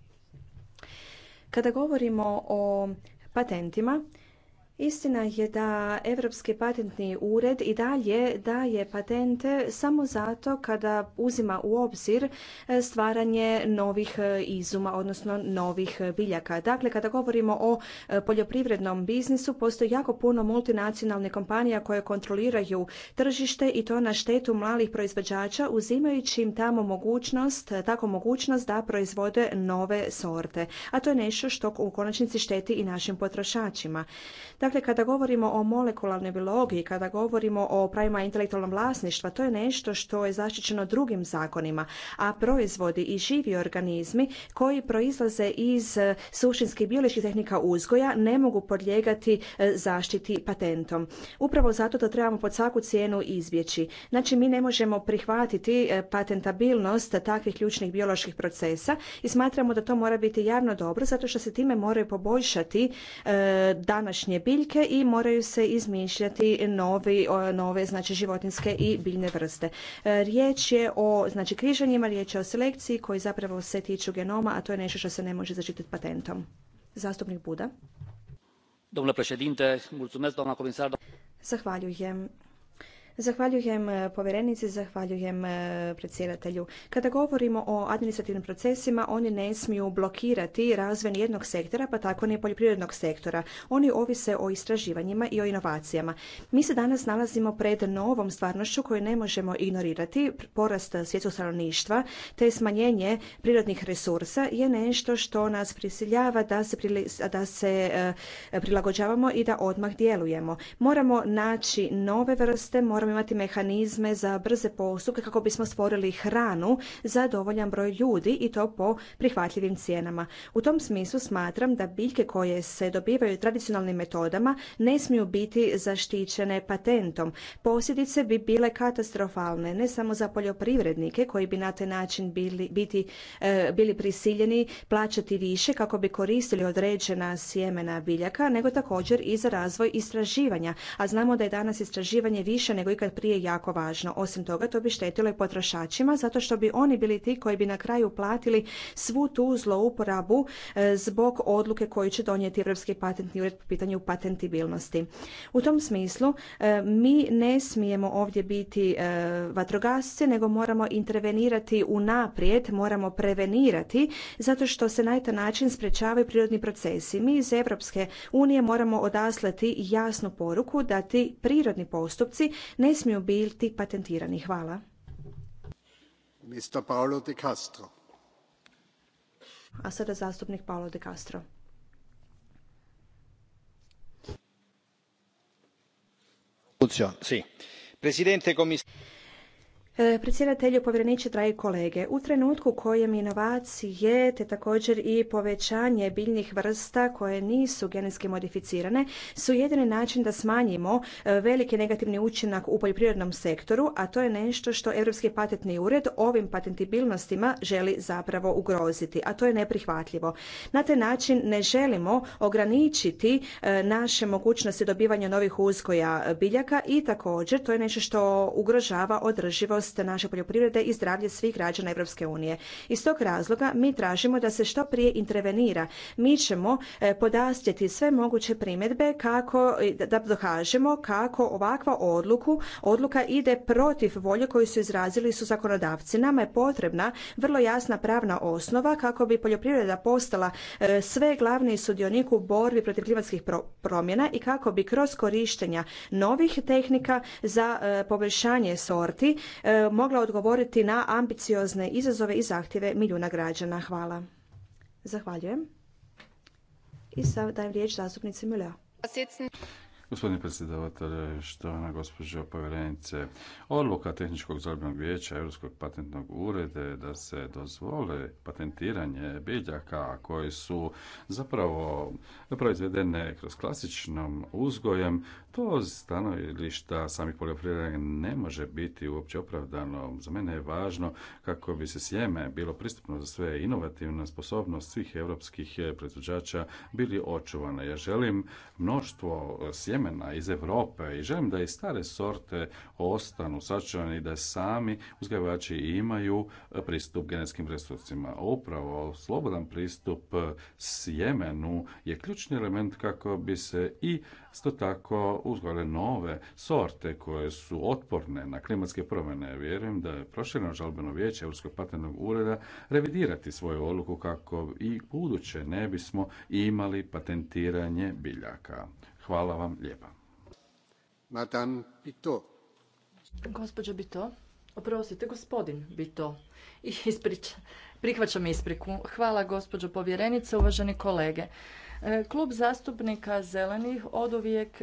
C: Kada govorimo o patentima, Istina je da Europski patentni ured i dalje daje patente samo zato kada uzima u obzir e, stvaranje novih e, izuma, odnosno novih biljaka. Dakle, kada govorimo o e, poljoprivrednom biznisu, postoji jako puno multinacionalnih kompanija koje kontroliraju tržište i to na štetu malih proizvođača, uzimajući im tamo mogućnost, tako mogućnost da proizvode nove sorte. A to je nešto što u konačnici šteti i našim potrošačima. Dakle, kada govorimo o molekularnoj biologiji, kada govorimo o pravima intelektualnog vlasništva, to je nešto što je zaštićeno drugim zakonima, a proizvodi i živi organizmi koji proizlaze iz e, suštinskih bioloških tehnika uzgoja ne mogu podlijegati e, zaštiti patentom. Upravo zato to trebamo pod svaku cijenu izbjeći. Znači, mi ne možemo prihvatiti e, patentabilnost takvih ključnih bioloških procesa i smatramo da to mora biti javno dobro zato što se time moraju poboljšati današnje biljke biljke i moraju se izmišljati novi, nove znači životinske i biljne vrste. E, riječ je o znači križanjima, riječ je o selekciji koji zapravo se tiču genoma, a to je nešto što se ne može zaštititi patentom. Zastupnik Buda. Zahvaljujem. Zahvaljujem e, povjerenici, zahvaljujem e, predsjedatelju. Kada govorimo o administrativnim procesima, oni ne smiju blokirati razvoj jednog sektora, pa tako ni poljoprivrednog sektora. Oni ovise o istraživanjima i o inovacijama. Mi se danas nalazimo pred novom stvarnošću koju ne možemo ignorirati. Porast svjetskog stanovništva te smanjenje prirodnih resursa je nešto što nas prisiljava da se, da se e, prilagođavamo i da odmah djelujemo. Moramo naći nove vrste, moramo imati mehanizme za brze postupke kako bismo stvorili hranu za dovoljan broj ljudi i to po prihvatljivim cijenama. U tom smislu smatram da biljke koje se dobivaju tradicionalnim metodama ne smiju biti zaštićene patentom. Posljedice bi bile katastrofalne ne samo za poljoprivrednike koji bi na taj način bili, biti, e, bili prisiljeni plaćati više kako bi koristili određena sjemena biljaka, nego također i za razvoj istraživanja. A znamo da je danas istraživanje više nego kad prije jako važno. Osim toga, to bi štetilo i potrošačima zato što bi oni bili ti koji bi na kraju platili svu tu zlouporabu e, zbog odluke koju će donijeti Europski patentni ured po pitanju patentibilnosti. U tom smislu e, mi ne smijemo ovdje biti e, vatrogasci, nego moramo intervenirati u naprijed, moramo prevenirati zato što se na taj način sprečavaju prirodni procesi. Mi iz Europske unije moramo odaslati jasnu poruku da ti prirodni postupci ne ne smiju biti patentirani. Hvala.
J: Mr. Paolo de Castro.
C: A sada zastupnik Paolo de Castro.
J: Presidente, komisar...
C: E, predsjedatelju, povjereniče, dragi kolege, u trenutku kojem inovacije te također i povećanje biljnih vrsta koje nisu genetski modificirane su jedini način da smanjimo e, veliki negativni učinak u poljoprivrednom sektoru, a to je nešto što Europski patentni ured ovim patentibilnostima želi zapravo ugroziti, a to je neprihvatljivo. Na taj način ne želimo ograničiti e, naše mogućnosti dobivanja novih uzgoja biljaka i također to je nešto što ugrožava održivost sigurnost naše poljoprivrede i zdravlje svih građana Europske unije. Iz tog razloga mi tražimo da se što prije intervenira. Mi ćemo e, podastjeti sve moguće primjedbe kako e, da dokažemo kako ovakva odluku, odluka ide protiv volje koju su izrazili su zakonodavci. Nama je potrebna vrlo jasna pravna osnova kako bi poljoprivreda postala e, sve glavni sudionik u borbi protiv klimatskih promjena i kako bi kroz korištenja novih tehnika za poboljšanje sorti mogla odgovoriti na ambiciozne izazove i zahtjeve milijuna građana. Hvala. Zahvaljujem. I sad dajem riječ zastupnici Milja.
K: Gospodine predsjedavatelj, štovana gospođo povjerenice, odluka Tehničkog zorbenog vijeća Europskog patentnog ureda da se dozvole patentiranje biljaka koji su zapravo proizvedene kroz klasičnom uzgojem, to stanovišta samih poljoprivrednika ne može biti uopće opravdano. Za mene je važno kako bi se sjeme bilo pristupno za sve inovativna sposobnost svih europskih proizvođača bili očuvana. Ja želim mnoštvo sjemena iz Europe i želim da i stare sorte ostanu sačuvani i da sami uzgajivači imaju pristup genetskim resursima. Upravo slobodan pristup sjemenu je ključni element kako bi se i Sto tako uzgojile nove sorte koje su otporne na klimatske promjene. Vjerujem da je prošireno žalbeno vijeće Europskog patentnog ureda revidirati svoju odluku kako i buduće ne bismo imali patentiranje biljaka. Hvala vam lijepa.
J: Madame
L: Bito. Gospođa Bito, oprostite, gospodin Bito. Ispriča, prihvaćam ispriku. Hvala gospođo povjerenice, uvaženi kolege. E, Klub zastupnika zelenih oduvijek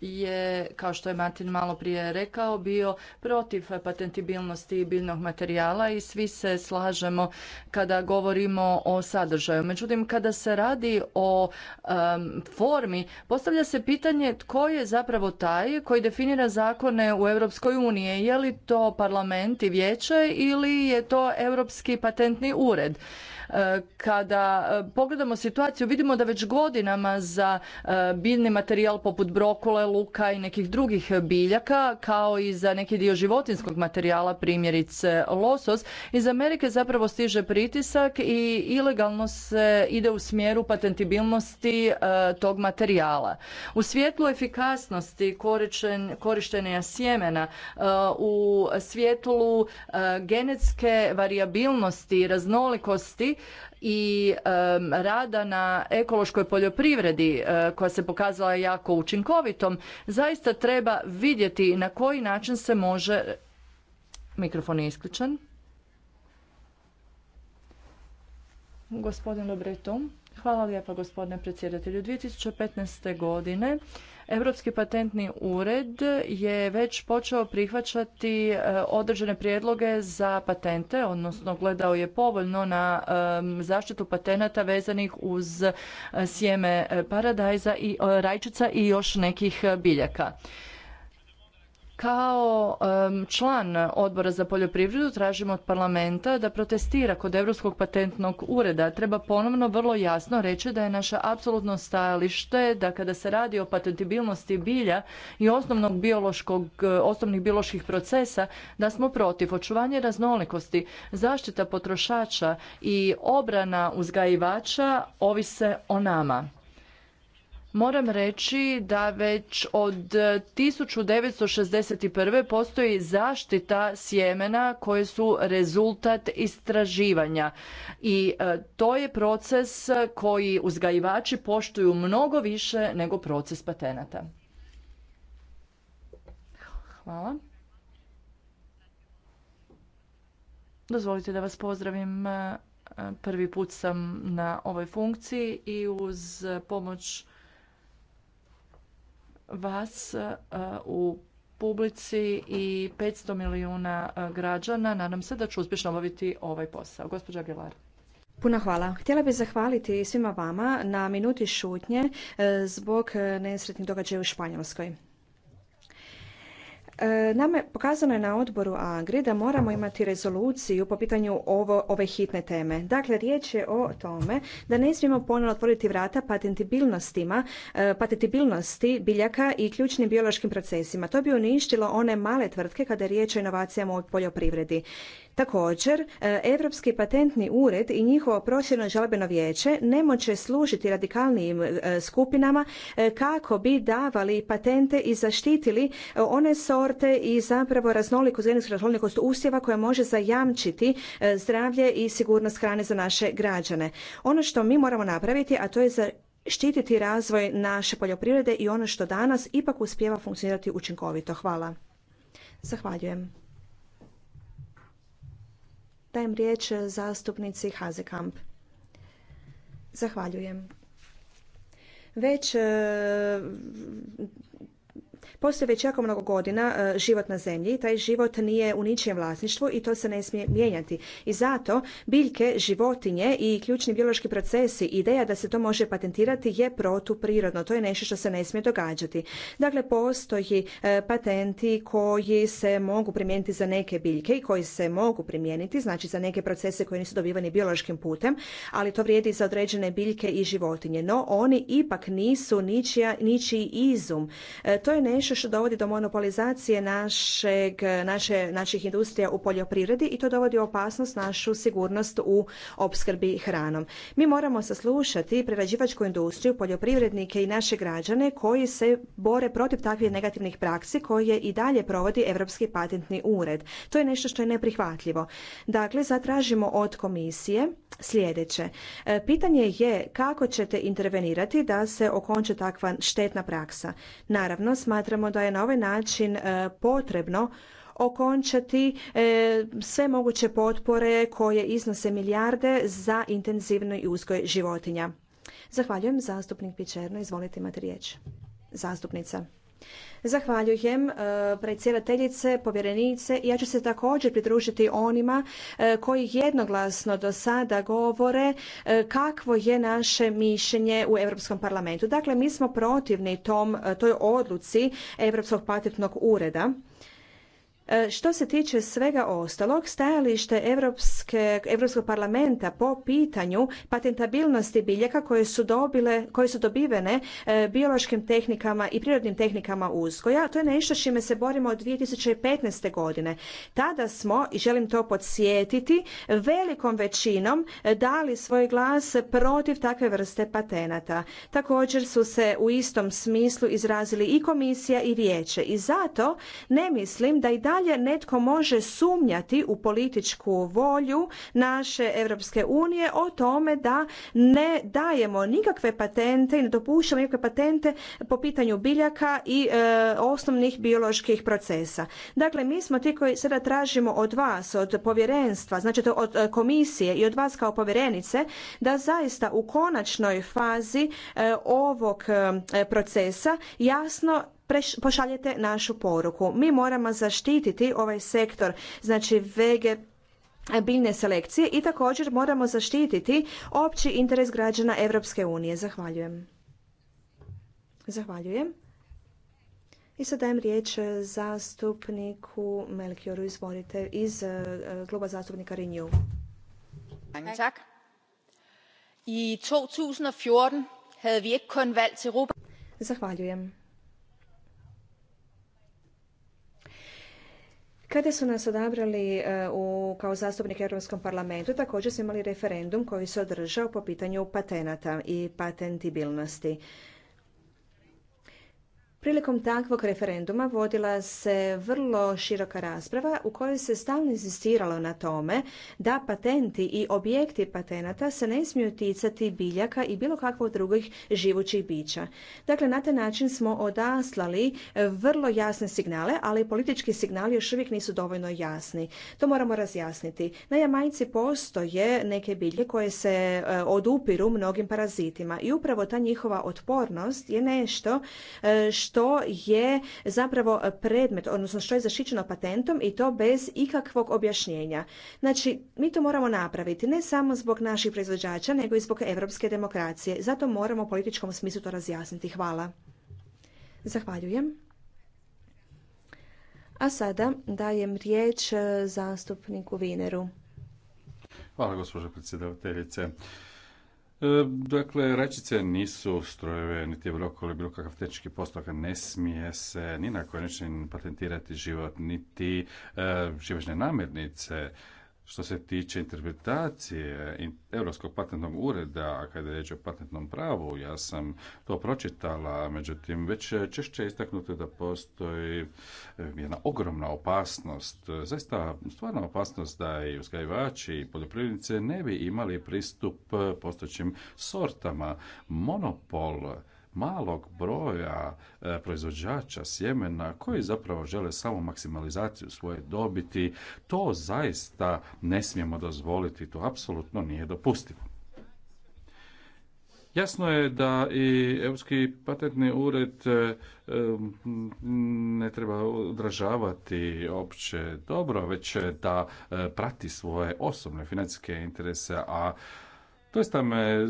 L: je, kao što je Martin malo prije rekao, bio protiv patentibilnosti biljnog materijala i svi se slažemo kada govorimo o sadržaju. Međutim, kada se radi o formi, postavlja se pitanje tko je zapravo taj koji definira zakone u Europskoj uniji. Je li to parlament i vijeće ili je to Europski patentni ured? E, kada e, pogledamo situaciju vidimo da već godinama za e, biljni materijal poput brokule, luka i nekih drugih biljaka kao i za neki dio životinskog materijala primjerice losos iz Amerike zapravo stiže pritisak i ilegalno se ide u smjeru patentibilnosti tog materijala. U svjetlu efikasnosti korištenja sjemena u svjetlu genetske variabilnosti i raznolikosti i rada na ekološkoj poljoprivredi eh, koja se pokazala jako učinkovitom, zaista treba vidjeti na koji način se može... Mikrofon je isključen. Gospodin Lobreton. Hvala lijepa gospodine predsjedatelju. 2015. godine Europski patentni ured je već počeo prihvaćati e, određene prijedloge za patente, odnosno gledao je povoljno na zaštitu patenata vezanih uz e, sjeme e, paradajza i rajčica i još nekih biljaka. Kao član odbora za poljoprivredu tražimo od parlamenta da protestira kod Europskog patentnog ureda. Treba ponovno vrlo jasno reći da je naše apsolutno stajalište da kada se radi o patentibilnosti bilja i osnovnog biološkog, osnovnih bioloških procesa, da smo protiv očuvanja raznolikosti, zaštita potrošača i obrana uzgajivača ovise o nama. Moram reći da već od 1961. postoji zaštita sjemena koje su rezultat istraživanja i e, to je proces koji uzgajivači poštuju mnogo više nego proces patenata. Hvala. Dozvolite da vas pozdravim. E, e, prvi put sam na ovoj funkciji i uz pomoć vas e, u publici i 500 milijuna e, građana. Nadam se da ću uspješno obaviti
C: ovaj posao. Gospođa Aguilar. Puna hvala. Htjela bih zahvaliti svima vama na minuti šutnje e, zbog nesretnih događaja u Španjolskoj. E, Nama je pokazano je na odboru Agri da moramo imati rezoluciju po pitanju ovo, ove hitne teme. Dakle, riječ je o tome da ne smijemo ponovno otvoriti vrata patentibilnostima, e, patentibilnosti biljaka i ključnim biološkim procesima. To bi uništilo one male tvrtke kada je riječ o inovacijama u poljoprivredi. Također, Europski patentni ured i njihovo profesionalno žalbeno vijeće ne moće služiti radikalnijim e, skupinama e, kako bi davali patente i zaštitili e, one sorte i zapravo raznolikost, genetsku raznolikost usjeva koja može zajamčiti zdravlje i sigurnost hrane za naše građane. Ono što mi moramo napraviti, a to je za razvoj naše poljoprivrede i ono što danas ipak uspijeva funkcionirati učinkovito. Hvala. Zahvaljujem. Dajem riječ zastupnici Hazekamp. Zahvaljujem. Već e, Postoji već jako mnogo godina e, život na zemlji, taj život nije u ničijem vlasništvu i to se ne smije mijenjati. I zato biljke, životinje i ključni biološki procesi, ideja da se to može patentirati je protuprirodno. To je nešto što se ne smije događati. Dakle, postoji e, patenti koji se mogu primijeniti za neke biljke i koji se mogu primijeniti, znači za neke procese koji nisu dobivani biološkim putem, ali to vrijedi za određene biljke i životinje. No, oni ipak nisu ničiji izum. E, to je nešto što dovodi do monopolizacije našeg, naše, naših industrija u poljoprivredi i to dovodi u opasnost našu sigurnost u opskrbi hranom. Mi moramo saslušati prerađivačku industriju, poljoprivrednike i naše građane koji se bore protiv takvih negativnih praksi koje i dalje provodi Europski patentni ured. To je nešto što je neprihvatljivo. Dakle, zatražimo od komisije sljedeće. E, pitanje je kako ćete intervenirati da se okonča takva štetna praksa. Naravno, smatramo smatramo da je na ovaj način e, potrebno okončati e, sve moguće potpore koje iznose milijarde za intenzivno i uzgoj životinja. Zahvaljujem. Zastupnik Pičerno, izvolite imati riječ. Zastupnica. Zahvaljujem e, predsjedateljice, povjerenice. Ja ću se također pridružiti onima e, koji jednoglasno do sada govore e, kakvo je naše mišljenje u Europskom parlamentu. Dakle, mi smo protivni tom, toj odluci Europskog patentnog ureda E, što se tiče svega ostalog, stajalište Europskog parlamenta po pitanju patentabilnosti biljaka koje su, dobile, koje su dobivene e, biološkim tehnikama i prirodnim tehnikama uzgoja, to je nešto s čime se borimo od 2015. godine. Tada smo, i želim to podsjetiti, velikom većinom e, dali svoj glas protiv takve vrste patenata. Također su se u istom smislu izrazili i komisija i vijeće i zato ne mislim da i da dalje netko može sumnjati u političku volju naše Europske unije o tome da ne dajemo nikakve patente i ne dopuštamo nikakve patente po pitanju biljaka i e, osnovnih bioloških procesa. Dakle, mi smo ti koji sada tražimo od vas, od povjerenstva, znači od e, komisije i od vas kao povjerenice da zaista u konačnoj fazi e, ovog procesa jasno pošaljete našu poruku. Mi moramo zaštititi ovaj sektor, znači vege biljne selekcije i također moramo zaštititi opći interes građana Europske unije. Zahvaljujem. Zahvaljujem. I sad dajem riječ zastupniku Melkioru, izvolite, iz kluba zastupnika Renew. Tak. I 2014 havde vi ikke kun Europa. Zahvaljujem. Kada su nas odabrali e, u, kao zastupnik Europskom parlamentu, također smo imali referendum koji se održao po pitanju patenata i patentibilnosti. Prilikom takvog referenduma vodila se vrlo široka rasprava u kojoj se stalno insistiralo na tome da patenti i objekti patenata se ne smiju ticati biljaka i bilo kakvog drugih živućih bića. Dakle, na taj način smo odaslali vrlo jasne signale, ali politički signali još uvijek nisu dovoljno jasni. To moramo razjasniti. Na Jamajci postoje neke bilje koje se e, odupiru mnogim parazitima i upravo ta njihova otpornost je nešto e, što to je zapravo predmet, odnosno što je zaštićeno patentom i to bez ikakvog objašnjenja. Znači, mi to moramo napraviti ne samo zbog naših proizvođača, nego i zbog europske demokracije. Zato moramo u političkom smislu to razjasniti. Hvala. Zahvaljujem. A sada dajem riječ e, zastupniku Vineru.
K: Hvala gospođo predsjedavateljice. E, dakle, rečice nisu strojeve, niti je bilo bilo kakav tehnički postupak, ne smije se ni na koji način patentirati život, niti e, živežne namirnice. Što se tiče interpretacije Europskog patentnog ureda, kada je riječ o patentnom pravu, ja sam to pročitala, međutim, već češće je istaknuto da postoji eh, jedna ogromna opasnost, eh, zaista stvarna opasnost da i uzgajivači i poljoprivrednice ne bi imali pristup eh, postojećim sortama. Monopol malog broja e, proizvođača sjemena koji zapravo žele samo maksimalizaciju svoje dobiti, to zaista ne smijemo dozvoliti, to apsolutno nije dopustivo. Jasno je da i Europski patentni ured e, ne treba odražavati opće dobro, već da e, prati svoje osobne financijske interese, a Doista me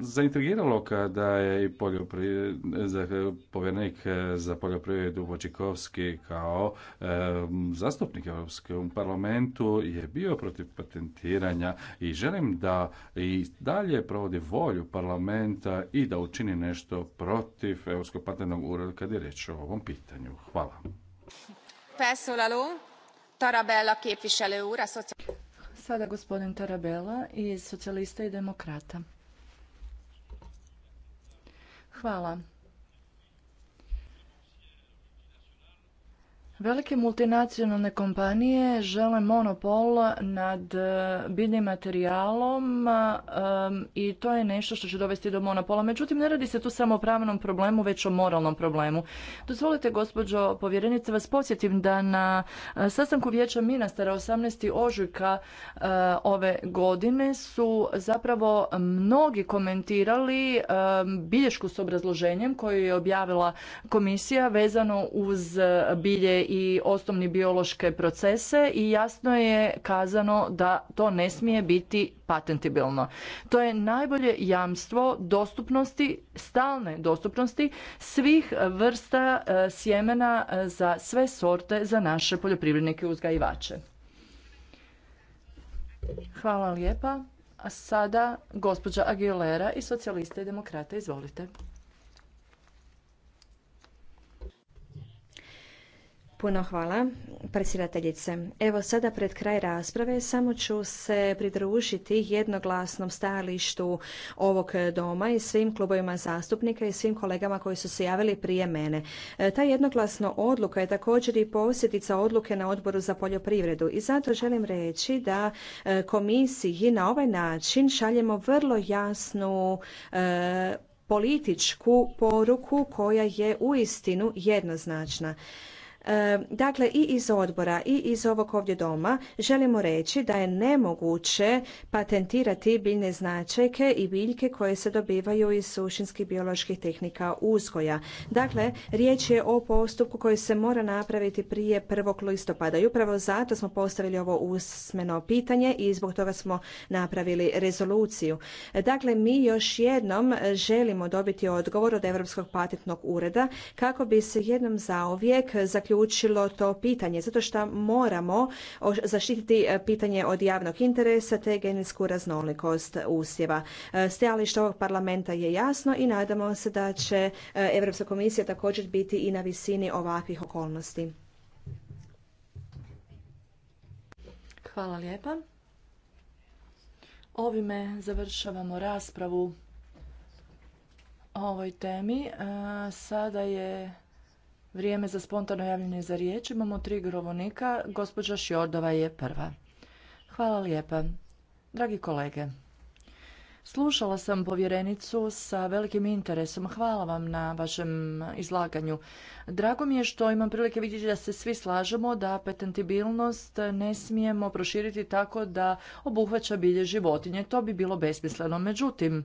K: zaintrigiralo kada je i za za poljoprivredu Vočikovski kao zastupnik Europskom parlamentu je bio protiv patentiranja i želim da i dalje provodi volju parlamenta i da učini nešto protiv Europskog patentnog ureda kad je riječ o ovom pitanju. Hvala.
M: Tarabella
L: Sada gospodin Tarabela iz Socijalista i Demokrata. Hvala. Velike multinacionalne kompanije žele monopol nad e, biljnim materijalom e, i to je nešto što će dovesti do monopola. Međutim, ne radi se tu samo o pravnom problemu, već o moralnom problemu. Dozvolite, gospođo povjerenice, vas podsjetim da na e, sastanku vijeća ministara 18. ožujka ove godine su zapravo mnogi komentirali bilješku s obrazloženjem koju je objavila komisija vezano uz bilje i osnovni biološke procese i jasno je kazano da to ne smije biti patentibilno. To je najbolje jamstvo dostupnosti, stalne dostupnosti svih vrsta e, sjemena e, za sve sorte za naše poljoprivrednike uzgajivače. Hvala lijepa. A sada gospođa Aguilera i socijaliste i demokrate, izvolite.
C: Puno hvala, predsjedateljice. Evo sada pred kraj rasprave samo ću se pridružiti jednoglasnom stajalištu ovog doma i svim klubovima zastupnika i svim kolegama koji su se javili prije mene. E, ta jednoglasna odluka je također i posljedica odluke na odboru za poljoprivredu i zato želim reći da e, komisiji na ovaj način šaljemo vrlo jasnu e, političku poruku koja je uistinu jednoznačna. Dakle, i iz odbora i iz ovog ovdje doma želimo reći da je nemoguće patentirati biljne značajke i biljke koje se dobivaju iz sušinskih bioloških tehnika uzgoja. Dakle, riječ je o postupku koji se mora napraviti prije 1. listopada i upravo zato smo postavili ovo usmeno pitanje i zbog toga smo napravili rezoluciju. Dakle, mi još jednom želimo dobiti odgovor od Europskog patentnog ureda kako bi se jednom zauvijek zaključili učilo to pitanje, zato što moramo zaštititi e, pitanje od javnog interesa te genetsku raznolikost usjeva. E, stajalište ovog parlamenta je jasno i nadamo se da će e, Europska komisija također biti i na visini ovakvih okolnosti. Hvala lijepa.
L: Ovime završavamo raspravu o ovoj temi. Sada je vrijeme za spontano javljanje za riječ. Imamo tri grovonika. Gospođa Šjordova je prva. Hvala lijepa. Dragi kolege, Slušala sam povjerenicu sa velikim interesom. Hvala vam na vašem izlaganju. Drago mi je što imam prilike vidjeti da se svi slažemo da petentibilnost ne smijemo proširiti tako da obuhvaća bilje životinje. To bi bilo besmisleno. Međutim,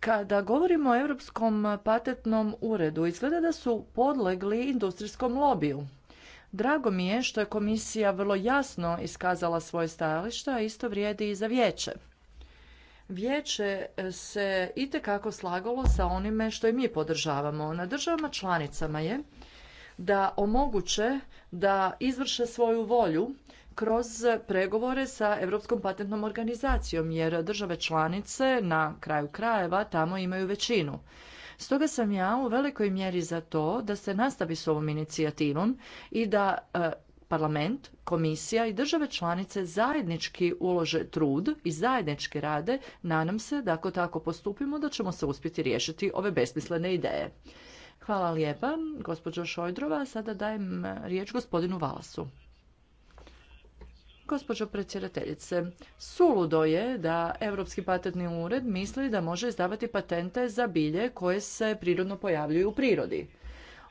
L: kada govorimo o Europskom patentnom uredu, izgleda da su podlegli industrijskom lobiju. Drago mi je što je komisija vrlo jasno iskazala svoje stajalište, a isto vrijedi i za vijeće. Vijeće se itekako slagalo sa onime što i mi podržavamo. Na državama članicama je da omoguće da izvrše svoju volju kroz pregovore sa Europskom patentnom organizacijom jer države članice na kraju krajeva tamo imaju većinu. Stoga sam ja u velikoj mjeri za to da se nastavi s ovom inicijativom i da e, parlament, komisija i države članice zajednički ulože trud i zajednički rade, nadam se da ako tako postupimo da ćemo se uspjeti riješiti ove besmislene ideje. Hvala lijepa, gospođo Šojdrova. Sada dajem riječ gospodinu Valasu. Gospođo predsjedateljice, suludo je da Europski patentni ured misli da može izdavati patente za bilje koje se prirodno pojavljuju u prirodi.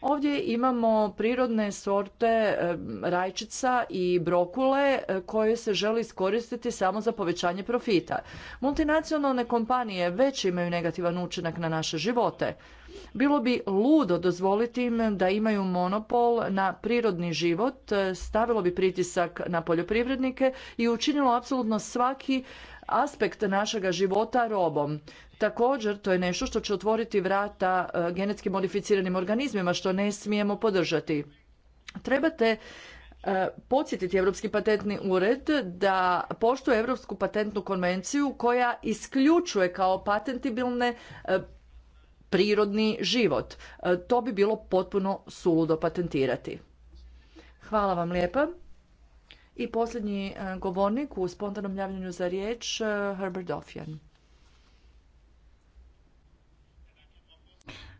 L: Ovdje imamo prirodne sorte e, rajčica i brokule e, koje se želi iskoristiti samo za povećanje profita. Multinacionalne kompanije već imaju negativan učinak na naše živote. Bilo bi ludo dozvoliti im da imaju monopol na prirodni život, e, stavilo bi pritisak na poljoprivrednike i učinilo apsolutno svaki aspekt našega života robom. Također, to je nešto što će otvoriti vrata e, genetski modificiranim organizmima, što ne smijemo podržati. Trebate e, podsjetiti Europski patentni ured da poštuje Europsku patentnu konvenciju koja isključuje kao patentibilne e, prirodni život. To bi bilo potpuno suludo patentirati. Hvala vam lijepa. I posljednji e, govornik u spontanom javljanju za riječ, e, Herbert Dofjan.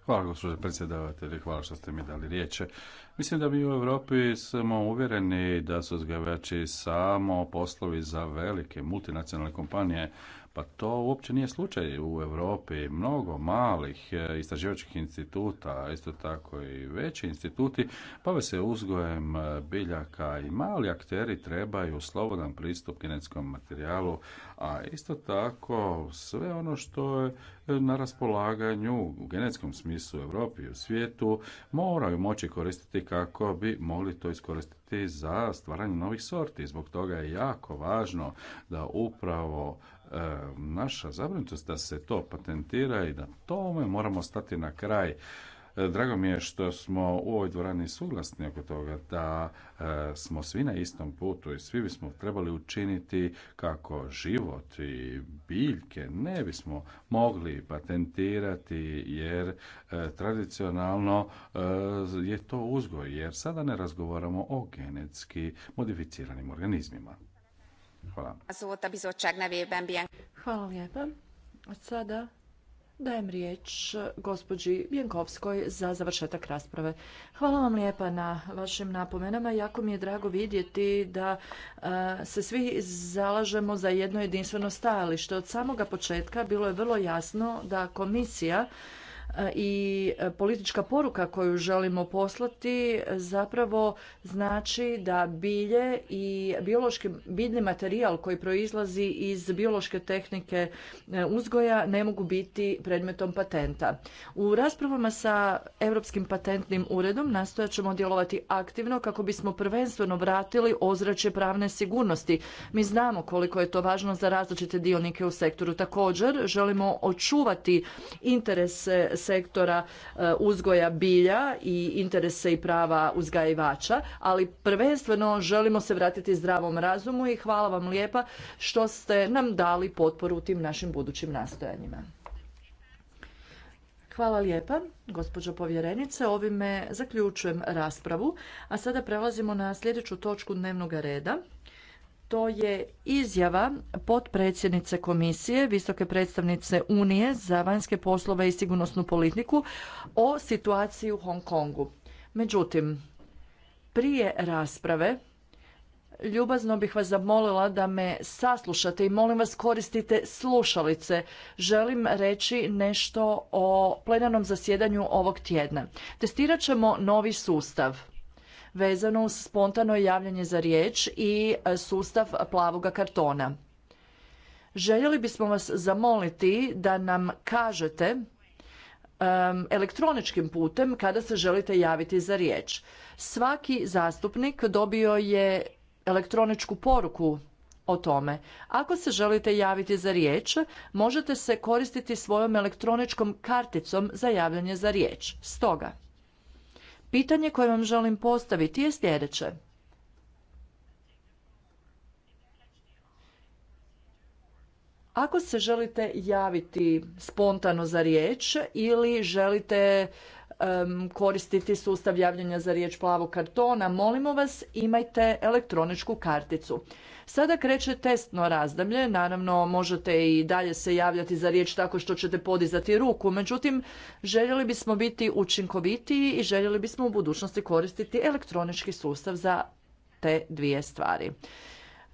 K: Hvala gospođo predsjedavatelji, hvala što ste mi dali riječe. Mislim da mi u Europi smo uvjereni da su uzgajivači samo poslovi za velike multinacionalne kompanije pa to uopće nije slučaj u Europi. Mnogo malih e, istraživačkih instituta, isto tako i veći instituti, bave se uzgojem e, biljaka i mali akteri trebaju slobodan pristup genetskom materijalu, a isto tako sve ono što je e, na raspolaganju u genetskom smislu u Europi i u svijetu moraju moći koristiti kako bi mogli to iskoristiti za stvaranje novih sorti. Zbog toga je jako važno da upravo E, naša zabrinutost da se to patentira i da tome moramo stati na kraj. E, drago mi je što smo u ovoj dvorani suglasni oko toga da e, smo svi na istom putu i svi bismo trebali učiniti kako život i biljke ne bismo mogli patentirati jer tradicionalno je to uzgoj jer sada ne razgovaramo o genetski modificiranim organizmima. Hvala.
M: lijepa,
L: lijepa. Sada dajem riječ gospođi Bjenkovskoj za završetak rasprave. Hvala vam lijepa na vašim napomenama. Jako mi je drago vidjeti da e, se svi zalažemo za jedno jedinstveno stajalište. Od samoga početka bilo je vrlo jasno da komisija E, i e, politička poruka koju želimo poslati zapravo znači da bilje i biološki biljni materijal koji proizlazi iz biološke tehnike e, uzgoja ne mogu biti predmetom patenta. U raspravama sa Europskim patentnim uredom nastojat ćemo djelovati aktivno kako bismo prvenstveno vratili ozračje pravne sigurnosti. Mi znamo koliko je to važno za različite dionike u sektoru. Također želimo očuvati interese sektora e, uzgoja bilja i interese i prava uzgajivača, ali prvenstveno želimo se vratiti zdravom razumu i hvala vam lijepa što ste nam dali potporu u tim našim budućim nastojanjima. Hvala lijepa, gospođo povjerenice. Ovime zaključujem raspravu, a sada prelazimo na sljedeću točku dnevnog reda to je izjava potpredsjednice komisije, visoke predstavnice Unije za vanjske poslove i sigurnosnu politiku o situaciji u Hong Kongu. Međutim, prije rasprave ljubazno bih vas zamolila da me saslušate i molim vas koristite slušalice. Želim reći nešto o plenarnom zasjedanju ovog tjedna. Testirat ćemo novi sustav vezano uz spontano javljanje za riječ i e, sustav plavoga kartona. Željeli bismo vas zamoliti da nam kažete e, elektroničkim putem kada se želite javiti za riječ. Svaki zastupnik dobio je elektroničku poruku o tome. Ako se želite javiti za riječ, možete se koristiti svojom elektroničkom karticom za javljanje za riječ. Stoga, Pitanje koje vam želim postaviti je sljedeće. Ako se želite javiti spontano za riječ ili želite koristiti sustav javljanja za riječ plavog kartona, molimo vas imajte elektroničku karticu. Sada kreće testno razdoblje, naravno možete i dalje se javljati za riječ tako što ćete podizati ruku, međutim željeli bismo biti učinkovitiji i željeli bismo u budućnosti koristiti elektronički sustav za te dvije stvari.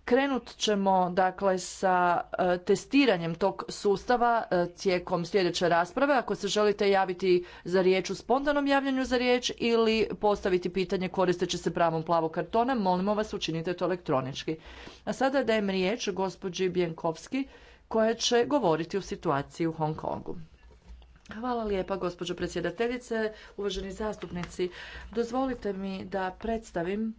L: Krenut ćemo dakle sa e, testiranjem tog sustava e, tijekom sljedeće rasprave. Ako se želite javiti za riječ u spontanom javljanju za riječ ili postaviti pitanje koristeći se pravom plavog kartona, molimo vas učinite to elektronički. A sada dajem riječ gospođi Bjenkovski koja će govoriti o situaciji u Hong Kongu. Hvala lijepa, gospođo predsjedateljice, uvaženi zastupnici. Dozvolite mi da predstavim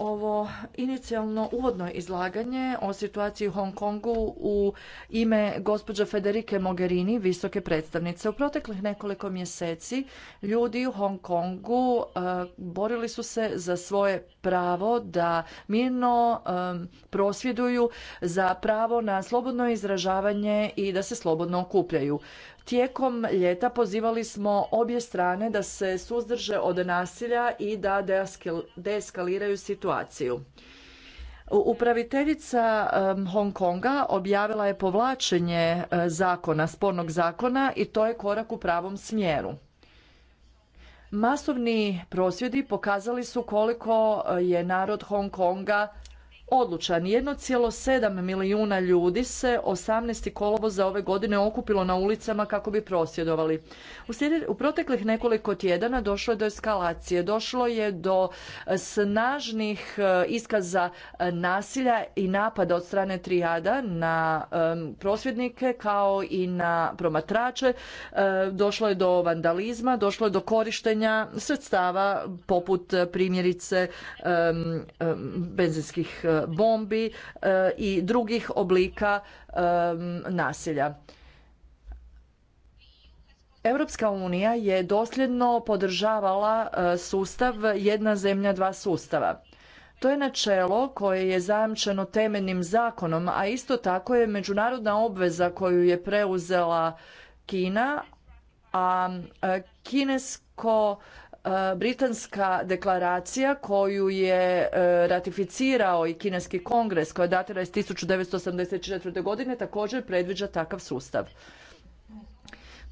L: ovo inicijalno uvodno izlaganje o situaciji u Hong Kongu u ime gospođa Federike Mogherini, visoke predstavnice. U proteklih nekoliko mjeseci ljudi u Hong Kongu eh, borili su se za svoje pravo da mirno prosvjeduju za pravo na slobodno izražavanje i da se slobodno okupljaju. Tijekom ljeta pozivali smo obje strane da se suzdrže od nasilja i da deeskaliraju situaciju. Upraviteljica Hong Konga objavila je povlačenje e, zakona, spornog zakona i to je korak u pravom smjeru. Masovni prosvjedi pokazali su koliko e, je narod Hong Konga odlučan. 1,7 milijuna ljudi se 18. kolovoza ove godine okupilo na ulicama kako bi prosvjedovali. U, u proteklih nekoliko tjedana došlo je do eskalacije, došlo je do e, snažnih e, iskaza e, nasilja i napada od strane trijada na prosvjednike kao i na promatrače. Došlo je do vandalizma, došlo je do korištenja sredstava poput primjerice benzinskih bombi e, i drugih oblika nasilja. Europska unija je dosljedno podržavala e, sustav jedna zemlja dva sustava. To je načelo koje je zajamčeno temeljnim zakonom, a isto tako je međunarodna obveza koju je preuzela Kina, a e, kinesko E, britanska deklaracija koju je e, ratificirao i kineski kongres koja datira iz 1984. godine također predviđa takav sustav.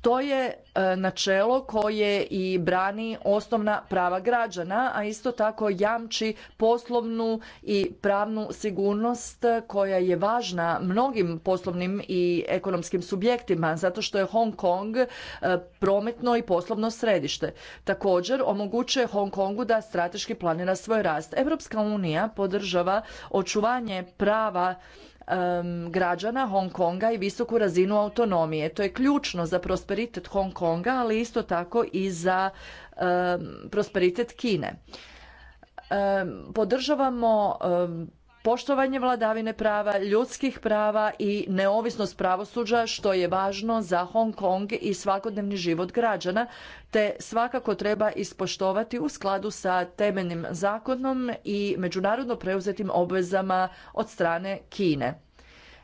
L: To je e, načelo koje i brani osnovna prava građana, a isto tako jamči poslovnu i pravnu sigurnost koja je važna mnogim poslovnim i ekonomskim subjektima zato što je Hong Kong e, prometno i poslovno središte. Također omogućuje Hong Kongu da strateški planira svoj rast. Europska unija podržava očuvanje prava um, građana Hong Konga i visoku razinu autonomije. To je ključno za prosperitet Hong Konga, ali isto tako i za um, prosperitet Kine. Podržavamo poštovanje vladavine prava, ljudskih prava i neovisnost pravosuđa što je važno za Hong Kong i svakodnevni život građana, te svakako treba ispoštovati u skladu sa temeljnim zakonom i međunarodno preuzetim obvezama od strane Kine.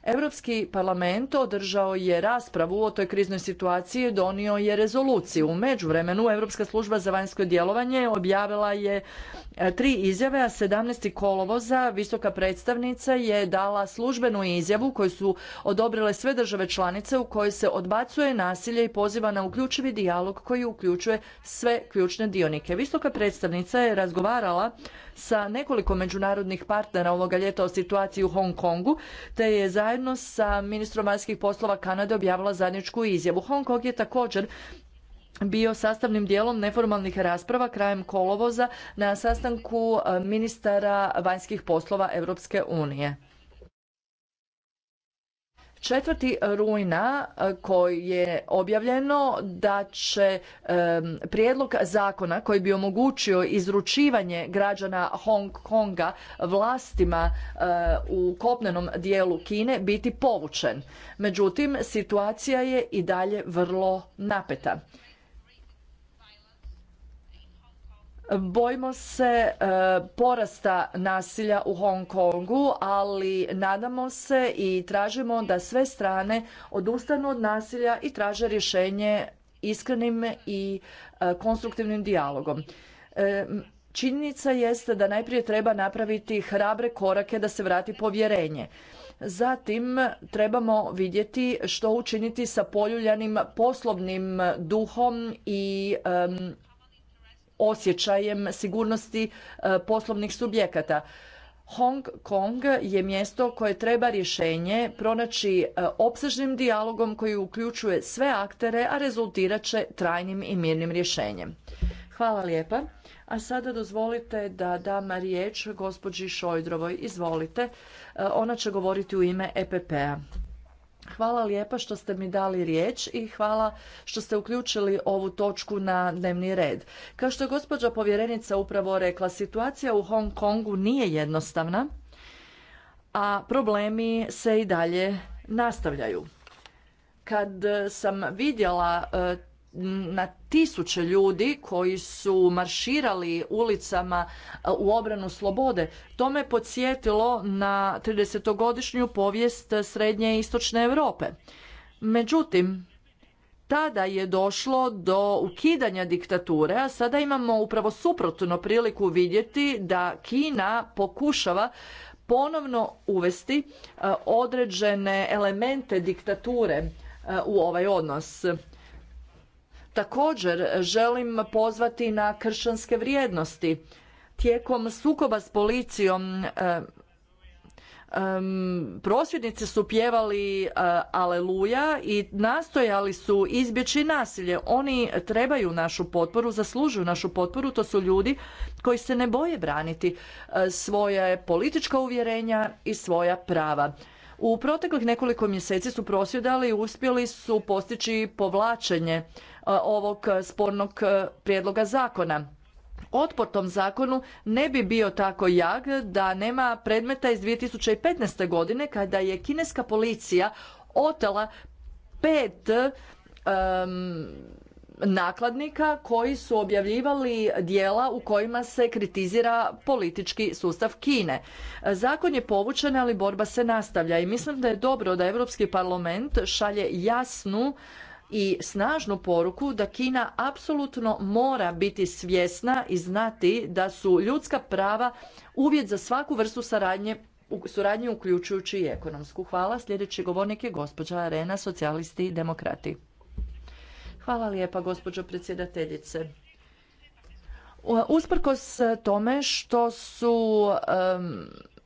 L: Europski parlament održao je raspravu o toj kriznoj situaciji donio je rezoluciju. U međuvremenu Europska služba za vanjsko djelovanje objavila je e, tri izjave, a 17. kolovoza visoka predstavnica je dala službenu izjavu koju su odobrile sve države članice u kojoj se odbacuje nasilje i poziva na uključivi dijalog koji uključuje sve ključne dionike. Visoka predstavnica je razgovarala sa nekoliko međunarodnih partnera ovoga ljeta o situaciji u Hong Kongu, te je zajedno sa ministrom vanjskih poslova Kanade objavila zajedničku izjavu. Hong Kong je također bio sastavnim dijelom neformalnih rasprava krajem kolovoza na sastanku e, ministara vanjskih poslova Europske unije. Četvrti rujna e, koji je objavljeno da će e, prijedlog zakona koji bi omogućio izručivanje građana Hong Konga vlastima e, u kopnenom dijelu Kine biti povučen. Međutim, situacija je i dalje vrlo napeta. Bojimo se e, porasta nasilja u Hong Kongu, ali nadamo se i tražimo da sve strane odustanu od nasilja i traže rješenje iskrenim i e, konstruktivnim dijalogom. E, činjenica jeste da najprije treba napraviti hrabre korake da se vrati povjerenje. Zatim trebamo vidjeti što učiniti sa poljuljanim poslovnim duhom i osjećajem sigurnosti e, poslovnih subjekata. Hong Kong je mjesto koje treba rješenje pronaći e, opsežnim dijalogom koji uključuje sve aktere, a rezultirat će trajnim i mirnim rješenjem. Hvala lijepa. A sada dozvolite da dam riječ gospođi Šojdrovoj. Izvolite. E, ona će govoriti u ime EPP-a. Hvala lijepa što ste mi dali riječ i hvala što ste uključili ovu točku na dnevni red. Kao što je gospođa povjerenica upravo rekla, situacija u Hong Kongu nije jednostavna, a problemi se i dalje nastavljaju. Kad sam vidjela e, na tisuće ljudi koji su marširali ulicama e, u obranu slobode. To me podsjetilo na 30-godišnju povijest Srednje i Istočne Europe. Međutim, tada je došlo do ukidanja diktature, a sada imamo upravo suprotno priliku vidjeti da Kina pokušava ponovno uvesti e, određene elemente diktature e, u ovaj odnos. Također želim pozvati na kršćanske vrijednosti. Tijekom sukoba s policijom Um, prosvjednici su pjevali e, aleluja i nastojali su izbjeći nasilje. Oni trebaju našu potporu, zaslužuju našu potporu. To su ljudi koji se ne boje braniti svoja e, svoje politička uvjerenja i svoja prava. U proteklih nekoliko mjeseci su prosvjedali i uspjeli su postići povlačenje E, ovog e, spornog e, prijedloga zakona otpor tom zakonu ne bi bio tako jak da nema predmeta iz 2015. godine kada je kineska policija otela pet nakladnika koji su objavljivali dijela u kojima se kritizira politički sustav Kine. Zakon je povučen, ali borba se nastavlja i mislim da je dobro da Europski parlament šalje jasnu i snažnu poruku da Kina apsolutno mora biti svjesna i znati da su ljudska prava uvjet za svaku vrstu suradnje, uključujući i ekonomsku. Hvala. Sljedeći govornik je gospođa Arena, socijalisti i demokrati. Hvala lijepa gospođo predsjedateljice. Usprkos tome što su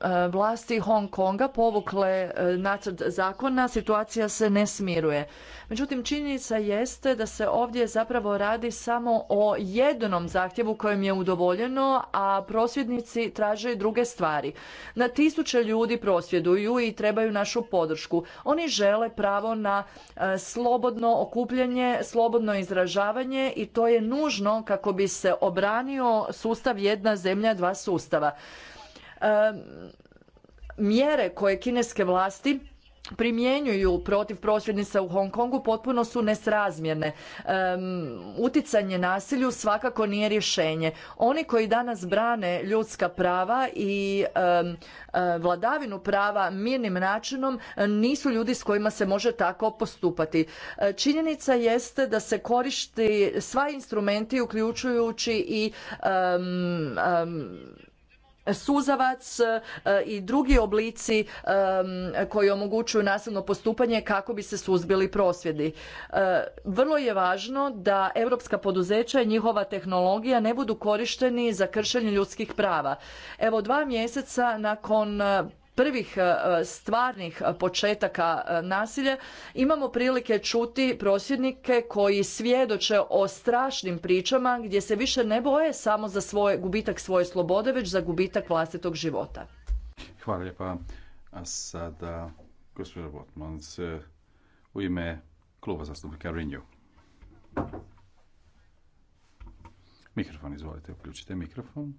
L: E, vlasti Hong Konga povukle e, nacrt zakona, situacija se ne smiruje. Međutim, činjenica jeste da se ovdje zapravo radi samo o jednom zahtjevu kojem je udovoljeno, a prosvjednici traže druge stvari. Na tisuće ljudi prosvjeduju i trebaju našu podršku. Oni žele pravo na e, slobodno okupljanje, slobodno izražavanje i to je nužno kako bi se obranio sustav jedna zemlja, dva sustava mjere koje kineske vlasti primjenjuju protiv prosvjednica u Hong Kongu potpuno su nesrazmjerne. uticanje nasilju svakako nije rješenje. Oni koji danas brane ljudska prava i e, vladavinu prava mirnim načinom nisu ljudi s kojima se može tako postupati. E, činjenica jeste da se koristi sva instrumenti uključujući i suzavac e, i drugi oblici e, koji omogućuju nasilno postupanje kako bi se suzbili prosvjedi. E, vrlo je važno da europska poduzeća i njihova tehnologija ne budu korišteni za kršenje ljudskih prava. Evo dva mjeseca nakon prvih e, stvarnih e, početaka e, nasilja imamo prilike čuti prosvjednike koji svjedoče o strašnim pričama gdje se više ne boje samo za svoje, gubitak svoje slobode, već za gubitak vlastitog života.
K: Hvala lijepa. A u ime kluba zastupnika Mikrofon, izvolite, uključite mikrofon.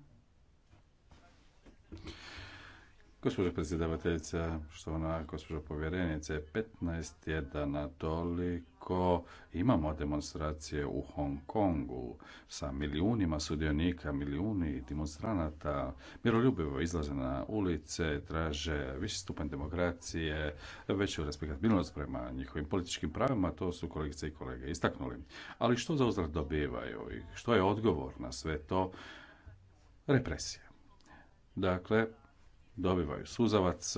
K: Gospođo predsjedavateljica, što ona, gospođo povjerenice, 15 tjedana toliko imamo demonstracije u Hong Kongu sa milijunima sudionika, milijuni demonstranata, miroljubivo izlaze na ulice, traže viši stupanj demokracije, veću respektabilnost prema njihovim političkim pravima, to su kolegice i kolege istaknuli. Ali što za uzrat dobivaju i što je odgovor na sve to? Represija. Dakle, dobivaju suzavac,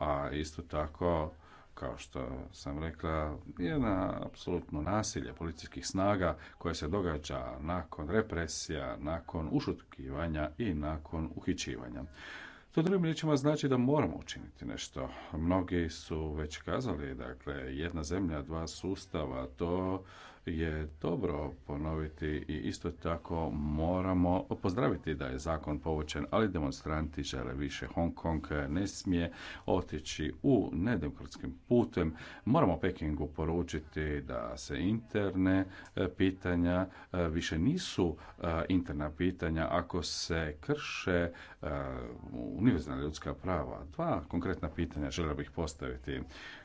K: a isto tako kao što sam rekla, jedna apsolutno nasilje policijskih snaga koje se događa nakon represija, nakon ušutkivanja i nakon uhićivanja. To drugim riječima znači da moramo učiniti nešto. Mnogi su već kazali, dakle, jedna zemlja, dva sustava, to je dobro ponoviti i isto tako moramo pozdraviti da je zakon povučen, ali demonstranti žele više. Hong Kong ne smije otići u nedemokratskim putem. Moramo Pekingu poručiti da se interne e, pitanja e, više nisu e, interna pitanja ako se krše univerzalna ljudska prava. Dva konkretna pitanja želio bih postaviti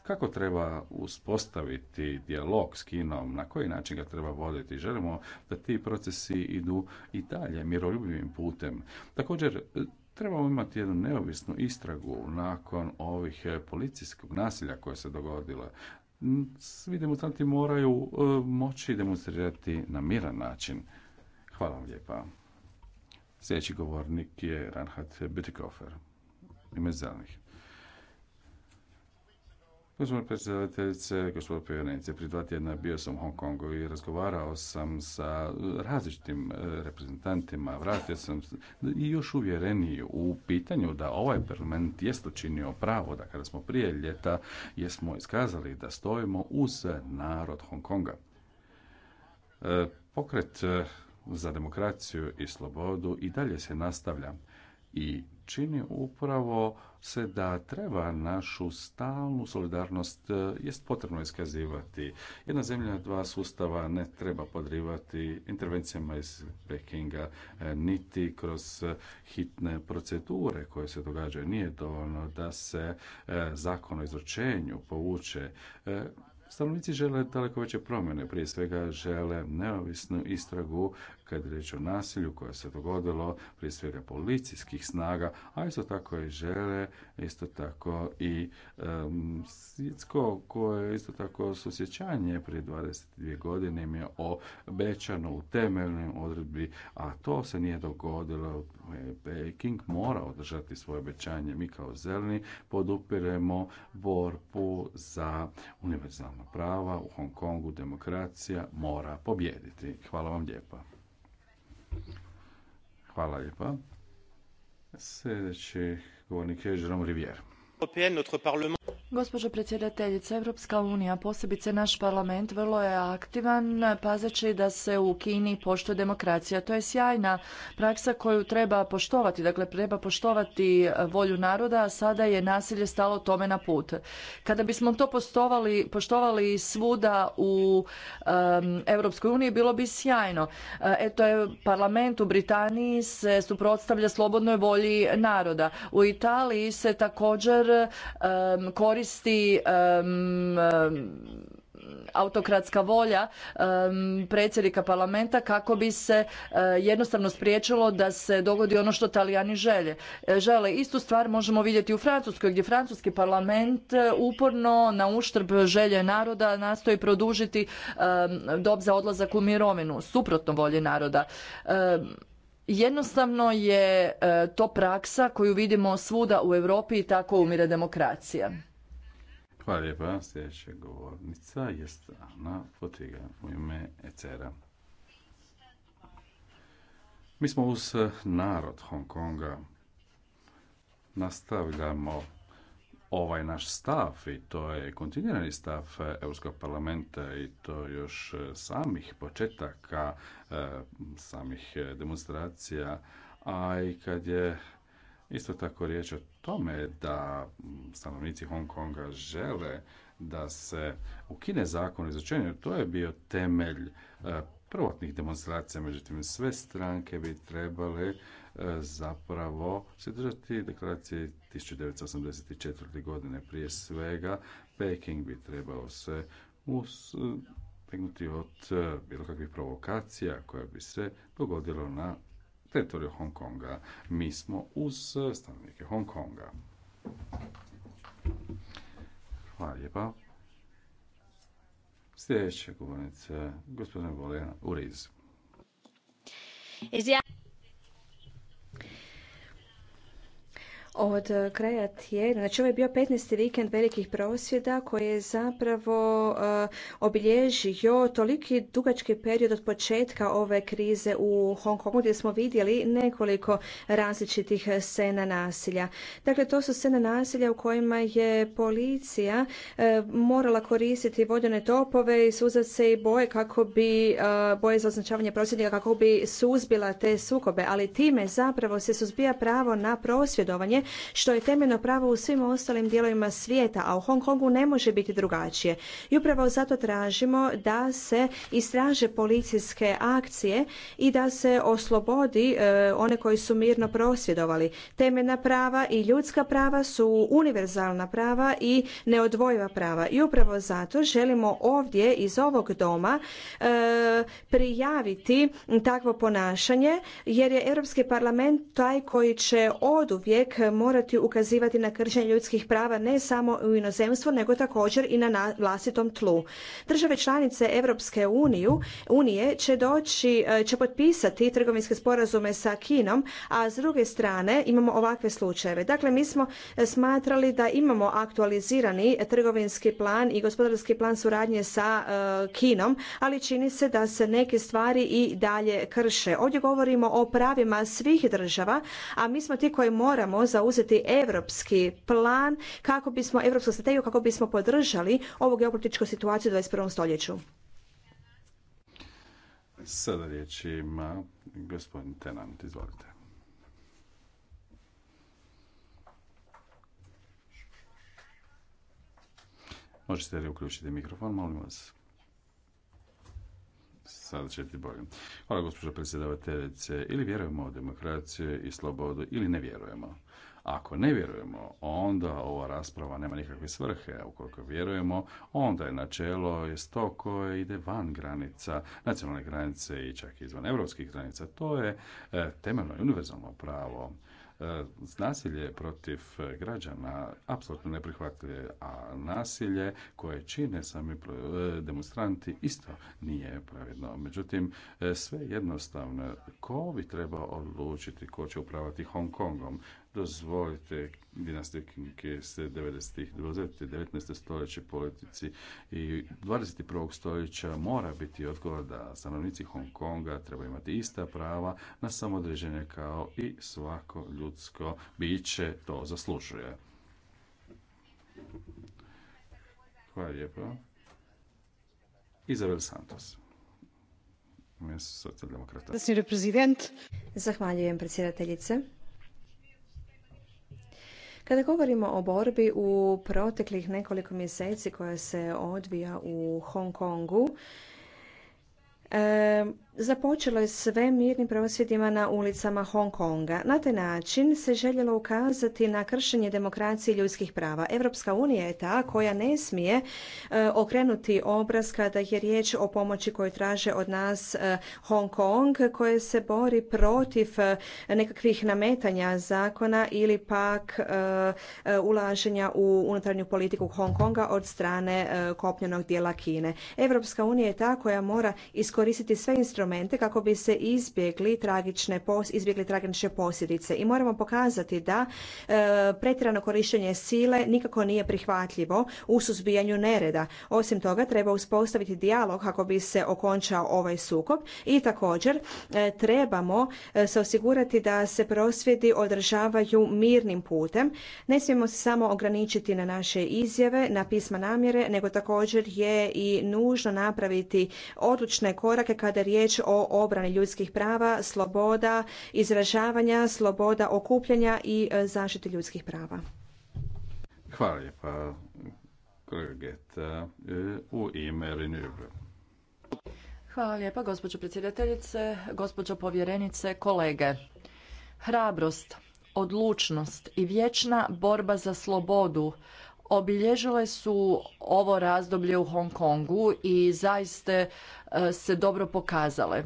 K: kako treba uspostaviti dijalog s Kinom, na koji način ga treba voditi. Želimo da ti procesi idu i dalje miroljubivim putem. Također, trebamo imati jednu neovisnu istragu nakon ovih policijskog nasilja koje se dogodilo. Svi demonstranti moraju e, moći demonstrirati na miran način. Hvala vam lijepa. Sljedeći govornik je Ranhat Bitikofer. ime zelenih. Gospodin predsjedateljice, gospodin povjerenice, prije dva tjedna bio sam u Hong Kongu i razgovarao sam sa različitim e, reprezentantima, vratio sam i još uvjereniji u pitanju da ovaj parlament jest učinio pravo, da kada smo prije ljeta jesmo iskazali da stojimo uz narod Hong Konga. E, pokret e, za demokraciju i slobodu i dalje se nastavlja i čini upravo se da treba našu stalnu solidarnost e, jest potrebno iskazivati. Jedna zemlja dva sustava ne treba podrivati intervencijama iz Pekinga e, niti kroz hitne procedure koje se događaju. Nije dovoljno da se e, zakon o izručenju povuče. Stanovnici žele daleko veće promjene, prije svega žele neovisnu istragu kad je riječ o nasilju koje se dogodilo prije svega policijskih snaga, a isto tako i žele, isto tako i um, Svjetsko koje isto tako susjećanje prije 22 godine im je obećano u temeljnim odredbi, a to se nije dogodilo. Peking mora održati svoje obećanje. Mi kao zeleni podupiremo borbu za univerzalna prava u Hong Kongu. Demokracija mora pobijediti. Hvala vam lijepa. Hvala lijepa. Sljedeći govornik je Jerome Rivière.
E: Gospođo
L: predsjedateljice, Europska unija, posebice naš parlament, vrlo je aktivan pazeći da se u Kini poštuje demokracija. To je sjajna praksa koju treba poštovati, dakle treba poštovati volju naroda, a sada je nasilje stalo tome na put. Kada bismo to poštovali svuda u Europskoj uniji, bilo bi sjajno. E, eto je, parlament u Britaniji se suprotstavlja slobodnoj volji naroda. U Italiji se također koristi autokratska volja predsjednika parlamenta kako bi se e, jednostavno spriječilo da se dogodi ono što talijani želje. E, žele istu stvar možemo vidjeti u Francuskoj gdje francuski parlament e, uporno na uštrb želje naroda nastoji produžiti dob za odlazak u mirovinu suprotno volji naroda. Jednostavno je e, to praksa koju vidimo svuda u Europi i tako umire demokracija.
K: Hvala lijepa. Sljedeća govornica je Ana Fotiga u ime ECR-a. Mi smo uz narod Hong Konga. Nastavljamo ovaj naš stav i to je kontinuirani stav e, Europskog parlamenta i to još e, samih početaka e, samih demonstracija, a i kad je isto tako riječ o tome da stanovnici Hong Konga žele da se ukine zakon o izručenju, to je bio temelj prvotnih demonstracija, međutim sve stranke bi trebale zapravo se držati deklaracije 1984. godine. Prije svega, Peking bi trebao se uspegnuti od e, bilo kakvih provokacija koja bi se dogodila na teritoriju Hong Konga. Mi smo uz e, stanovnike Hong Konga. Hvala lijepa. Sljedeća govornica, gospodina Bolena Uriz.
C: Is od e, kraja tjedna, znači ovo je bio 15. vikend velikih prosvjeda koji je zapravo e, obilježio toliki dugački period od početka ove krize u Hong Kongu gdje smo vidjeli nekoliko različitih sena nasilja. Dakle, to su sena nasilja u kojima je policija e, morala koristiti vodene topove i se i boje kako bi, boje za označavanje prosvjednika kako bi suzbila te sukobe, ali time zapravo se suzbija pravo na prosvjedovanje što je temeljno pravo u svim ostalim dijelovima svijeta, a u Hong Kongu ne može biti drugačije. I upravo zato tražimo da se istraže policijske akcije i da se oslobodi e, one koji su mirno prosvjedovali. Temeljna prava i ljudska prava su univerzalna prava i neodvojiva prava. I upravo zato želimo ovdje iz ovog doma e, prijaviti takvo ponašanje jer je Europski parlament taj koji će oduvijek morati ukazivati na kršenje ljudskih prava ne samo u inozemstvu nego također i na vlastitom tlu. Države članice Europske unije će doći, e, će potpisati trgovinske sporazume sa Kinom, a s druge strane imamo ovakve slučajeve. Dakle, mi smo smatrali da imamo aktualizirani trgovinski plan i gospodarski plan suradnje sa e, Kinom, ali čini se da se neke stvari i dalje krše. Ovdje govorimo o pravima svih država, a mi smo ti koji moramo za uzeti europski plan kako bismo, europsku strategiju kako bismo podržali ovu geopolitičku situaciju u 21. stoljeću.
K: Sada riječ ima gospodin Tenant, izvolite. Možete li uključiti mikrofon, molim vas. Sada će bolje. Hvala, gospođo predsjedavateljice. Ili vjerujemo u demokraciju i slobodu, ili ne vjerujemo. Ako ne vjerujemo, onda ova rasprava nema nikakve svrhe, a ukoliko vjerujemo, onda je načelo iz to koje ide van granica, nacionalne granice i čak izvan europskih granica. To je e, temeljno i univerzalno pravo e, nasilje protiv građana apsolutno neprihvatljivo, a nasilje koje čine sami e, demonstranti isto nije pravedno. Međutim, sve jednostavno. Ko bi trebao odlučiti ko će upravljati Hong Kongom? dozvolite dinastike se 90. 19. stoljeće politici i 21. stoljeća mora biti odgovor da stanovnici Hong Konga treba imati ista prava na samodređenje kao i svako ljudsko biće to zaslužuje. Hvala lijepo. Izabel Santos. Socijaldemokrata.
C: Zahvaljujem predsjedateljice. Kada govorimo o borbi u proteklih nekoliko mjeseci koja se odvija u Hong Kongu, započelo je sve mirnim prosvjedima na ulicama Hong Konga. Na taj način se željelo ukazati na kršenje demokracije i ljudskih prava. Europska unija je ta koja ne smije e, okrenuti obraz kada je riječ o pomoći koju traže od nas e, Hong Kong koje se bori protiv e, nekakvih nametanja zakona ili pak ulaženja u unutarnju politiku Hong Konga od strane kopnjenog dijela Kine. Europska unija je ta koja mora iskoristiti sve instrumente instrumente kako bi se izbjegli tragične, izbjegli tragične posljedice. I moramo pokazati da e, pretjerano korištenje sile nikako nije prihvatljivo u suzbijanju nereda. Osim toga, treba uspostaviti dijalog kako bi se okončao ovaj sukob i također e, trebamo e, se osigurati da se prosvjedi održavaju mirnim putem. Ne smijemo se samo ograničiti na naše izjave, na pisma namjere, nego također je i nužno napraviti odlučne korake kada je riječ o obrani ljudskih prava, sloboda izražavanja, sloboda okupljanja i e, zaštiti ljudskih prava.
K: Hvala lijepa, e, U ime Renewable.
C: Hvala lijepa, gospođo
L: predsjedateljice, gospođo povjerenice, kolege. Hrabrost, odlučnost i vječna borba za slobodu obilježile su ovo razdoblje u Hong Kongu i zaiste se dobro pokazale.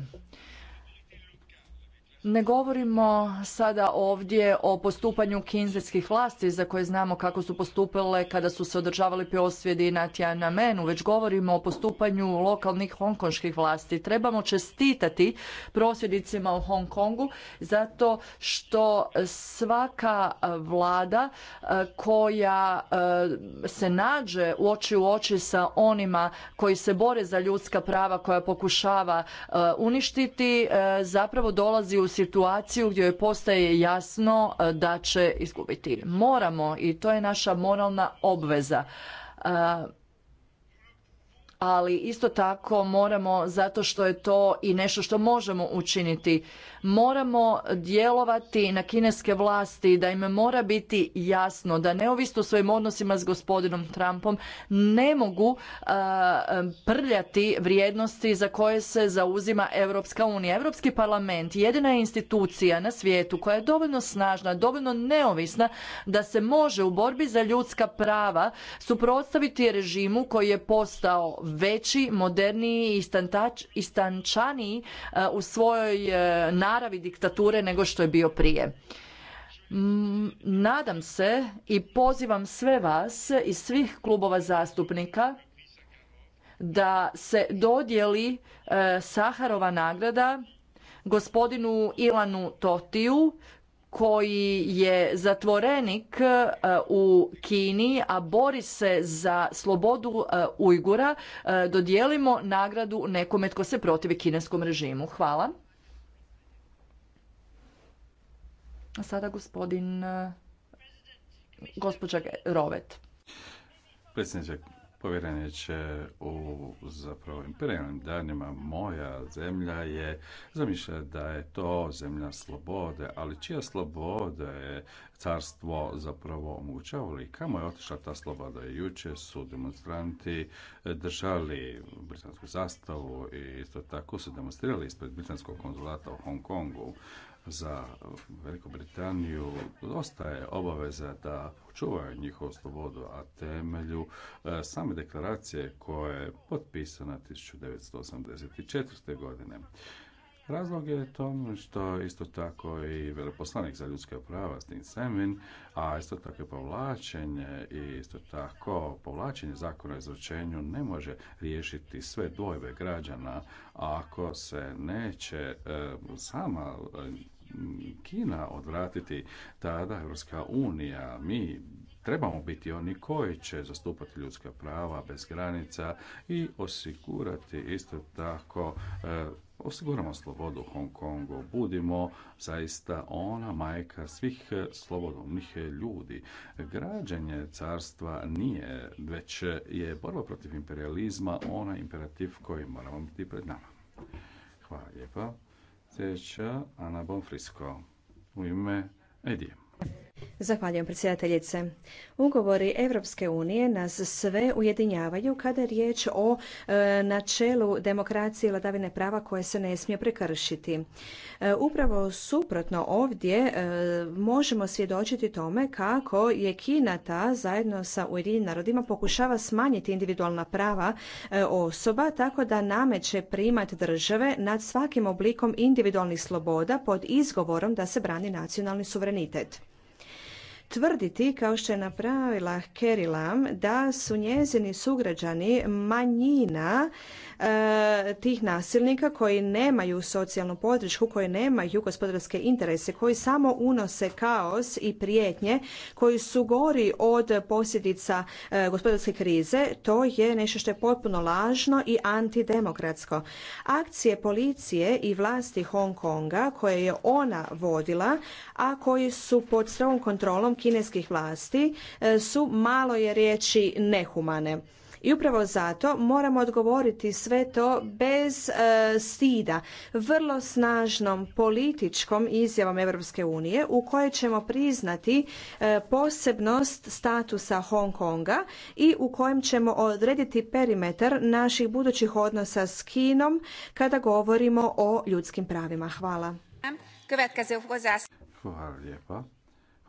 L: Ne govorimo sada ovdje o postupanju kinzijskih vlasti za koje znamo kako su postupile kada su se održavali prosvjedi na Tiananmenu, već govorimo o postupanju lokalnih hongkonških vlasti. Trebamo čestitati prosvjednicima u Hong Kongu zato što svaka vlada e, koja e, se nađe u oči u oči sa onima koji se bore za ljudska prava koja pokušava e, uništiti zapravo dolazi u situaciju gdje joj postaje jasno e, da će izgubiti. Moramo, i to je naša moralna obveza, e, ali isto tako moramo zato što je to i nešto što možemo učiniti. Moramo djelovati na kineske vlasti da im mora biti jasno da neovisno svojim odnosima s gospodinom Trumpom ne mogu prljati vrijednosti za koje se zauzima Europska unija. Europski parlament jedina je institucija na svijetu koja je dovoljno snažna, dovoljno neovisna da se može u borbi za ljudska prava suprotstaviti režimu koji je postao veći, moderniji i istančaniji e, u svojoj e, naravi diktature nego što je bio prije. Nadam se i pozivam sve vas iz svih klubova zastupnika da se dodijeli e, Saharova nagrada gospodinu Ilanu Totiju koji je zatvorenik e, u Kini, a bori se za slobodu e, Ujgura, e, dodijelimo nagradu nekome tko se protivi kineskom režimu. Hvala. A sada gospodin gospođa Rovet.
K: Predsjedniče, povjereniče u zapravo imperijalnim danima moja zemlja je zamišlja da je to zemlja slobode, ali čija sloboda je carstvo zapravo omogućavalo i kamo je otišla ta sloboda. Juče su demonstranti držali britansku zastavu i isto tako su demonstrirali ispred britanskog konzulata u Hong Kongu za Veliku Britaniju ostaje obaveza da čuvaju njihovu slobodu, a temelju e, same deklaracije koja je potpisana 1984. godine. Razlog je tom što isto tako i veleposlanik za ljudska prava Stin Semin, a isto tako i povlačenje i isto tako povlačenje zakona o izručenju ne može riješiti sve dojbe građana ako se neće eh, sama eh, Kina odvratiti, tada Europska unija, mi trebamo biti oni koji će zastupati ljudska prava bez granica i osigurati isto tako eh, osiguramo slobodu Hong Kongu, budimo zaista ona majka svih e, slobodnih e, ljudi. Građenje carstva nije, već je borba protiv imperializma ona imperativ koji moramo biti pred nama. Hvala lijepa. Sljedeća Ana Bonfrisko u ime Edije.
C: Zahvaljujem predsjedateljice. Ugovori Europske unije nas sve ujedinjavaju kada je riječ o e, načelu demokracije i vladavine prava koje se ne smije prekršiti. E, upravo suprotno ovdje e, možemo svjedočiti tome kako je Kina ta zajedno sa Ujedinjenim narodima pokušava smanjiti individualna prava osoba tako da nameće primat države nad svakim oblikom individualnih sloboda pod izgovorom da se brani nacionalni suverenitet tvrditi, kao što je napravila Kerry Lam, da su njezini sugrađani manjina e, tih nasilnika koji nemaju socijalnu podršku, koji nemaju gospodarske interese, koji samo unose kaos i prijetnje, koji su gori od posljedica e, gospodarske krize, to je nešto što je potpuno lažno i antidemokratsko. Akcije policije i vlasti Hong Konga koje je ona vodila, a koji su pod strogom kontrolom kineskih vlasti e, su malo je riječi nehumane. I upravo zato moramo odgovoriti sve to bez e, stida, vrlo snažnom političkom izjavom Europske unije u kojoj ćemo priznati e, posebnost statusa Hong Konga i u kojem ćemo odrediti perimetar naših budućih odnosa s Kinom kada govorimo o ljudskim pravima. Hvala.
M: Hvala lijepa.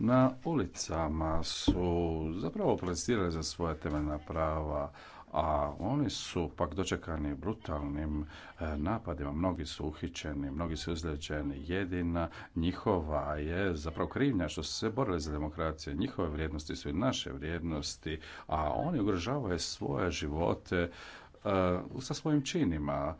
K: na ulicama su zapravo protestirali za svoja temeljna prava, a oni su pak dočekani brutalnim e, napadima. Mnogi su uhićeni, mnogi su izlečeni. Jedina njihova je zapravo krivnja što su se borili za demokracije. Njihove vrijednosti su i naše vrijednosti, a oni ugrožavaju svoje živote e, sa svojim činima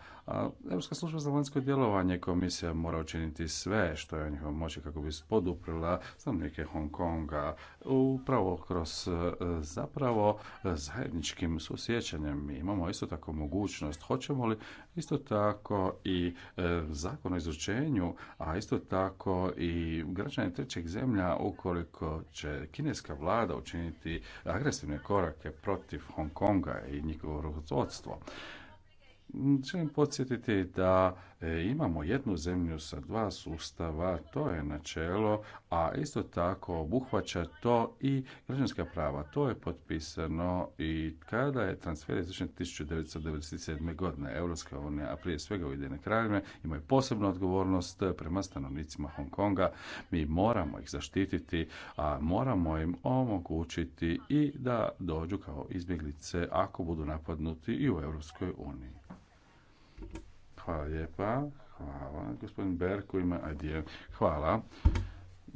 K: Europska služba za vanjsko djelovanje komisija mora učiniti sve što je u njihovoj moći kako bi poduprla stanovnike Hong Konga upravo kroz e, zapravo e, zajedničkim susjećanjem. Mi imamo isto tako mogućnost, hoćemo li isto tako i e, zakon o izručenju, a isto tako i građani trećeg zemlja ukoliko će kineska vlada učiniti agresivne korake protiv Hong Konga i njihovo rukovodstvo. Mm, želim podsjetiti da e, imamo jednu zemlju sa dva sustava, to je načelo, a isto tako obuhvaća to i građanska prava. To je potpisano i kada je transfer izvršen 1997. godine. Europska unija, a prije svega Ujedine kraljevine, imaju posebnu odgovornost prema stanovnicima Hong Konga. Mi moramo ih zaštititi, a moramo im omogućiti i da dođu kao izbjeglice ako budu napadnuti i u Europskoj uniji. Hvala lijepa. Hvala. Gospodin Berko ima Hvala.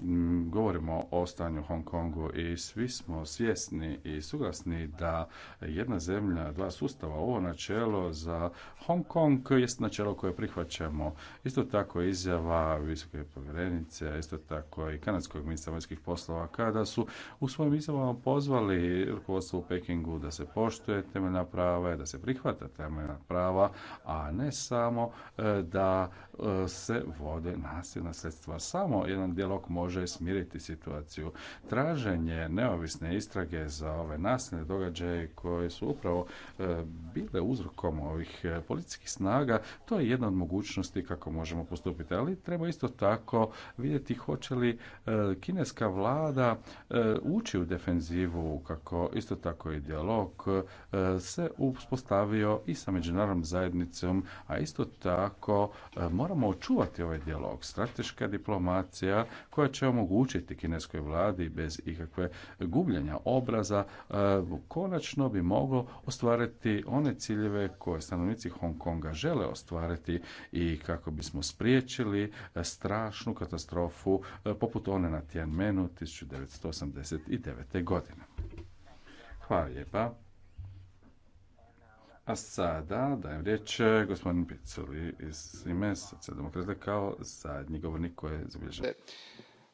K: Mm, govorimo o stanju Hong Kongu i svi smo svjesni i suglasni da jedna zemlja, dva sustava, ovo načelo za Hong Kong jest načelo koje prihvaćamo. Isto tako izjava visoke povjerenice, isto tako i kanadskog ministra vanjskih poslova kada su u svojim izjavama pozvali rukovodstvo u Pekingu da se poštuje temeljna prava, da se prihvata temeljna prava, a ne samo e, da e, se vode nasilna sredstva. Samo jedan dijalog može smiriti situaciju. Traženje neovisne istrage za ove nasilne događaje koje su upravo e, bile uzrokom ovih e, policijskih snaga, to je jedna od mogućnosti kako možemo postupiti. Ali treba isto tako vidjeti hoće li e, kineska vlada ući u defenzivu kako isto tako i dijalog se uspostavio i sa međunarodnom zajednicom, a isto tako moramo očuvati ovaj dijalog. Strateška diplomacija koja će omogućiti kineskoj vladi bez ikakve gubljenja obraza e, konačno bi moglo ostvariti one ciljeve koje stanovnici Hong Konga žele ostvariti i kako bismo spriječili e, strašnu katastrofu e, poput one na Tianmenu 1989. godine. Hvala lijepa. A sada dajem riječ gospodinu Piculi iz ime Socialdemokrata kao zadnji govornik koji je zabilježen.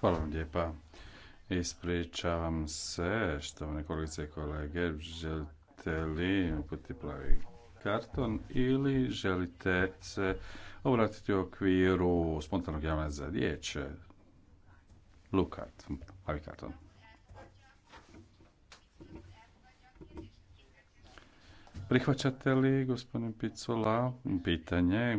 J: Hvala vam lijepa.
K: Ispričavam se, štovane kolegice i kolege, želite li uputiti plavi karton ili želite se obratiti u okviru spontanog javna za riječ? Lukat, plavi karton. Prihvaćate li, gospodin picula pitanje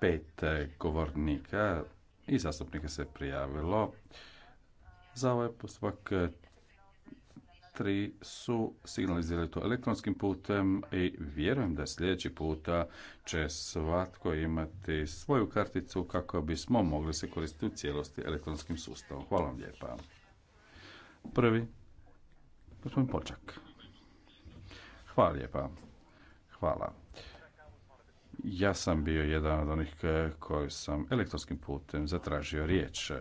K: Pet govornika i zastupnika se prijavilo. Za ovaj postupak eh, tri su signalizirali to elektronskim putem i vjerujem da sljedeći puta će svatko imati svoju karticu kako bismo mogli se koristiti u cijelosti elektronskim sustavom. Hvala vam lijepa. Prvi, gospodin Počak. Hvala lijepa. Hvala. Ja sam bio jedan od onih e, koji sam elektronskim putem zatražio riječ.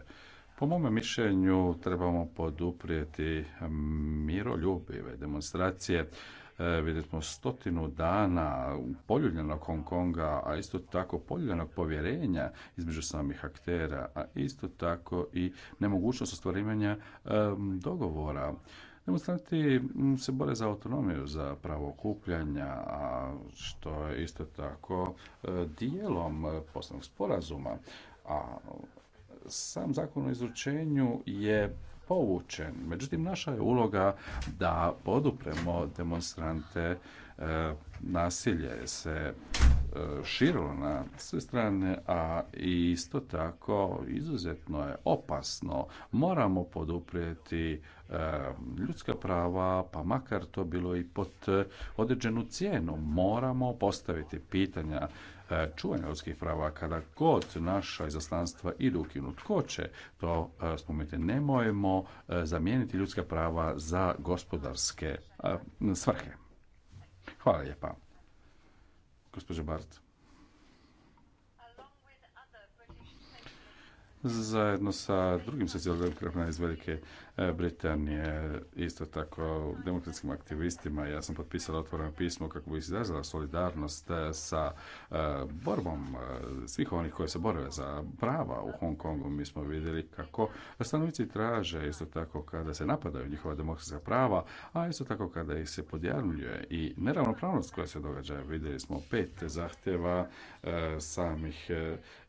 K: Po mome mišljenju trebamo poduprijeti miroljubive demonstracije. E, vidjeli smo stotinu dana poljuljenog Hong Konga, a isto tako poljuljenog povjerenja između samih aktera, a isto tako i nemogućnost ostvarivanja e, dogovora. Demonstranti mm, se bore za autonomiju, za pravo okupljanja, a što je isto tako e, dijelom e, poslovnog sporazuma. A sam zakon o izručenju je povučen. Međutim, naša je uloga da podupremo demonstrante. E, nasilje se širilo na sve strane, a isto tako izuzetno je opasno. Moramo poduprijeti ljudska prava, pa makar to bilo i pod e, određenu cijenu, moramo postaviti pitanja e, čuvanja ljudskih prava kada god naša izaslanstva idu ukinut tko će to e, spomenuti. Nemojmo zamijeniti ljudska prava za gospodarske svrhe. Hvala lijepa. Gospođa Bart. Zajedno sa drugim iz Velike E, Britanije, isto tako demokratskim aktivistima. Ja sam potpisala otvoreno pismo kako bi izrazila solidarnost e, sa e, borbom svih onih koji se bore za prava u Hong Kongu. Mi smo vidjeli kako stanovnici traže isto tako kada se napadaju njihova demokratska prava, a isto tako kada ih se podjavljuje i neravnopravnost koja se događa. Vidjeli smo pet zahtjeva E, samih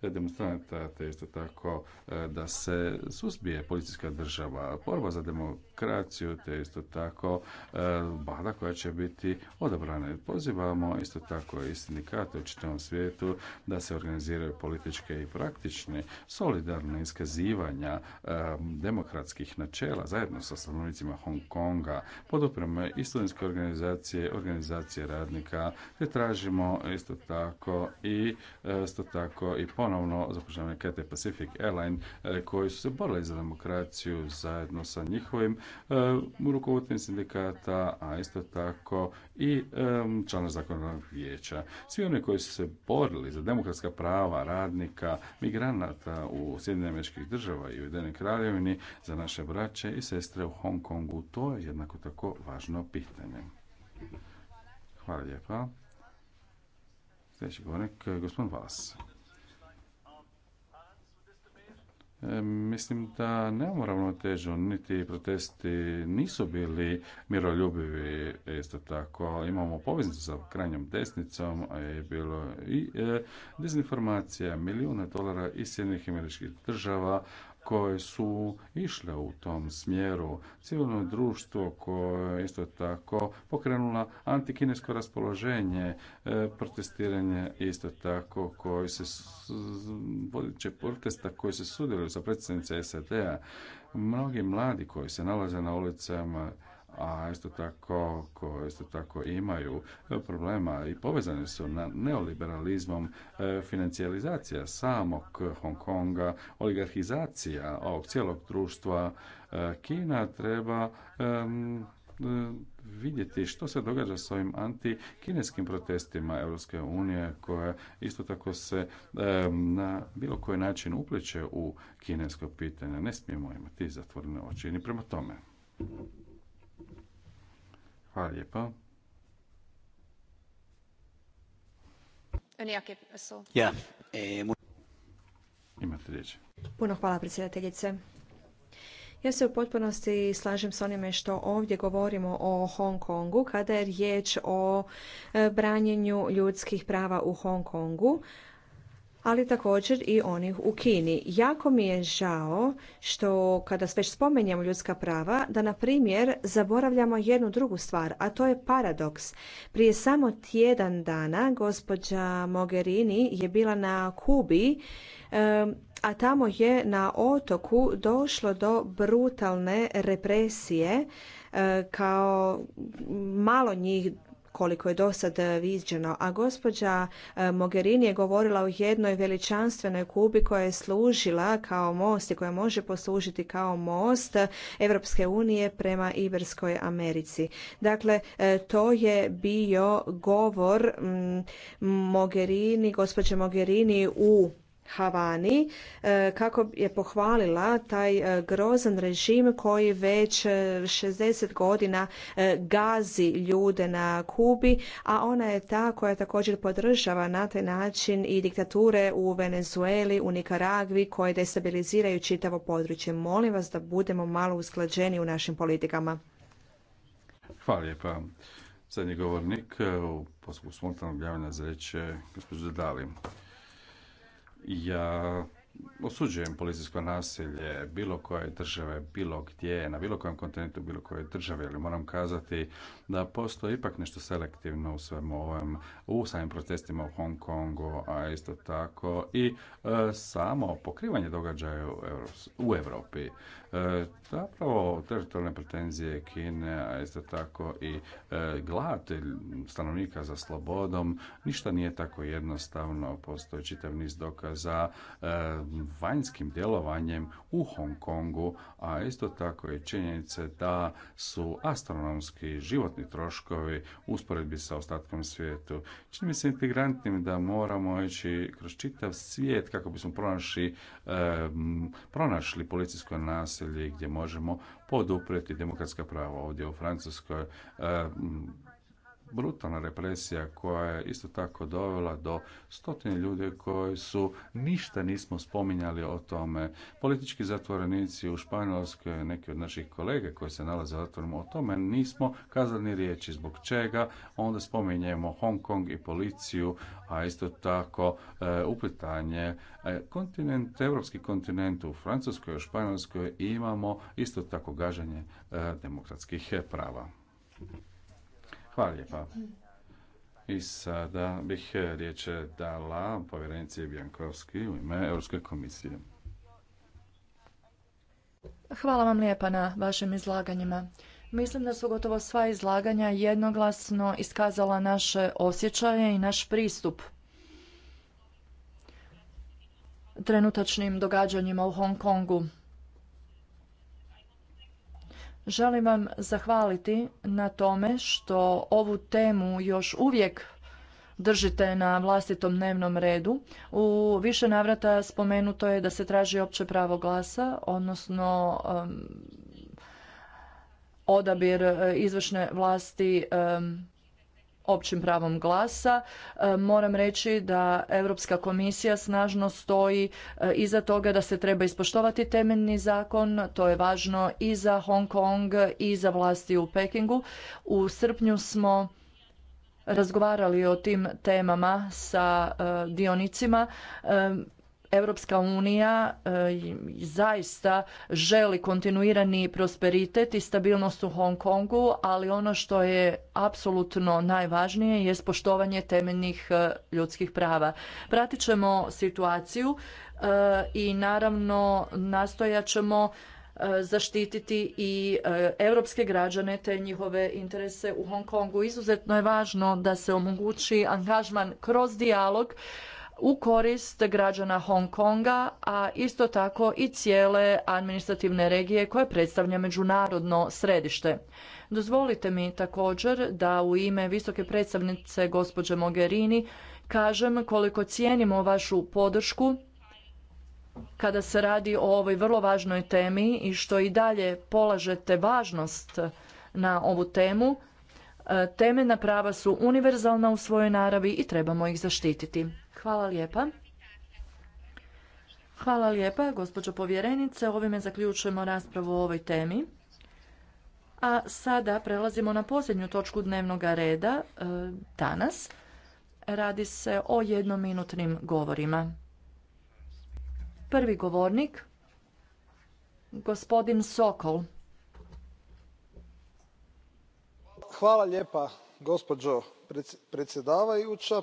K: e, demonstranata, te isto tako e, da se suzbije policijska država. Borba za demokraciju demokraciju, te isto tako e, bada koja će biti odabrana. Pozivamo isto tako i sindikate u čitavom svijetu da se organiziraju političke i praktične solidarne iskazivanja e, demokratskih načela zajedno sa stanovnicima Hong Konga. Podupremo i studentske organizacije, organizacije radnika, te tražimo isto tako i e, isto tako i ponovno zapošljavanje Cathay Pacific Airline koji su se borili za demokraciju zajedno sa njihovim E, rukovoditelj sindikata, a isto tako i člana zakonodavnog vijeća. Svi oni koji su se borili za demokratska prava radnika, migranata u Sjedinjenim država i u Ujedinjenoj kraljevini, za naše braće i sestre u Hong Kongu, to je jednako tako važno pitanje. Hvala lijepa. Sljedeći govornik, gospodin Vas. E, mislim da nemamo ravnotežu, niti protesti nisu bili miroljubivi, isto tako imamo poveznicu sa krajnjom desnicom, a je bilo i e, dezinformacija milijuna dolara iz Sjedinih američkih država, koje su išle u tom smjeru. Civilno društvo koje isto tako pokrenula antikinesko raspoloženje, e, protestiranje isto tako koji se vodiće protesta koji se sudjeluju sa predsjednice SAD-a. Mnogi mladi koji se nalaze na ulicama a isto tako koje isto tako imaju problema i povezani su na neoliberalizmom e, financijalizacija samog Hong Konga, oligarhizacija ovog cijelog društva e, Kina treba e, vidjeti što se događa s ovim antikineskim protestima Europske unije koja isto tako se na bilo koji način upliče u kinesko pitanje. Ne smijemo imati zatvorene oči ni prema tome. Hvala
B: e,
C: Puno hvala predsjedateljice. Ja se u potpunosti slažem s onime što ovdje govorimo o Hong Kongu kada je riječ o e, branjenju ljudskih prava u Hong Kongu ali također i onih u Kini. Jako mi je žao što kada već spomenjemo ljudska prava, da na primjer zaboravljamo jednu drugu stvar, a to je paradoks. Prije samo tjedan dana gospođa Mogherini je bila na Kubi a tamo je na otoku došlo do brutalne represije kao malo njih koliko je do sad e, viđeno. A gospođa e, Mogherini je govorila o jednoj veličanstvenoj Kubi koja je služila kao most i koja može poslužiti kao most Evropske unije prema Iberskoj Americi. Dakle, e, to je bio govor Mogherini, gospođe Mogherini u Havani e, kako je pohvalila taj e, grozan režim koji već 60 e, godina gazi ljude na Kubi, a ona je ta koja također podržava na taj način i diktature u Venezueli, u Nikaragvi koje destabiliziraju čitavo područje. Molim vas da budemo malo usklađeni u našim politikama.
K: Hvala lijepa. Zadnji govornik u poslu spontanog javljanja za reći gospođo Dalim. Ja osuđujem policijsko nasilje bilo koje države, bilo gdje, na bilo kojem kontinentu, bilo koje države, ali moram kazati da postoji ipak nešto selektivno u svemu ovom, u samim protestima u Hong Kongu, a isto tako i e, samo pokrivanje događaja u Europi. E, zapravo teritorijalne pretenzije Kine, a isto tako i e, glad stanovnika za slobodom, ništa nije tako jednostavno, postoji čitav niz dokaza e, vanjskim djelovanjem u Hong Kongu, a isto tako i činjenice da su astronomski životni troškovi usporedbi sa ostatkom svijetu. Čini mi se integrantnim da moramo ići kroz čitav svijet kako bismo pronašli, pronašli policijsko nas naselje gdje možemo podupreti demokratska prava ovdje u Francuskoj. E, brutalna represija koja je isto tako dovela do stotine ljudi koji su ništa nismo spominjali o tome. Politički zatvorenici u Španjolskoj, neki od naših kolege koji se nalaze u zatvorima, o tome nismo kazali ni riječi. Zbog čega onda spominjemo Hong Kong i policiju, a isto tako e, uplitanje e, kontinent, evropski kontinent u Francuskoj i Španjolskoj imamo isto tako gaženje e, demokratskih prava. Hvala lijepa. I sada bih riječ dala povjerenici Bjankovski u ime Europske komisije.
L: Hvala vam lijepa na vašim izlaganjima. Mislim da su gotovo sva izlaganja jednoglasno iskazala naše osjećaje i naš pristup trenutačnim događanjima u Hong Kongu. Želim vam zahvaliti na tome što ovu temu još uvijek držite na vlastitom dnevnom redu. U više navrata spomenuto je da se traži opće pravo glasa, odnosno odabir e, izvršne vlasti općim pravom glasa. E, moram reći da Europska komisija snažno stoji e, iza toga da se treba ispoštovati temeljni zakon. To je važno i za Hong Kong i za vlasti u Pekingu. U srpnju smo razgovarali o tim temama sa e, dionicima Europska unija e, zaista želi kontinuirani prosperitet i stabilnost u Hong Kongu, ali ono što je apsolutno najvažnije je poštovanje temeljnih e, ljudskih prava. Pratit ćemo situaciju e, i naravno nastojat ćemo zaštititi i europske građane te njihove interese u Hong Kongu. Izuzetno je važno da se omogući angažman kroz dijalog u korist građana Hong Konga, a isto tako i cijele administrativne regije koje predstavlja međunarodno središte. Dozvolite mi također da u ime visoke predstavnice gospođe Mogherini kažem koliko cijenimo vašu podršku kada se radi o ovoj vrlo važnoj temi i što i dalje polažete važnost na ovu temu. E, temeljna prava su univerzalna u svojoj naravi i trebamo ih zaštititi. Hvala lijepa. Hvala lijepa, gospođo povjerenice. Ovime zaključujemo raspravu o ovoj temi. A sada prelazimo na posljednju točku dnevnog reda e, danas. Radi se o jednominutnim govorima. Prvi govornik, gospodin Sokol.
G: Hvala lijepa, gospođo predsjedavajuća.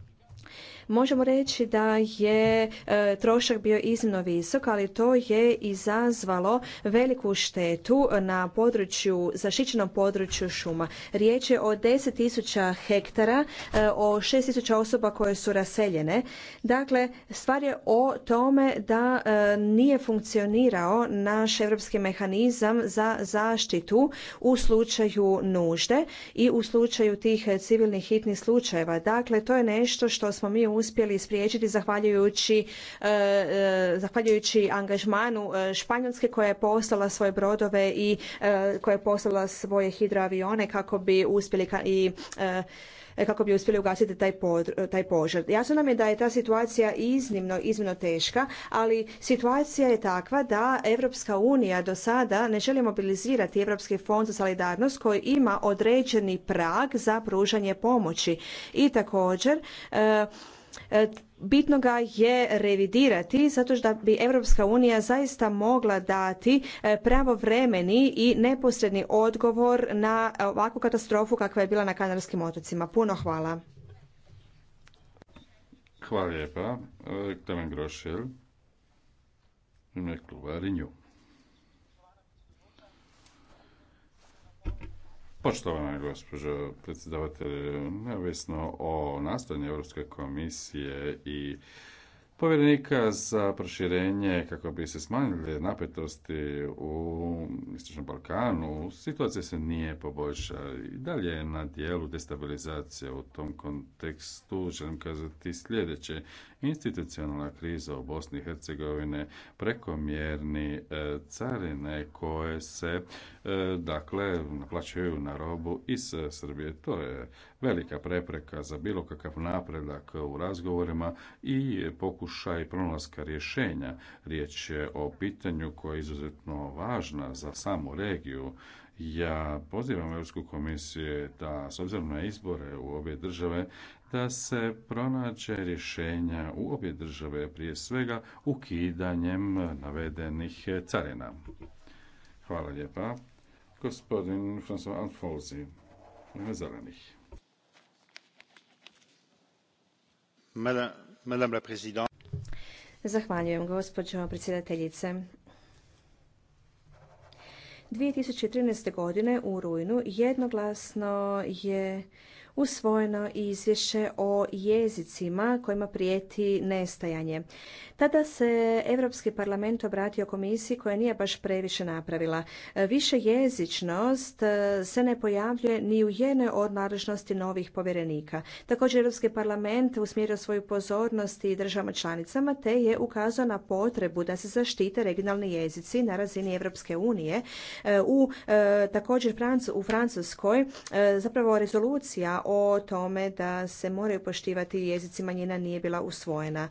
C: Možemo reći da je e, trošak bio iznimno visok, ali to je izazvalo veliku štetu na području, zaštićenom području šuma. Riječ je o 10.000 hektara, e, o 6.000 osoba koje su raseljene. Dakle, stvar je o tome da e, nije funkcionirao naš europski mehanizam za zaštitu u slučaju nužde i u slučaju tih civilnih hitnih slučajeva. Dakle, to je nešto što smo mi uspjeli spriječiti zahvaljujući, e, e, zahvaljujući angažmanu e, Španjolske koja je poslala svoje brodove i koja je poslala svoje hidroavione kako bi uspjeli i kako bi uspjeli ugasiti taj, taj požar. Jasno nam je da je ta situacija iznimno, iznimno teška, ali situacija je takva da Europska unija do sada ne želi mobilizirati Europski fond za solidarnost koji ima određeni prag za pružanje pomoći. I također, E, bitno ga je revidirati zato da bi Europska unija zaista mogla dati e, pravovremeni i neposredni odgovor na e, ovakvu katastrofu kakva je bila na Kanarskim otocima. Puno hvala.
K: Hvala lijepa. Poštovana gospođo predsjedavatelj, neovisno o nastojanju Europske komisije i povjerenika za proširenje kako bi se smanjile napetosti u Istočnom Balkanu, situacija se nije poboljšala i dalje je na dijelu destabilizacija u tom kontekstu. Želim kazati sljedeće institucionalna kriza u Bosni i Hercegovine, prekomjerni e, carine koje se e, dakle naplaćuju na robu iz e, Srbije. To je velika prepreka za bilo kakav napredak u razgovorima i pokušaj pronalaska rješenja. Riječ je o pitanju koje je izuzetno važna za samu regiju. Ja pozivam Europsku komisiju da s obzirom na izbore u obje države da se pronađe rješenja u obje države, prije svega ukidanjem navedenih carina. Hvala lijepa. Gospodin François
H: Alfonsi, ime zelenih. Madame la Présidente.
C: Zahvaljujem, gospođo predsjedateljice. 2013. godine u rujnu jednoglasno je usvojeno izvješće o jezicima kojima prijeti nestajanje. Tada se Europski parlament obratio komisiji koja nije baš previše napravila. Više jezičnost e, se ne pojavljuje ni u jednoj od nadležnosti novih povjerenika. Također Europski parlament usmjerio svoju pozornost i državama članicama te je ukazao na potrebu da se zaštite regionalni jezici na razini Europske unije. E, u e, također u Francuskoj zapravo rezolucija o tome da se moraju poštivati jezici manjina nije bila usvojena.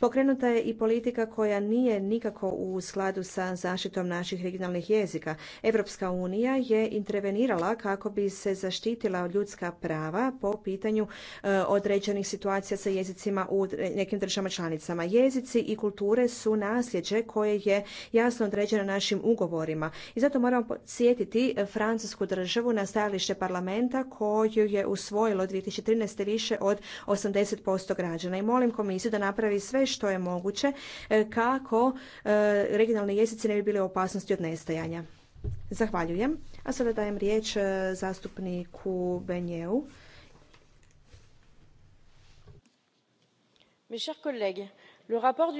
C: Pokrenuta je i politika koja nije nikako u skladu sa zaštitom naših regionalnih jezika. Europska unija je intervenirala kako bi se zaštitila ljudska prava po pitanju e, određenih situacija sa jezicima u nekim državama članicama. Jezici i kulture su nasljeđe koje je jasno određeno našim ugovorima i zato moramo podsjetiti francusku državu na stajalište parlamenta koju je usvojila usvojilo 2013. više od 80% građana. I molim komisiju da napravi sve što je moguće e, kako e, regionalni jezici ne bi bili u opasnosti od nestajanja. Zahvaljujem. A sada dajem riječ e, zastupniku Benjeu.
F: Mes chers collègues, le rapport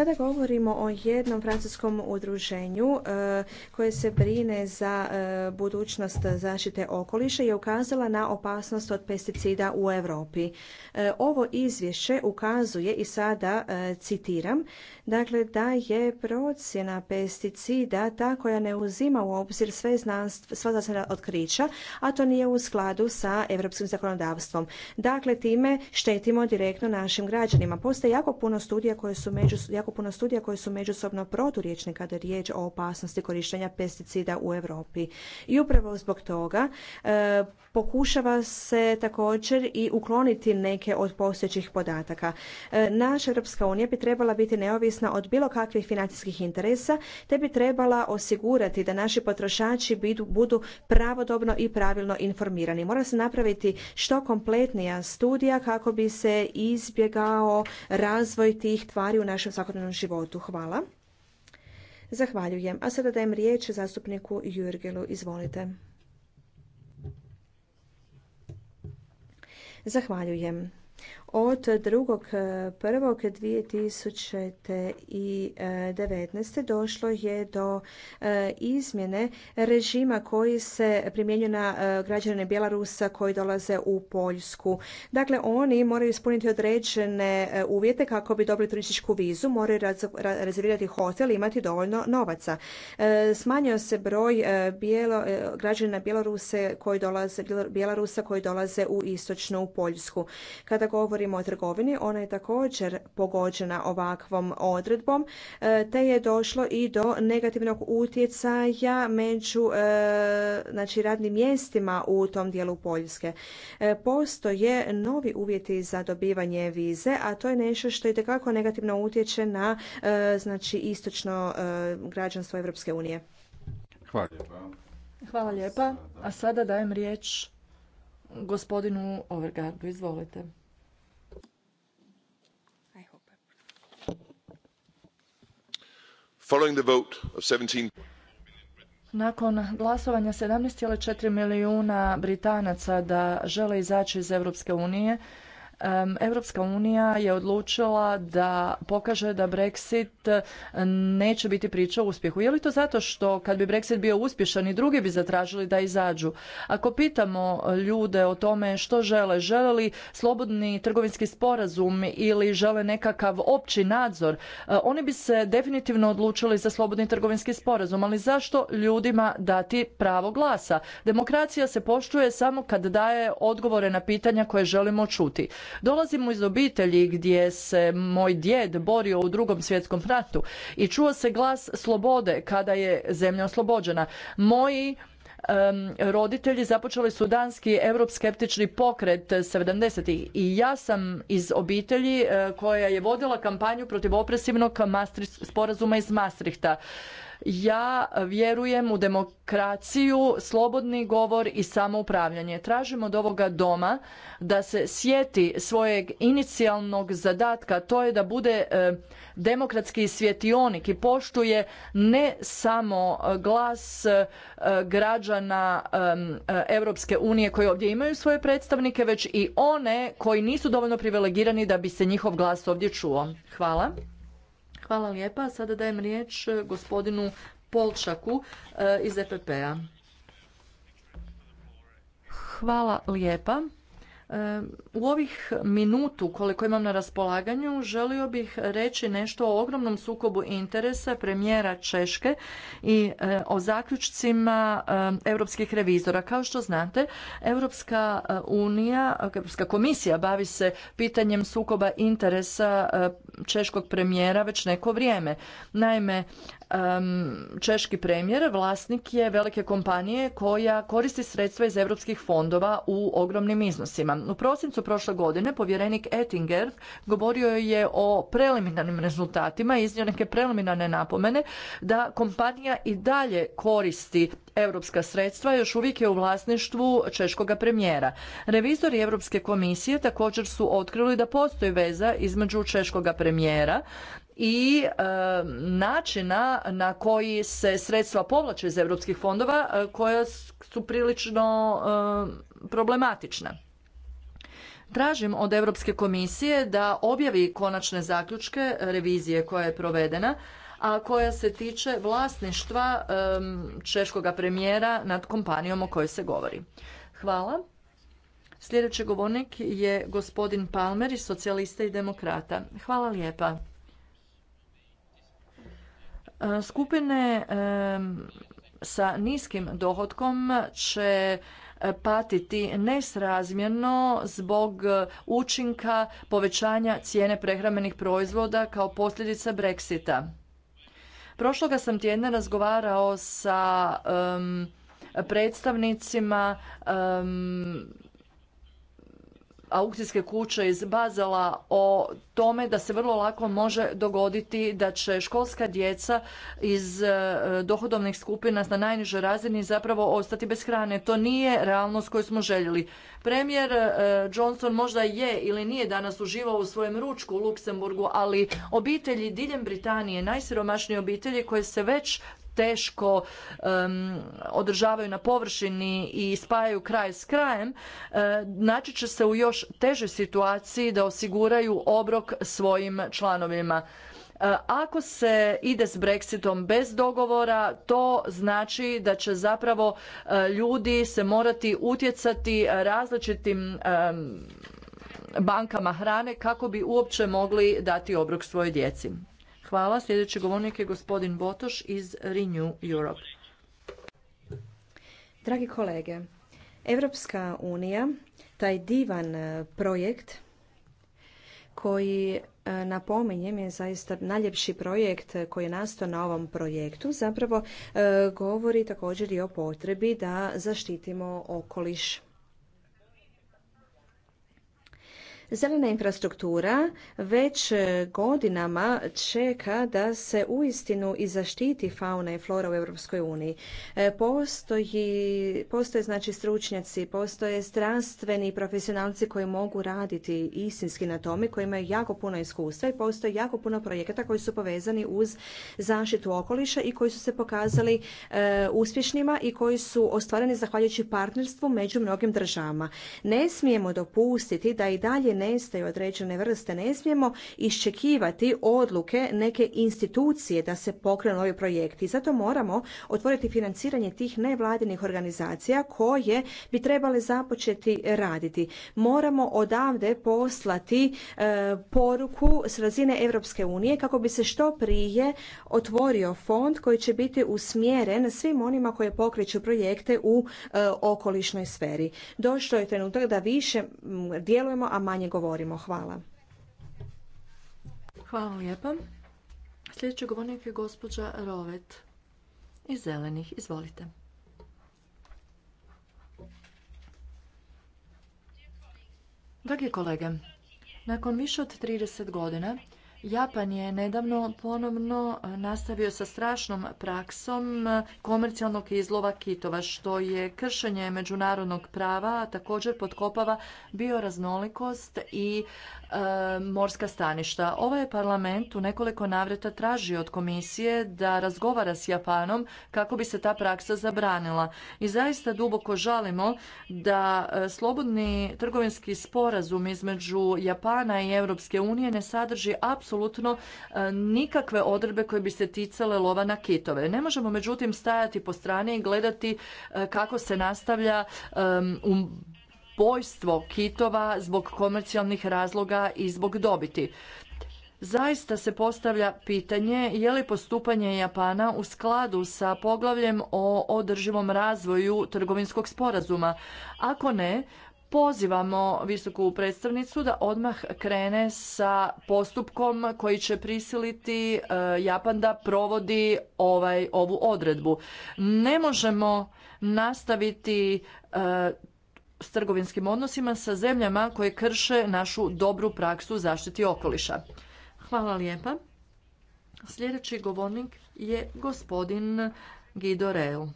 C: kada govorimo o jednom francuskom udruženju e, koje se brine za e, budućnost zaštite okoliša je ukazala na opasnost od pesticida u Europi. E, ovo izvješće ukazuje i sada citiram dakle da je procjena pesticida ta koja ne uzima u obzir sve znanstv, sva znanstvena otkrića, a to nije u skladu sa europskim zakonodavstvom. Dakle, time štetimo direktno našim građanima. Postoje jako puno studija koje su, jako puno studija koje su međusobno proturječne kada je riječ o opasnosti korištenja pesticida u Europi. I upravo zbog toga e, pokušava se također i ukloniti neke od postojećih podataka. E, naša Europska unija bi trebala biti neovisna od bilo kakvih financijskih interesa, te bi trebala osigurati da naši potrošači budu pravodobno i pravilno informirani. Mora se napraviti što kompletnija studija kako bi se izbjegao razvoj tih tvari u našem svakodnevnom životu. Hvala. Zahvaljujem. A sada dajem riječ zastupniku Jurgelu. Izvolite. Zahvaljujem od 2.1.2019. Eh, došlo je do eh, izmjene režima koji se primjenjuje na eh, građane Bjelarusa koji dolaze u Poljsku. Dakle, oni moraju ispuniti određene uvjete kako bi dobili turističku vizu, moraju rezervirati hotel i imati dovoljno novaca. Smanjio se broj građana koji dolaze, Bjelarusa koji dolaze u istočnu Poljsku. Kada govori govorimo o trgovini, ona je također pogođena ovakvom odredbom, e, te je došlo i do negativnog utjecaja među e, znači, radnim mjestima u tom dijelu Poljske. E, postoje novi uvjeti za dobivanje vize, a to je nešto što i tekako negativno utječe na znači, istočno građanstvo Europske unije.
K: Hvala
L: Hvala lijepa. A sada dajem riječ gospodinu Overgardu. Izvolite. Nakon glasovanja 17,4 milijuna Britanaca da žele izaći iz Europske unije, Europska unija je odlučila da pokaže da Brexit neće biti priča o uspjehu. Je li to zato što kad bi Brexit bio uspješan i drugi bi zatražili da izađu? Ako pitamo ljude o tome što žele, žele li slobodni trgovinski sporazum ili žele nekakav opći nadzor, eh, oni bi se definitivno odlučili za slobodni trgovinski sporazum. Ali zašto ljudima dati pravo glasa? Demokracija se poštuje samo kad daje odgovore na pitanja koje želimo čuti. Dolazimo iz obitelji gdje se moj djed borio u drugom svjetskom ratu i čuo se glas slobode kada je zemlja oslobođena. Moji roditelji započeli su danski euroskeptični pokret 70-ih i ja sam iz obitelji e, koja je vodila kampanju protiv opresivnog sporazuma iz Maastrichta. Ja vjerujem u demokraciju, slobodni govor i samoupravljanje. Tražim od ovoga doma da se sjeti svojeg inicijalnog zadatka, to je da bude e, demokratski svjetionik i poštuje ne samo glas e, građana e, Europske unije koji ovdje imaju svoje predstavnike, već i one koji nisu dovoljno privilegirani da bi se njihov glas ovdje čuo. Hvala. Hvala lijepa. Sada dajem riječ e, gospodinu Polčaku e, iz EPP-a. Hvala lijepa. U ovih minutu koliko imam na raspolaganju želio bih reći nešto o ogromnom sukobu interesa premijera Češke i e, o zaključcima europskih revizora. Kao što znate, Europska e, unija, Europska komisija bavi se pitanjem sukoba interesa e, češkog premijera već neko vrijeme. Naime, češki premijer vlasnik je velike kompanije koja koristi sredstva iz europskih fondova u ogromnim iznosima. U prosincu prošle godine povjerenik Ettinger govorio je o preliminarnim rezultatima i iznio neke preliminarne napomene da kompanija i dalje koristi europska sredstva, još uvijek je u vlasništvu češkoga premijera. Revizori Europske komisije također su otkrili da postoji veza između češkoga premijera i e, načina na koji se sredstva povlače iz europskih fondova e, koja su prilično e, problematična. Tražim od Europske komisije da objavi konačne zaključke revizije koja je provedena, a koja se tiče vlasništva češkoga premijera nad kompanijom o kojoj se govori. Hvala. Sljedeći govornik je gospodin Palmer iz Socijalista i Demokrata. Hvala lijepa. E, skupine sa niskim dohodkom će patiti nesrazmjerno zbog učinka povećanja cijene prehrambenih proizvoda kao posljedica Brexita. Prošloga sam tjedna razgovarao sa predstavnicima aukcijske kuće iz Bazala o tome da se vrlo lako može dogoditi da će školska djeca iz e, dohodovnih skupina na najnižoj razini zapravo ostati bez hrane. To nije realnost koju smo željeli. Premijer e, Johnson možda je ili nije danas uživao u svojem ručku u Luksemburgu, ali obitelji diljem Britanije, najsiromašnije obitelji koje se već teško održavaju na površini i spajaju kraj s krajem, eh, naći će se u još težoj situaciji da osiguraju obrok svojim članovima. Eh, ako se ide s Brexitom bez dogovora, to znači da će zapravo eh, ljudi se morati utjecati različitim bankama hrane kako bi uopće mogli dati obrok svojoj djeci. Hvala. Sljedeći govornik je gospodin Botoš iz Renew Europe.
C: Dragi kolege, Evropska unija, taj divan e, projekt koji e, napominjem je zaista najljepši projekt koji je nastao na ovom projektu zapravo e, govori također i o potrebi da zaštitimo okoliš Zelena infrastruktura već e, godinama čeka da se uistinu i zaštiti fauna i flora u Europskoj uniji. E, postoji, postoje znači stručnjaci, postoje stranstveni profesionalci koji mogu raditi istinski na tome, koji imaju jako puno iskustva i postoje jako puno projekata koji su povezani uz zaštitu okoliša i koji su se pokazali e, uspješnima i koji su ostvareni zahvaljujući partnerstvu među mnogim državama. Ne smijemo dopustiti da i dalje nestaju određene vrste, ne smijemo iščekivati odluke neke institucije da se pokrenu ovi projekti. Zato moramo otvoriti financiranje tih nevladinih organizacija koje bi trebale započeti raditi. Moramo odavde poslati e, poruku s razine Europske unije kako bi se što prije otvorio fond koji će biti usmjeren svim onima koje pokreću projekte u e, okolišnoj sferi. Došlo je trenutak da više djelujemo, a manje govorimo. Hvala. Hvala lijepa.
L: Sljedeći govornik je gospođa Rovet
C: iz Zelenih. Izvolite.
L: Dragi kolege, nakon više od 30 godina Japan je nedavno ponovno nastavio sa strašnom praksom komercijalnog izlova kitova, što je kršenje međunarodnog prava, a također potkopava bioraznolikost i E, morska staništa. Ovaj je parlament u nekoliko navrata tražio od komisije da razgovara s Japanom kako bi se ta praksa zabranila. I zaista duboko žalimo da e, slobodni trgovinski sporazum između Japana i Europske unije ne sadrži apsolutno e, nikakve odredbe koje bi se ticale lova na kitove. Ne možemo međutim stajati po strani i gledati kako se nastavlja u pojstvo kitova zbog komercijalnih razloga i zbog dobiti. Zaista se postavlja pitanje je li postupanje Japana u skladu sa poglavljem o održivom razvoju trgovinskog sporazuma. Ako ne, pozivamo visoku predstavnicu da odmah krene sa postupkom koji će prisiliti e, Japan da provodi ovaj, ovu odredbu. Ne možemo nastaviti e, s trgovinskim odnosima sa zemljama koje krše našu dobru praksu zaštiti okoliša. Hvala lijepa. Sljedeći govornik je gospodin Guido Reu.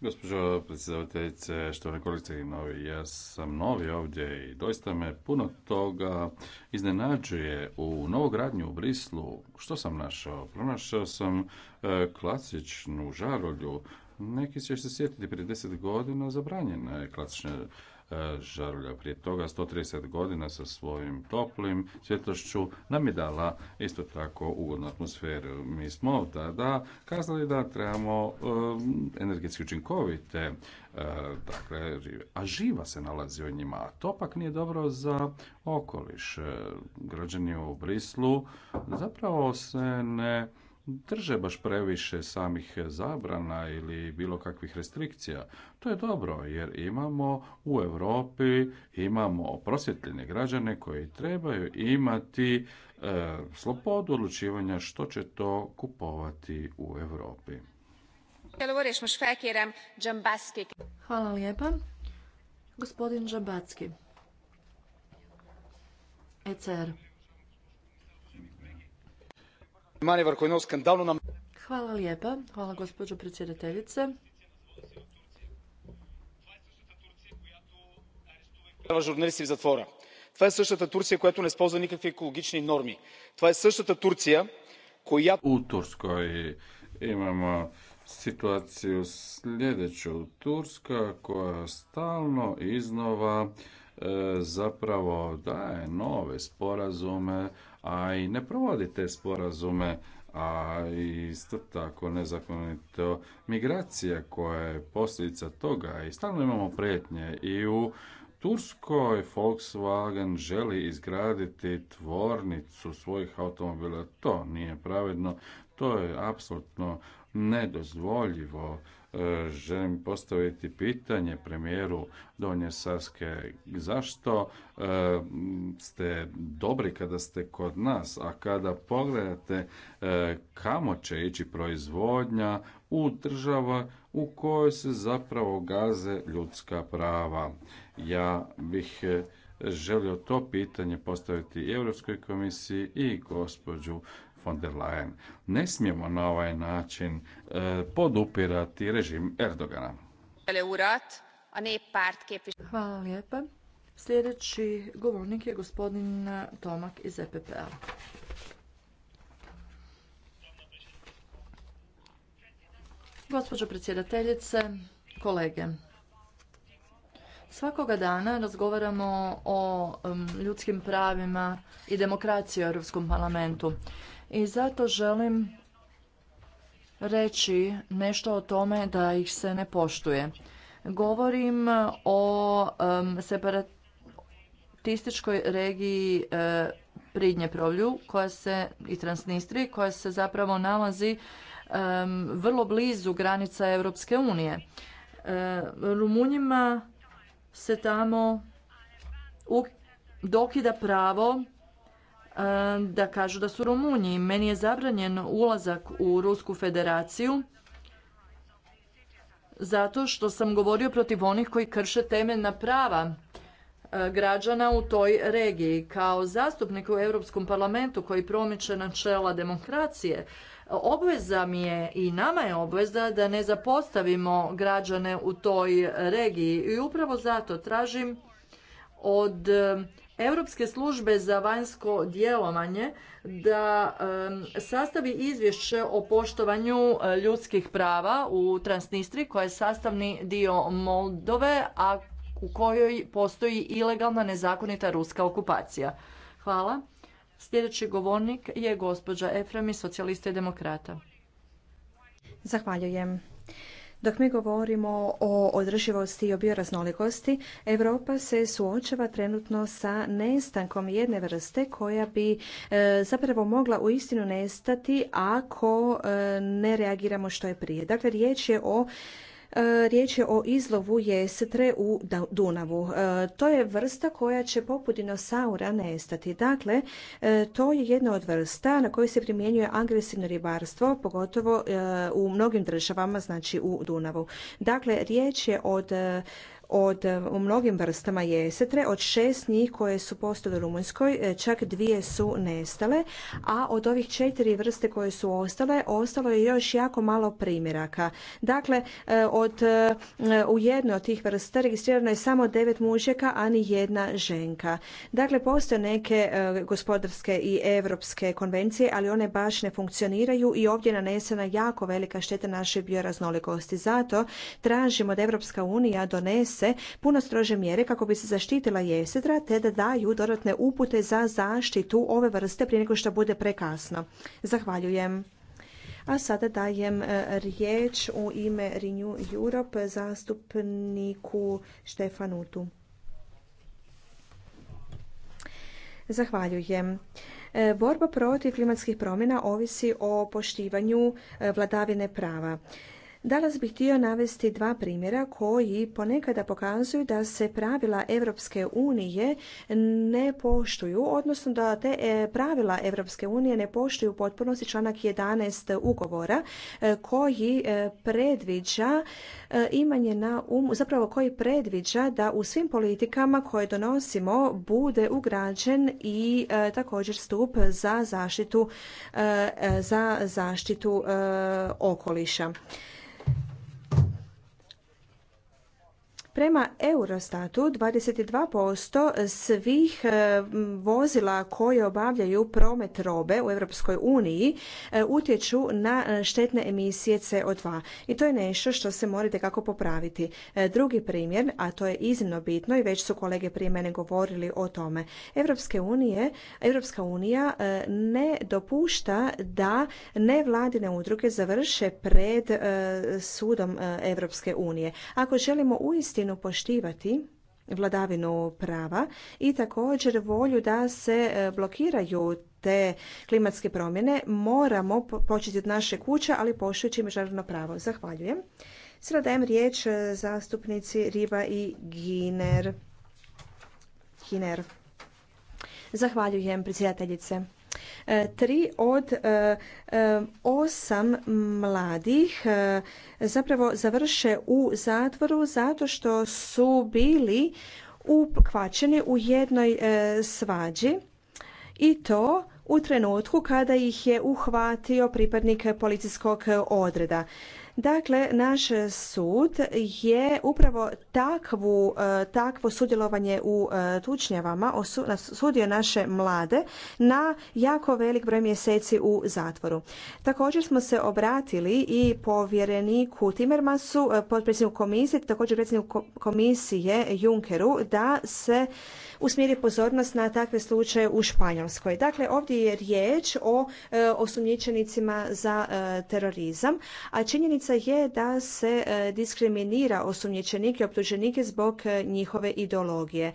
K: Gospođo predsjedavateljice, što ne i novi, ja sam novi ovdje i doista me puno toga iznenađuje u novogradnju u Brislu. Što sam našao? Pronašao sam e, klasičnu žarolju neki će se sjetiti prije deset godina zabranjena je klasična e, žarulja. Prije toga 130 godina sa svojim toplim svjetlošću nam je dala isto tako ugodnu atmosferu. Mi smo tada kazali da trebamo e, energetski učinkovite uh, dakle, a živa se nalazi u njima, a to pak nije dobro za okoliš. Građani u Brislu zapravo se ne drže baš previše samih zabrana ili bilo kakvih restrikcija. To je dobro jer imamo u Europi imamo prosvjetljene građane koji trebaju imati e, slobodu odlučivanja što će to kupovati u Europi.
L: Hvala lijepa. Gospodin Džambacki. ECR. Hvala lijepa. Hvala gospođo predsjedateljice.
G: журналисти в затвора. Това е същата Турция, която не спазва никакви екологични норми. Това е същата Турция, която... У
K: imamo situaciju u Turska koja stalno iznova e, zapravo daje nove sporazume a i ne provodi te sporazume, a isto tako nezakonito migracije koja je posljedica toga i stalno imamo prijetnje i u Turskoj Volkswagen želi izgraditi tvornicu svojih automobila. To nije pravedno, to je apsolutno nedozvoljivo želim postaviti pitanje premijeru Donje zašto e, ste dobri kada ste kod nas, a kada pogledate e, kamo će ići proizvodnja u država u kojoj se zapravo gaze ljudska prava. Ja bih e, želio to pitanje postaviti Europskoj komisiji i gospođu von der Leyen. Ne smijemo na ovaj način e, podupirati režim Erdogana.
L: Hvala lijepa. Sljedeći govornik je gospodin Tomak iz EPP-a. Gospođo predsjedateljice, kolege, Svakoga dana razgovaramo o ljudskim pravima i demokraciji u Europskom parlamentu i zato želim reći nešto o tome da ih se ne poštuje. Govorim o separatističkoj regiji e, Pridnje Pridnjeprovlju koja se i Transnistri koja se zapravo nalazi vrlo blizu granica Europske unije. E, Rumunjima se tamo dokida pravo da kažu da su Rumunji. Meni je zabranjen ulazak u Rusku federaciju zato što sam govorio protiv onih koji krše temeljna prava e, građana u toj regiji. Kao zastupnik u Europskom parlamentu koji promiče načela demokracije, obveza mi je i nama je obveza da ne zapostavimo građane u toj regiji i upravo zato tražim od Europske službe za vanjsko djelovanje da sastavi izvješće o poštovanju e, ljudskih prava u Transnistri koja je sastavni dio Moldove, a u kojoj postoji ilegalna nezakonita ruska okupacija. Hvala. Sljedeći govornik je gospođa Efremi, socijalista i demokrata.
C: Zahvaljujem. Dok mi govorimo o održivosti i o bioraznolikosti, Europa se suočava trenutno sa nestankom jedne vrste koja bi e, zapravo mogla u istinu nestati ako e, ne reagiramo što je prije. Dakle, riječ je o E, riječ je o izlovu jesetre u Dunavu. E, to je vrsta koja će poput dinosaura nestati. Dakle, e, to je jedna od vrsta na koju se primjenjuje agresivno ribarstvo, pogotovo u mnogim državama, znači u Dunavu. Dakle, riječ je od od, u mnogim vrstama jesetre. Od šest njih koje su postale u Rumunjskoj, e, čak dvije su nestale, a od ovih četiri vrste koje su ostale, ostalo je još jako malo primjeraka. Dakle, e, od, e, u jednoj od tih vrsta registrirano je samo devet mužjaka, a ni jedna ženka. Dakle, postoje neke gospodarske i europske konvencije, ali one baš ne funkcioniraju i ovdje je nanesena jako velika šteta našoj bioraznolikosti. Zato tražimo da Europska unija donese puno strože mjere kako bi se zaštitila jesedra te da daju dodatne upute za zaštitu ove vrste prije nego što bude prekasno. Zahvaljujem. A sada dajem e, riječ u ime Renew Europe zastupniku Štefanutu. Zahvaljujem. E, borba protiv klimatskih promjena ovisi o poštivanju e, vladavine prava. Danas bih htio navesti dva primjera koji ponekada pokazuju da se pravila Europske unije ne poštuju, odnosno da te e, pravila Europske unije ne poštuju u potpunosti članak 11 ugovora e, koji e, predviđa imanje na umu, zapravo koji predviđa da u svim politikama koje donosimo bude ugrađen i također stup za zaštitu za zaštitu okoliša. Prema Eurostatu 22% svih e, vozila koje obavljaju promet robe u Europskoj uniji e, utječu na e, štetne emisije CO2 i to je nešto što se morate kako popraviti. Drugi primjer, a to je iznimno bitno i već su kolege prije mene govorili o tome. Europske unije, Europska unija ne dopušta da nevladine udruge završe pred sudom Europske unije. Ako želimo uistinu upoštivati poštivati vladavinu prava i također volju da se e, blokiraju te klimatske promjene moramo početi od naše kuće, ali poštujući međunarodno pravo. Zahvaljujem. Sada dajem riječ e, zastupnici Riba i Giner. Giner. Zahvaljujem, predsjedateljice. E, tri od e, e, osam mladih zapravo završe u zatvoru zato što su bili uhvaćeni u jednoj svađi i to u trenutku kada ih je uhvatio pripadnik policijskog odreda. Dakle, naš sud je upravo takvu, e, takvo sudjelovanje u e, tučnjavama osudio naše mlade na jako velik broj mjeseci u zatvoru. Također smo se obratili i povjereniku Timmermansu, e, potpredsjedniku komisije, također predsjedniku komisije Junckeru, da se usmjeri pozornost na takve slučaje u Španjolskoj. Dakle, ovdje je riječ o e, osumnjičenicima za e, terorizam, a činjenica je da se e, diskriminira osumnjičenike i optuženike zbog njihove ideologije.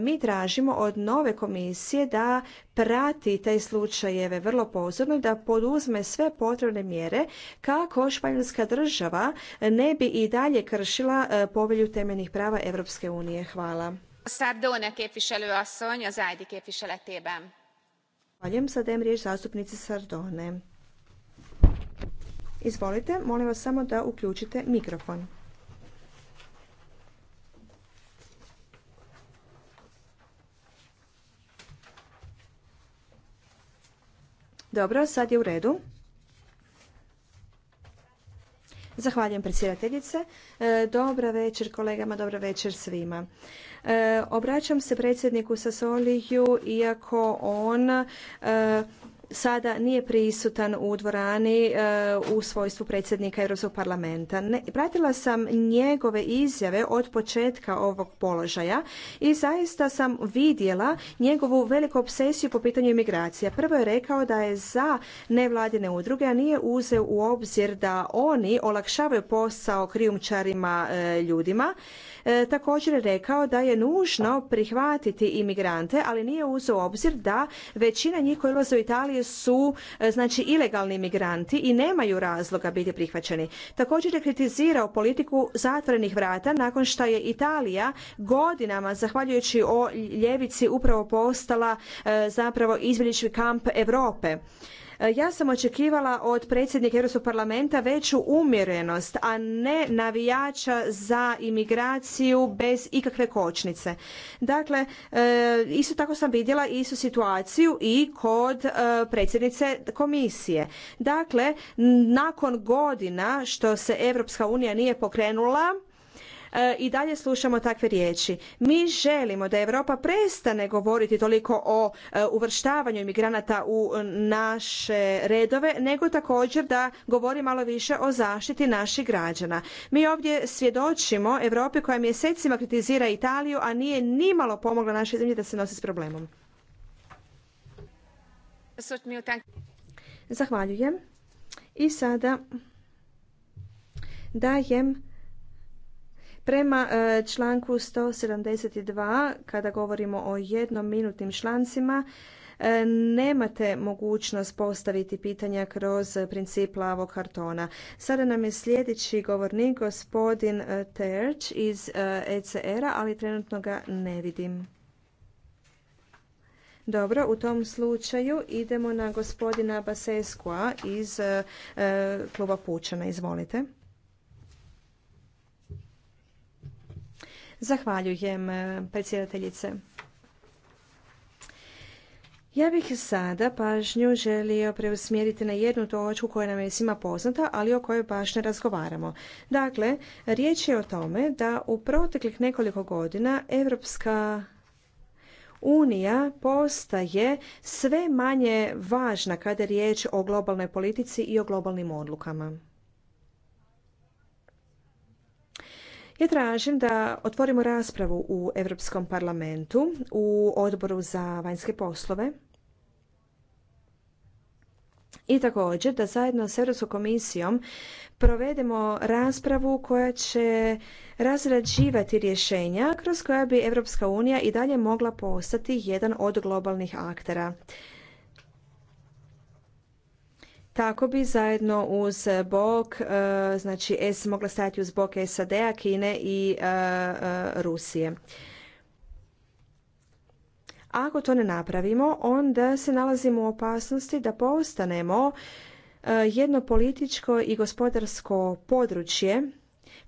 C: Mi tražimo od nove komisije da prati te slučajeve vrlo pozorno, da poduzme sve potrebne mjere kako španjolska država ne bi i dalje kršila povelju temeljnih prava Europske unije. Hvala.
M: Sardone képviselő asszony az ID képviseletében.
C: Zahvaljujem. Sada dajem riječ zastupnici Sardone. Izvolite, molim vas samo da uključite mikrofon. Dobro, sad je u redu. Zahvaljujem predsjedateljice. E, dobra večer kolegama, dobra večer svima. E, obraćam se predsjedniku Sasoliju iako on e, sada nije prisutan u dvorani e, u svojstvu predsjednika Europskog parlamenta. pratila sam njegove izjave od početka ovog položaja i zaista sam vidjela njegovu veliku obsesiju po pitanju imigracija. Prvo je rekao da je za nevladine udruge, a nije uzeo u obzir da oni olakšavaju posao krijumčarima e, ljudima E, također je rekao da je nužno prihvatiti imigrante, ali nije uzeo u obzir da većina njih koji ulaze u Italiju su e, znači ilegalni imigranti i nemaju razloga biti prihvaćeni. Također je kritizirao politiku zatvorenih vrata nakon što je Italija godinama zahvaljujući o ljevici upravo postala e, zapravo izbjeglički kamp Europe. E, ja sam očekivala od predsjednika Europskog parlamenta veću umjerenost, a ne navijača za imigraciju bez ikakve kočnice. Dakle, e, isto tako sam vidjela istu situaciju i kod e, predsjednice komisije. Dakle, nakon godina što se Europska unija nije pokrenula, E, i dalje slušamo takve riječi. Mi želimo da Europa prestane govoriti toliko o e, uvrštavanju imigranata u naše redove, nego također da govori malo više o zaštiti naših građana. Mi ovdje svjedočimo Europi koja mjesecima kritizira Italiju, a nije nimalo pomogla našoj zemlji da se nosi s problemom. Zahvaljujem. I sada dajem Prema e, članku 172, kada govorimo o jednominutnim člancima, e, nemate mogućnost postaviti pitanja kroz princip plavog kartona. Sada nam je sljedeći govornik, gospodin e, Terč iz ECR-a, ali trenutno ga ne vidim. Dobro, u tom slučaju idemo na gospodina Baseskua iz Kluba Pučana. Izvolite. Zahvaljujem e, predsjedateljice. Ja bih sada pažnju želio preusmjeriti na jednu točku koja nam je svima poznata, ali o kojoj baš ne razgovaramo. Dakle, riječ je o tome da u proteklih nekoliko godina Evropska Unija postaje sve manje važna kada je riječ o globalnoj politici i o globalnim odlukama. Ja tražim da otvorimo raspravu u Europskom parlamentu, u odboru za vanjske poslove i također da zajedno s Europskom komisijom provedemo raspravu koja će razrađivati rješenja kroz koja bi Europska unija i dalje mogla postati jedan od globalnih aktera. Tako bi zajedno uz bok, e, znači S mogla stajati uz bok SAD-a, Kine i e, e, Rusije. Ako to ne napravimo, onda se nalazimo u opasnosti da postanemo jedno političko i gospodarsko područje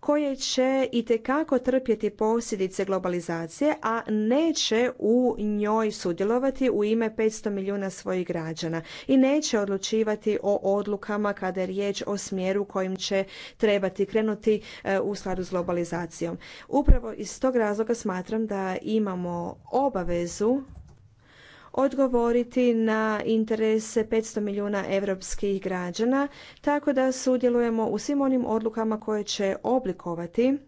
C: koje će kako trpjeti posljedice globalizacije, a neće u njoj sudjelovati u ime 500 milijuna svojih građana i neće odlučivati o odlukama kada je riječ o smjeru kojim će trebati krenuti e, u skladu s globalizacijom. Upravo iz tog razloga smatram da imamo obavezu odgovoriti na interese 500 milijuna europskih građana, tako da sudjelujemo u svim onim odlukama koje će oblikovati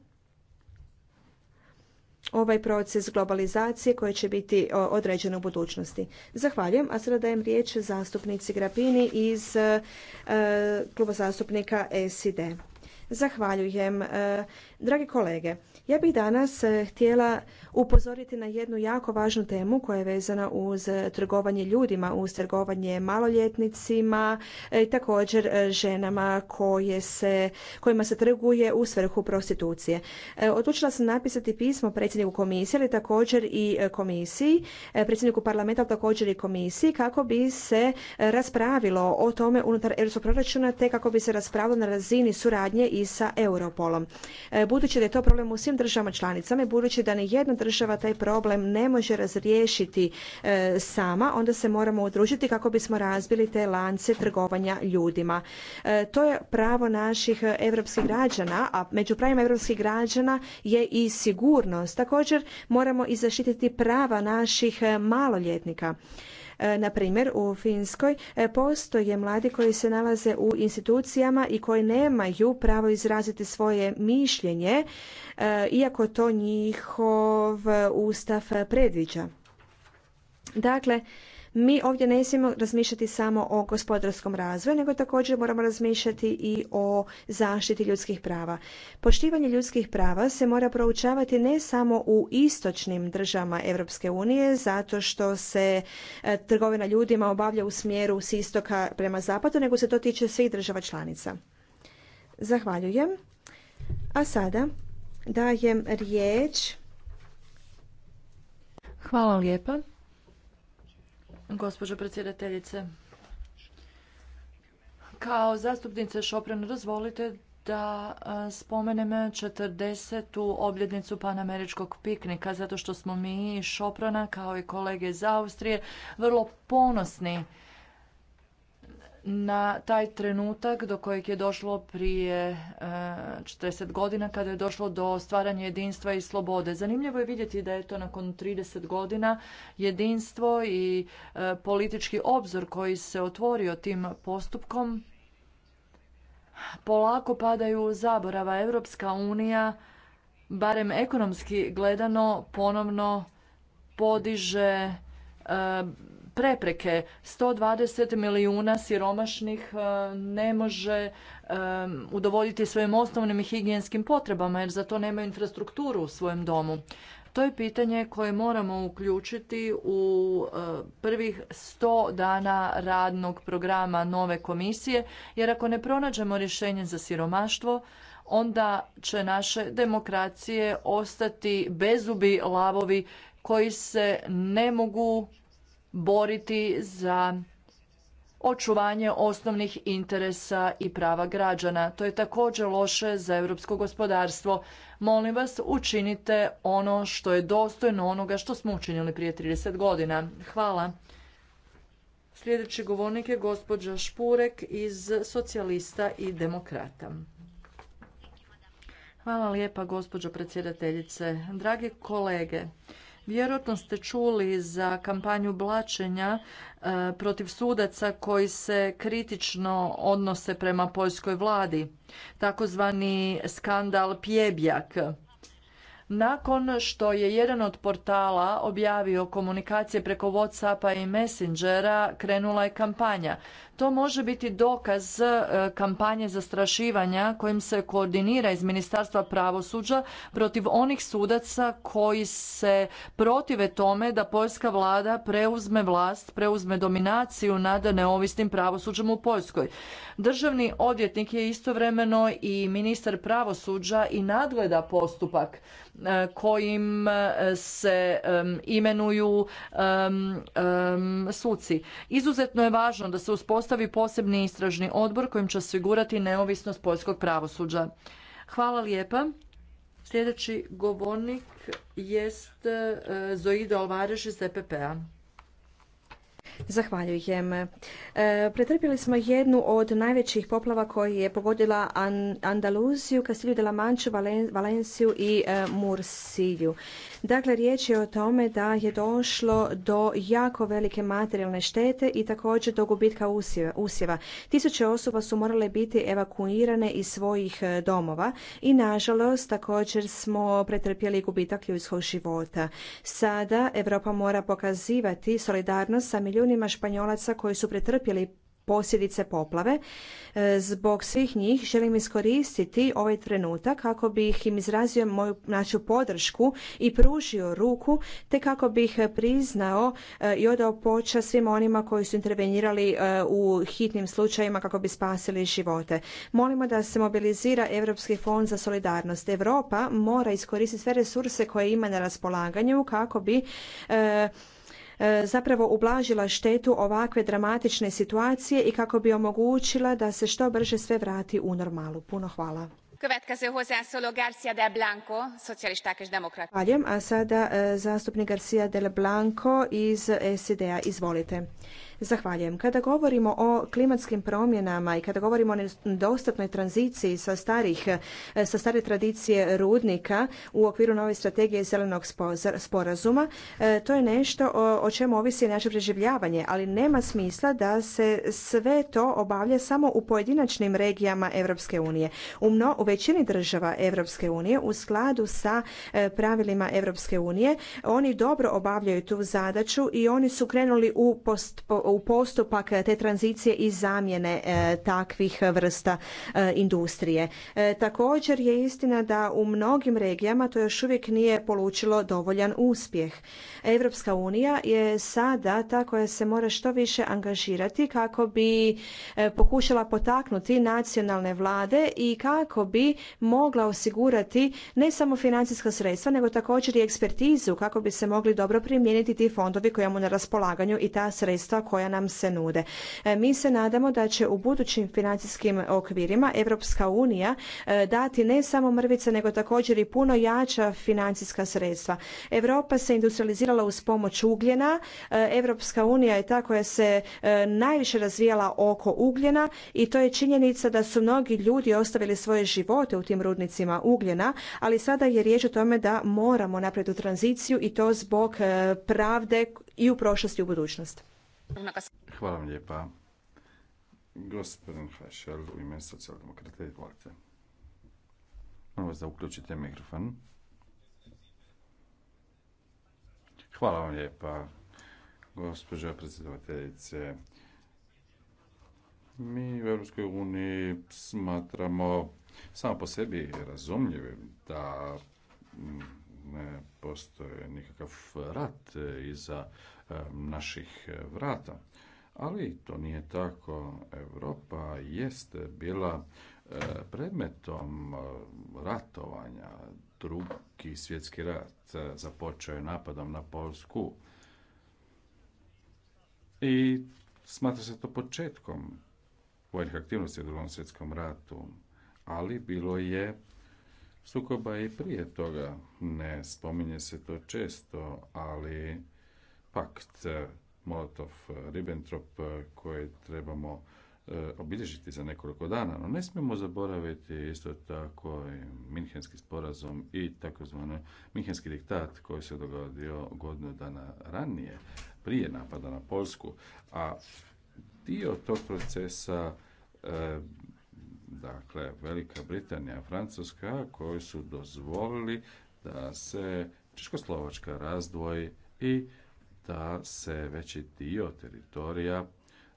C: ovaj proces globalizacije koji će biti određen u budućnosti. Zahvaljujem, a sada dajem riječ zastupnici Grapini iz e, kluba zastupnika SID. Zahvaljujem. E, dragi kolege, ja bih danas eh, htjela upozoriti na jednu jako važnu temu koja je vezana uz eh, trgovanje ljudima, uz trgovanje maloljetnicima eh, i također ženama koje se, kojima se trguje u svrhu prostitucije. Odlučila sam napisati pismo predsjedniku komisije, ali također i komisiji, predsjedniku parlamenta, također i komisiji, kako bi se raspravilo o tome unutar europskog proračuna, te kako bi se raspravilo na razini suradnje i sa Europolom. Budući da je to problem u svim svim državama članicama i budući da ni jedna država taj problem ne može razriješiti e, sama, onda se moramo udružiti kako bismo razbili te lance trgovanja ljudima. E, to je pravo naših europskih građana, a među pravima europskih građana je i sigurnost. Također moramo i zaštititi prava naših e, maloljetnika. E, na primjer, u Finskoj e, postoje mladi koji se nalaze u institucijama i koji nemaju pravo izraziti svoje mišljenje, e, iako to njihov ustav predviđa. Dakle, mi ovdje ne smijemo razmišljati samo o gospodarskom razvoju, nego također moramo razmišljati i o zaštiti ljudskih prava. Poštivanje ljudskih prava se mora proučavati ne samo u istočnim državama Europske unije, zato što se e, trgovina ljudima obavlja u smjeru s istoka prema zapadu, nego se to tiče svih država članica. Zahvaljujem. A sada dajem riječ. Hvala lijepa.
L: Gospođo predsjedateljice, kao zastupnice Šopren, dozvolite da spomenem 40. obljednicu panameričkog piknika, zato što smo mi iz Šoprana, kao i kolege iz Austrije, vrlo ponosni na taj trenutak do kojeg je došlo prije 40 e, godina kada je došlo do stvaranja jedinstva i slobode. Zanimljivo je vidjeti da je to nakon 30 godina jedinstvo i e, politički obzor koji se otvorio tim postupkom polako padaju zaborava. Europska unija, barem ekonomski gledano, ponovno podiže e, prepreke. 120 milijuna siromašnih e, ne može e, udovoljiti svojim osnovnim i higijenskim potrebama jer za to nemaju infrastrukturu u svojem domu. To je pitanje koje moramo uključiti u e, prvih 100 dana radnog programa nove komisije, jer ako ne pronađemo rješenje za siromaštvo, onda će naše demokracije ostati bezubi lavovi koji se ne mogu boriti za očuvanje osnovnih interesa i prava građana. To je također loše za europsko gospodarstvo. Molim vas, učinite ono što je dostojno onoga što smo učinili prije 30 godina. Hvala. Sljedeći govornik je gospođa Špurek iz Socijalista i Demokrata. Hvala lijepa gospođo predsjedateljice. Drage kolege, Vjerojatno ste čuli za kampanju blačenja e, protiv sudaca koji se kritično odnose prema poljskoj vladi, takozvani skandal Pjebjak. Nakon što je jedan od portala objavio komunikacije preko Whatsappa i Messengera, krenula je kampanja to može biti dokaz e, kampanje zastrašivanja kojim se koordinira iz Ministarstva pravosuđa protiv onih sudaca koji se protive tome da poljska vlada preuzme vlast, preuzme dominaciju nad neovisnim pravosuđem u Poljskoj. Državni odvjetnik je istovremeno i ministar pravosuđa i nadgleda postupak e, kojim e, se imenuju suci. Izuzetno je važno da se uspostavi uspostavi posebni istražni odbor kojim će osigurati neovisnost poljskog pravosuđa. Hvala lijepa. Sljedeći govornik jest e, Zoida Alvarez iz EPP-a.
C: Zahvaljujem. E, pretrpjeli smo jednu od najvećih poplava koji je pogodila Andaluziju, Kastilju de la Manche, Valenciju i e, Mursilju. Dakle, riječ je o tome da je došlo do jako velike materijalne štete i također do gubitka usjeva. Tisuće osoba su morale biti evakuirane iz svojih e, domova i nažalost također smo pretrpjeli gubitak ljudskog života. Sada Europa mora pokazivati solidarnost sa milijunima Španjolaca koji su pretrpjeli posljedice poplave. E, zbog svih njih želim iskoristiti ovaj trenutak kako bih im izrazio moju našu podršku i pružio ruku te kako bih priznao e, i odao poča svima onima koji su intervenirali e, u hitnim slučajevima kako bi spasili živote. Molimo da se mobilizira Europski fond za solidarnost. Europa mora iskoristiti sve resurse koje ima na raspolaganju kako bi E, zapravo ublažila štetu ovakve dramatične situacije i kako bi omogućila da se što brže sve vrati u normalu. Puno hvala. Hvala, a sada e, zastupnik Garcia del Blanco iz SED-a. Izvolite. Zahvaljujem. Kada govorimo o klimatskim promjenama i kada govorimo o nedostatnoj tranziciji sa starih, sa stare tradicije rudnika u okviru nove strategije zelenog sporazuma, e, to je nešto o čemu ovisi naše preživljavanje, ali nema smisla da se sve to obavlja samo u pojedinačnim regijama Europske unije. U, mno, u većini država Europske unije u skladu sa e, pravilima Europske unije oni dobro obavljaju tu zadaću i oni su krenuli u post, u postupak e, te tranzicije i zamjene e, takvih vrsta e, industrije. Također je istina da u mnogim regijama to još uvijek nije polučilo dovoljan uspjeh. Europska unija je sada ta koja se mora što više angažirati kako bi pokušala potaknuti nacionalne vlade i kako bi mogla osigurati ne samo financijska sredstva nego također i ekspertizu kako bi se mogli dobro primijeniti ti fondovi koji imamo na raspolaganju i ta sredstva koja nam se nude. E, mi se nadamo da će u budućim financijskim okvirima Europska unija e, dati ne samo mrvice nego također i puno jača financijska sredstva. Europa se industrializirala uz pomoć ugljena, Europska unija je ta koja se e, najviše razvijala oko ugljena i to je činjenica da su mnogi ljudi ostavili svoje živote u tim rudnicima ugljena, ali sada je riječ o tome da moramo napraviti u tranziciju i to zbog pravde i u prošlosti i u budućnosti.
K: Hvala vam lijepa. Gospodin Hašel u ime socijaldemokrata, izvolite. vas da uključite mikrofon. Hvala vam lijepa, gospođo predsjedovateljice. Mi u Europskoj uniji smatramo samo po sebi razumljivim da ne postoje nikakav rat iza naših eh, vrata. Ali to nije tako. Europa jest bila eh, predmetom eh, ratovanja. Drugi svjetski rat započeo je napadom na Polsku. I smatra se to početkom vojnih aktivnosti u drugom svjetskom ratu, ali bilo je sukoba i prije toga. Ne spominje se to često, ali pakt eh, Molotov-Ribbentrop eh, eh, koje trebamo obilježiti za nekoliko dana, no ne smijemo zaboraviti isto tako i Minhenski sporazum i takozvani Minhenski diktat koji se dogodio godinu dana ranije, prije napada na Polsku, a dio tog procesa dakle Velika Britanija, Francuska koji su dozvolili da se Češko-Slovačka razdvoji i da se veći dio teritorija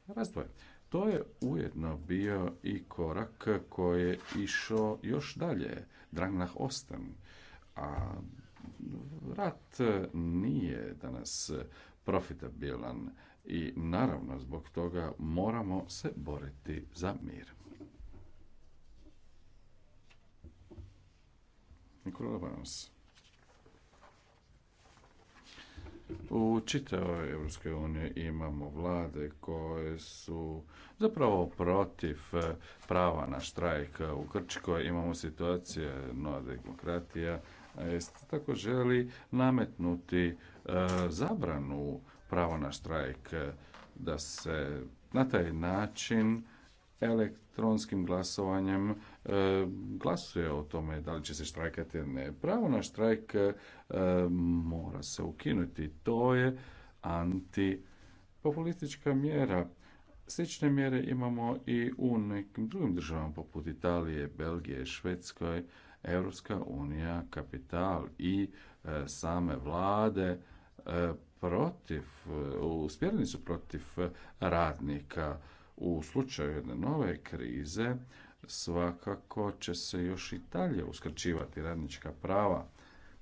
K: razdvoje. To je ujedno bio i korak koji je išao još dalje, Drangnah Osten, a rat nije danas profitabilan i naravno zbog toga moramo se boriti za mir. Nikola U čitavoj Europskoj uniji imamo vlade koje su zapravo protiv e, prava na štrajk. U Krčkoj imamo situacije nova demokratija jest, tako želi nametnuti e, zabranu prava na štrajk e, da se na taj način elektronskim glasovanjem E, glasuje o tome da li će se štrajkati ili ne. Pravo na štrajk e, mora se ukinuti. To je antipopulistička mjera. Slične mjere imamo i u nekim drugim državama poput Italije, Belgije, Švedskoj, Europska unija, kapital i e, same vlade protiv, uspjereni su protiv radnika u slučaju jedne nove krize svakako će se još i dalje uskrčivati radnička prava.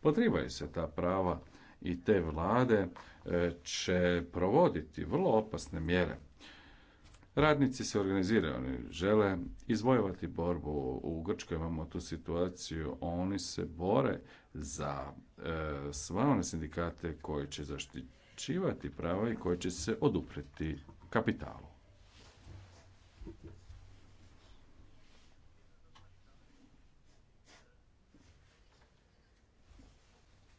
K: Podrivaju se ta prava i te vlade e, će provoditi vrlo opasne mjere. Radnici se organiziraju, oni žele izvojevati borbu. U Grčkoj imamo tu situaciju, oni se bore za e, sva one sindikate koji će zaštićivati prava i koji će se odupreti kapitalu.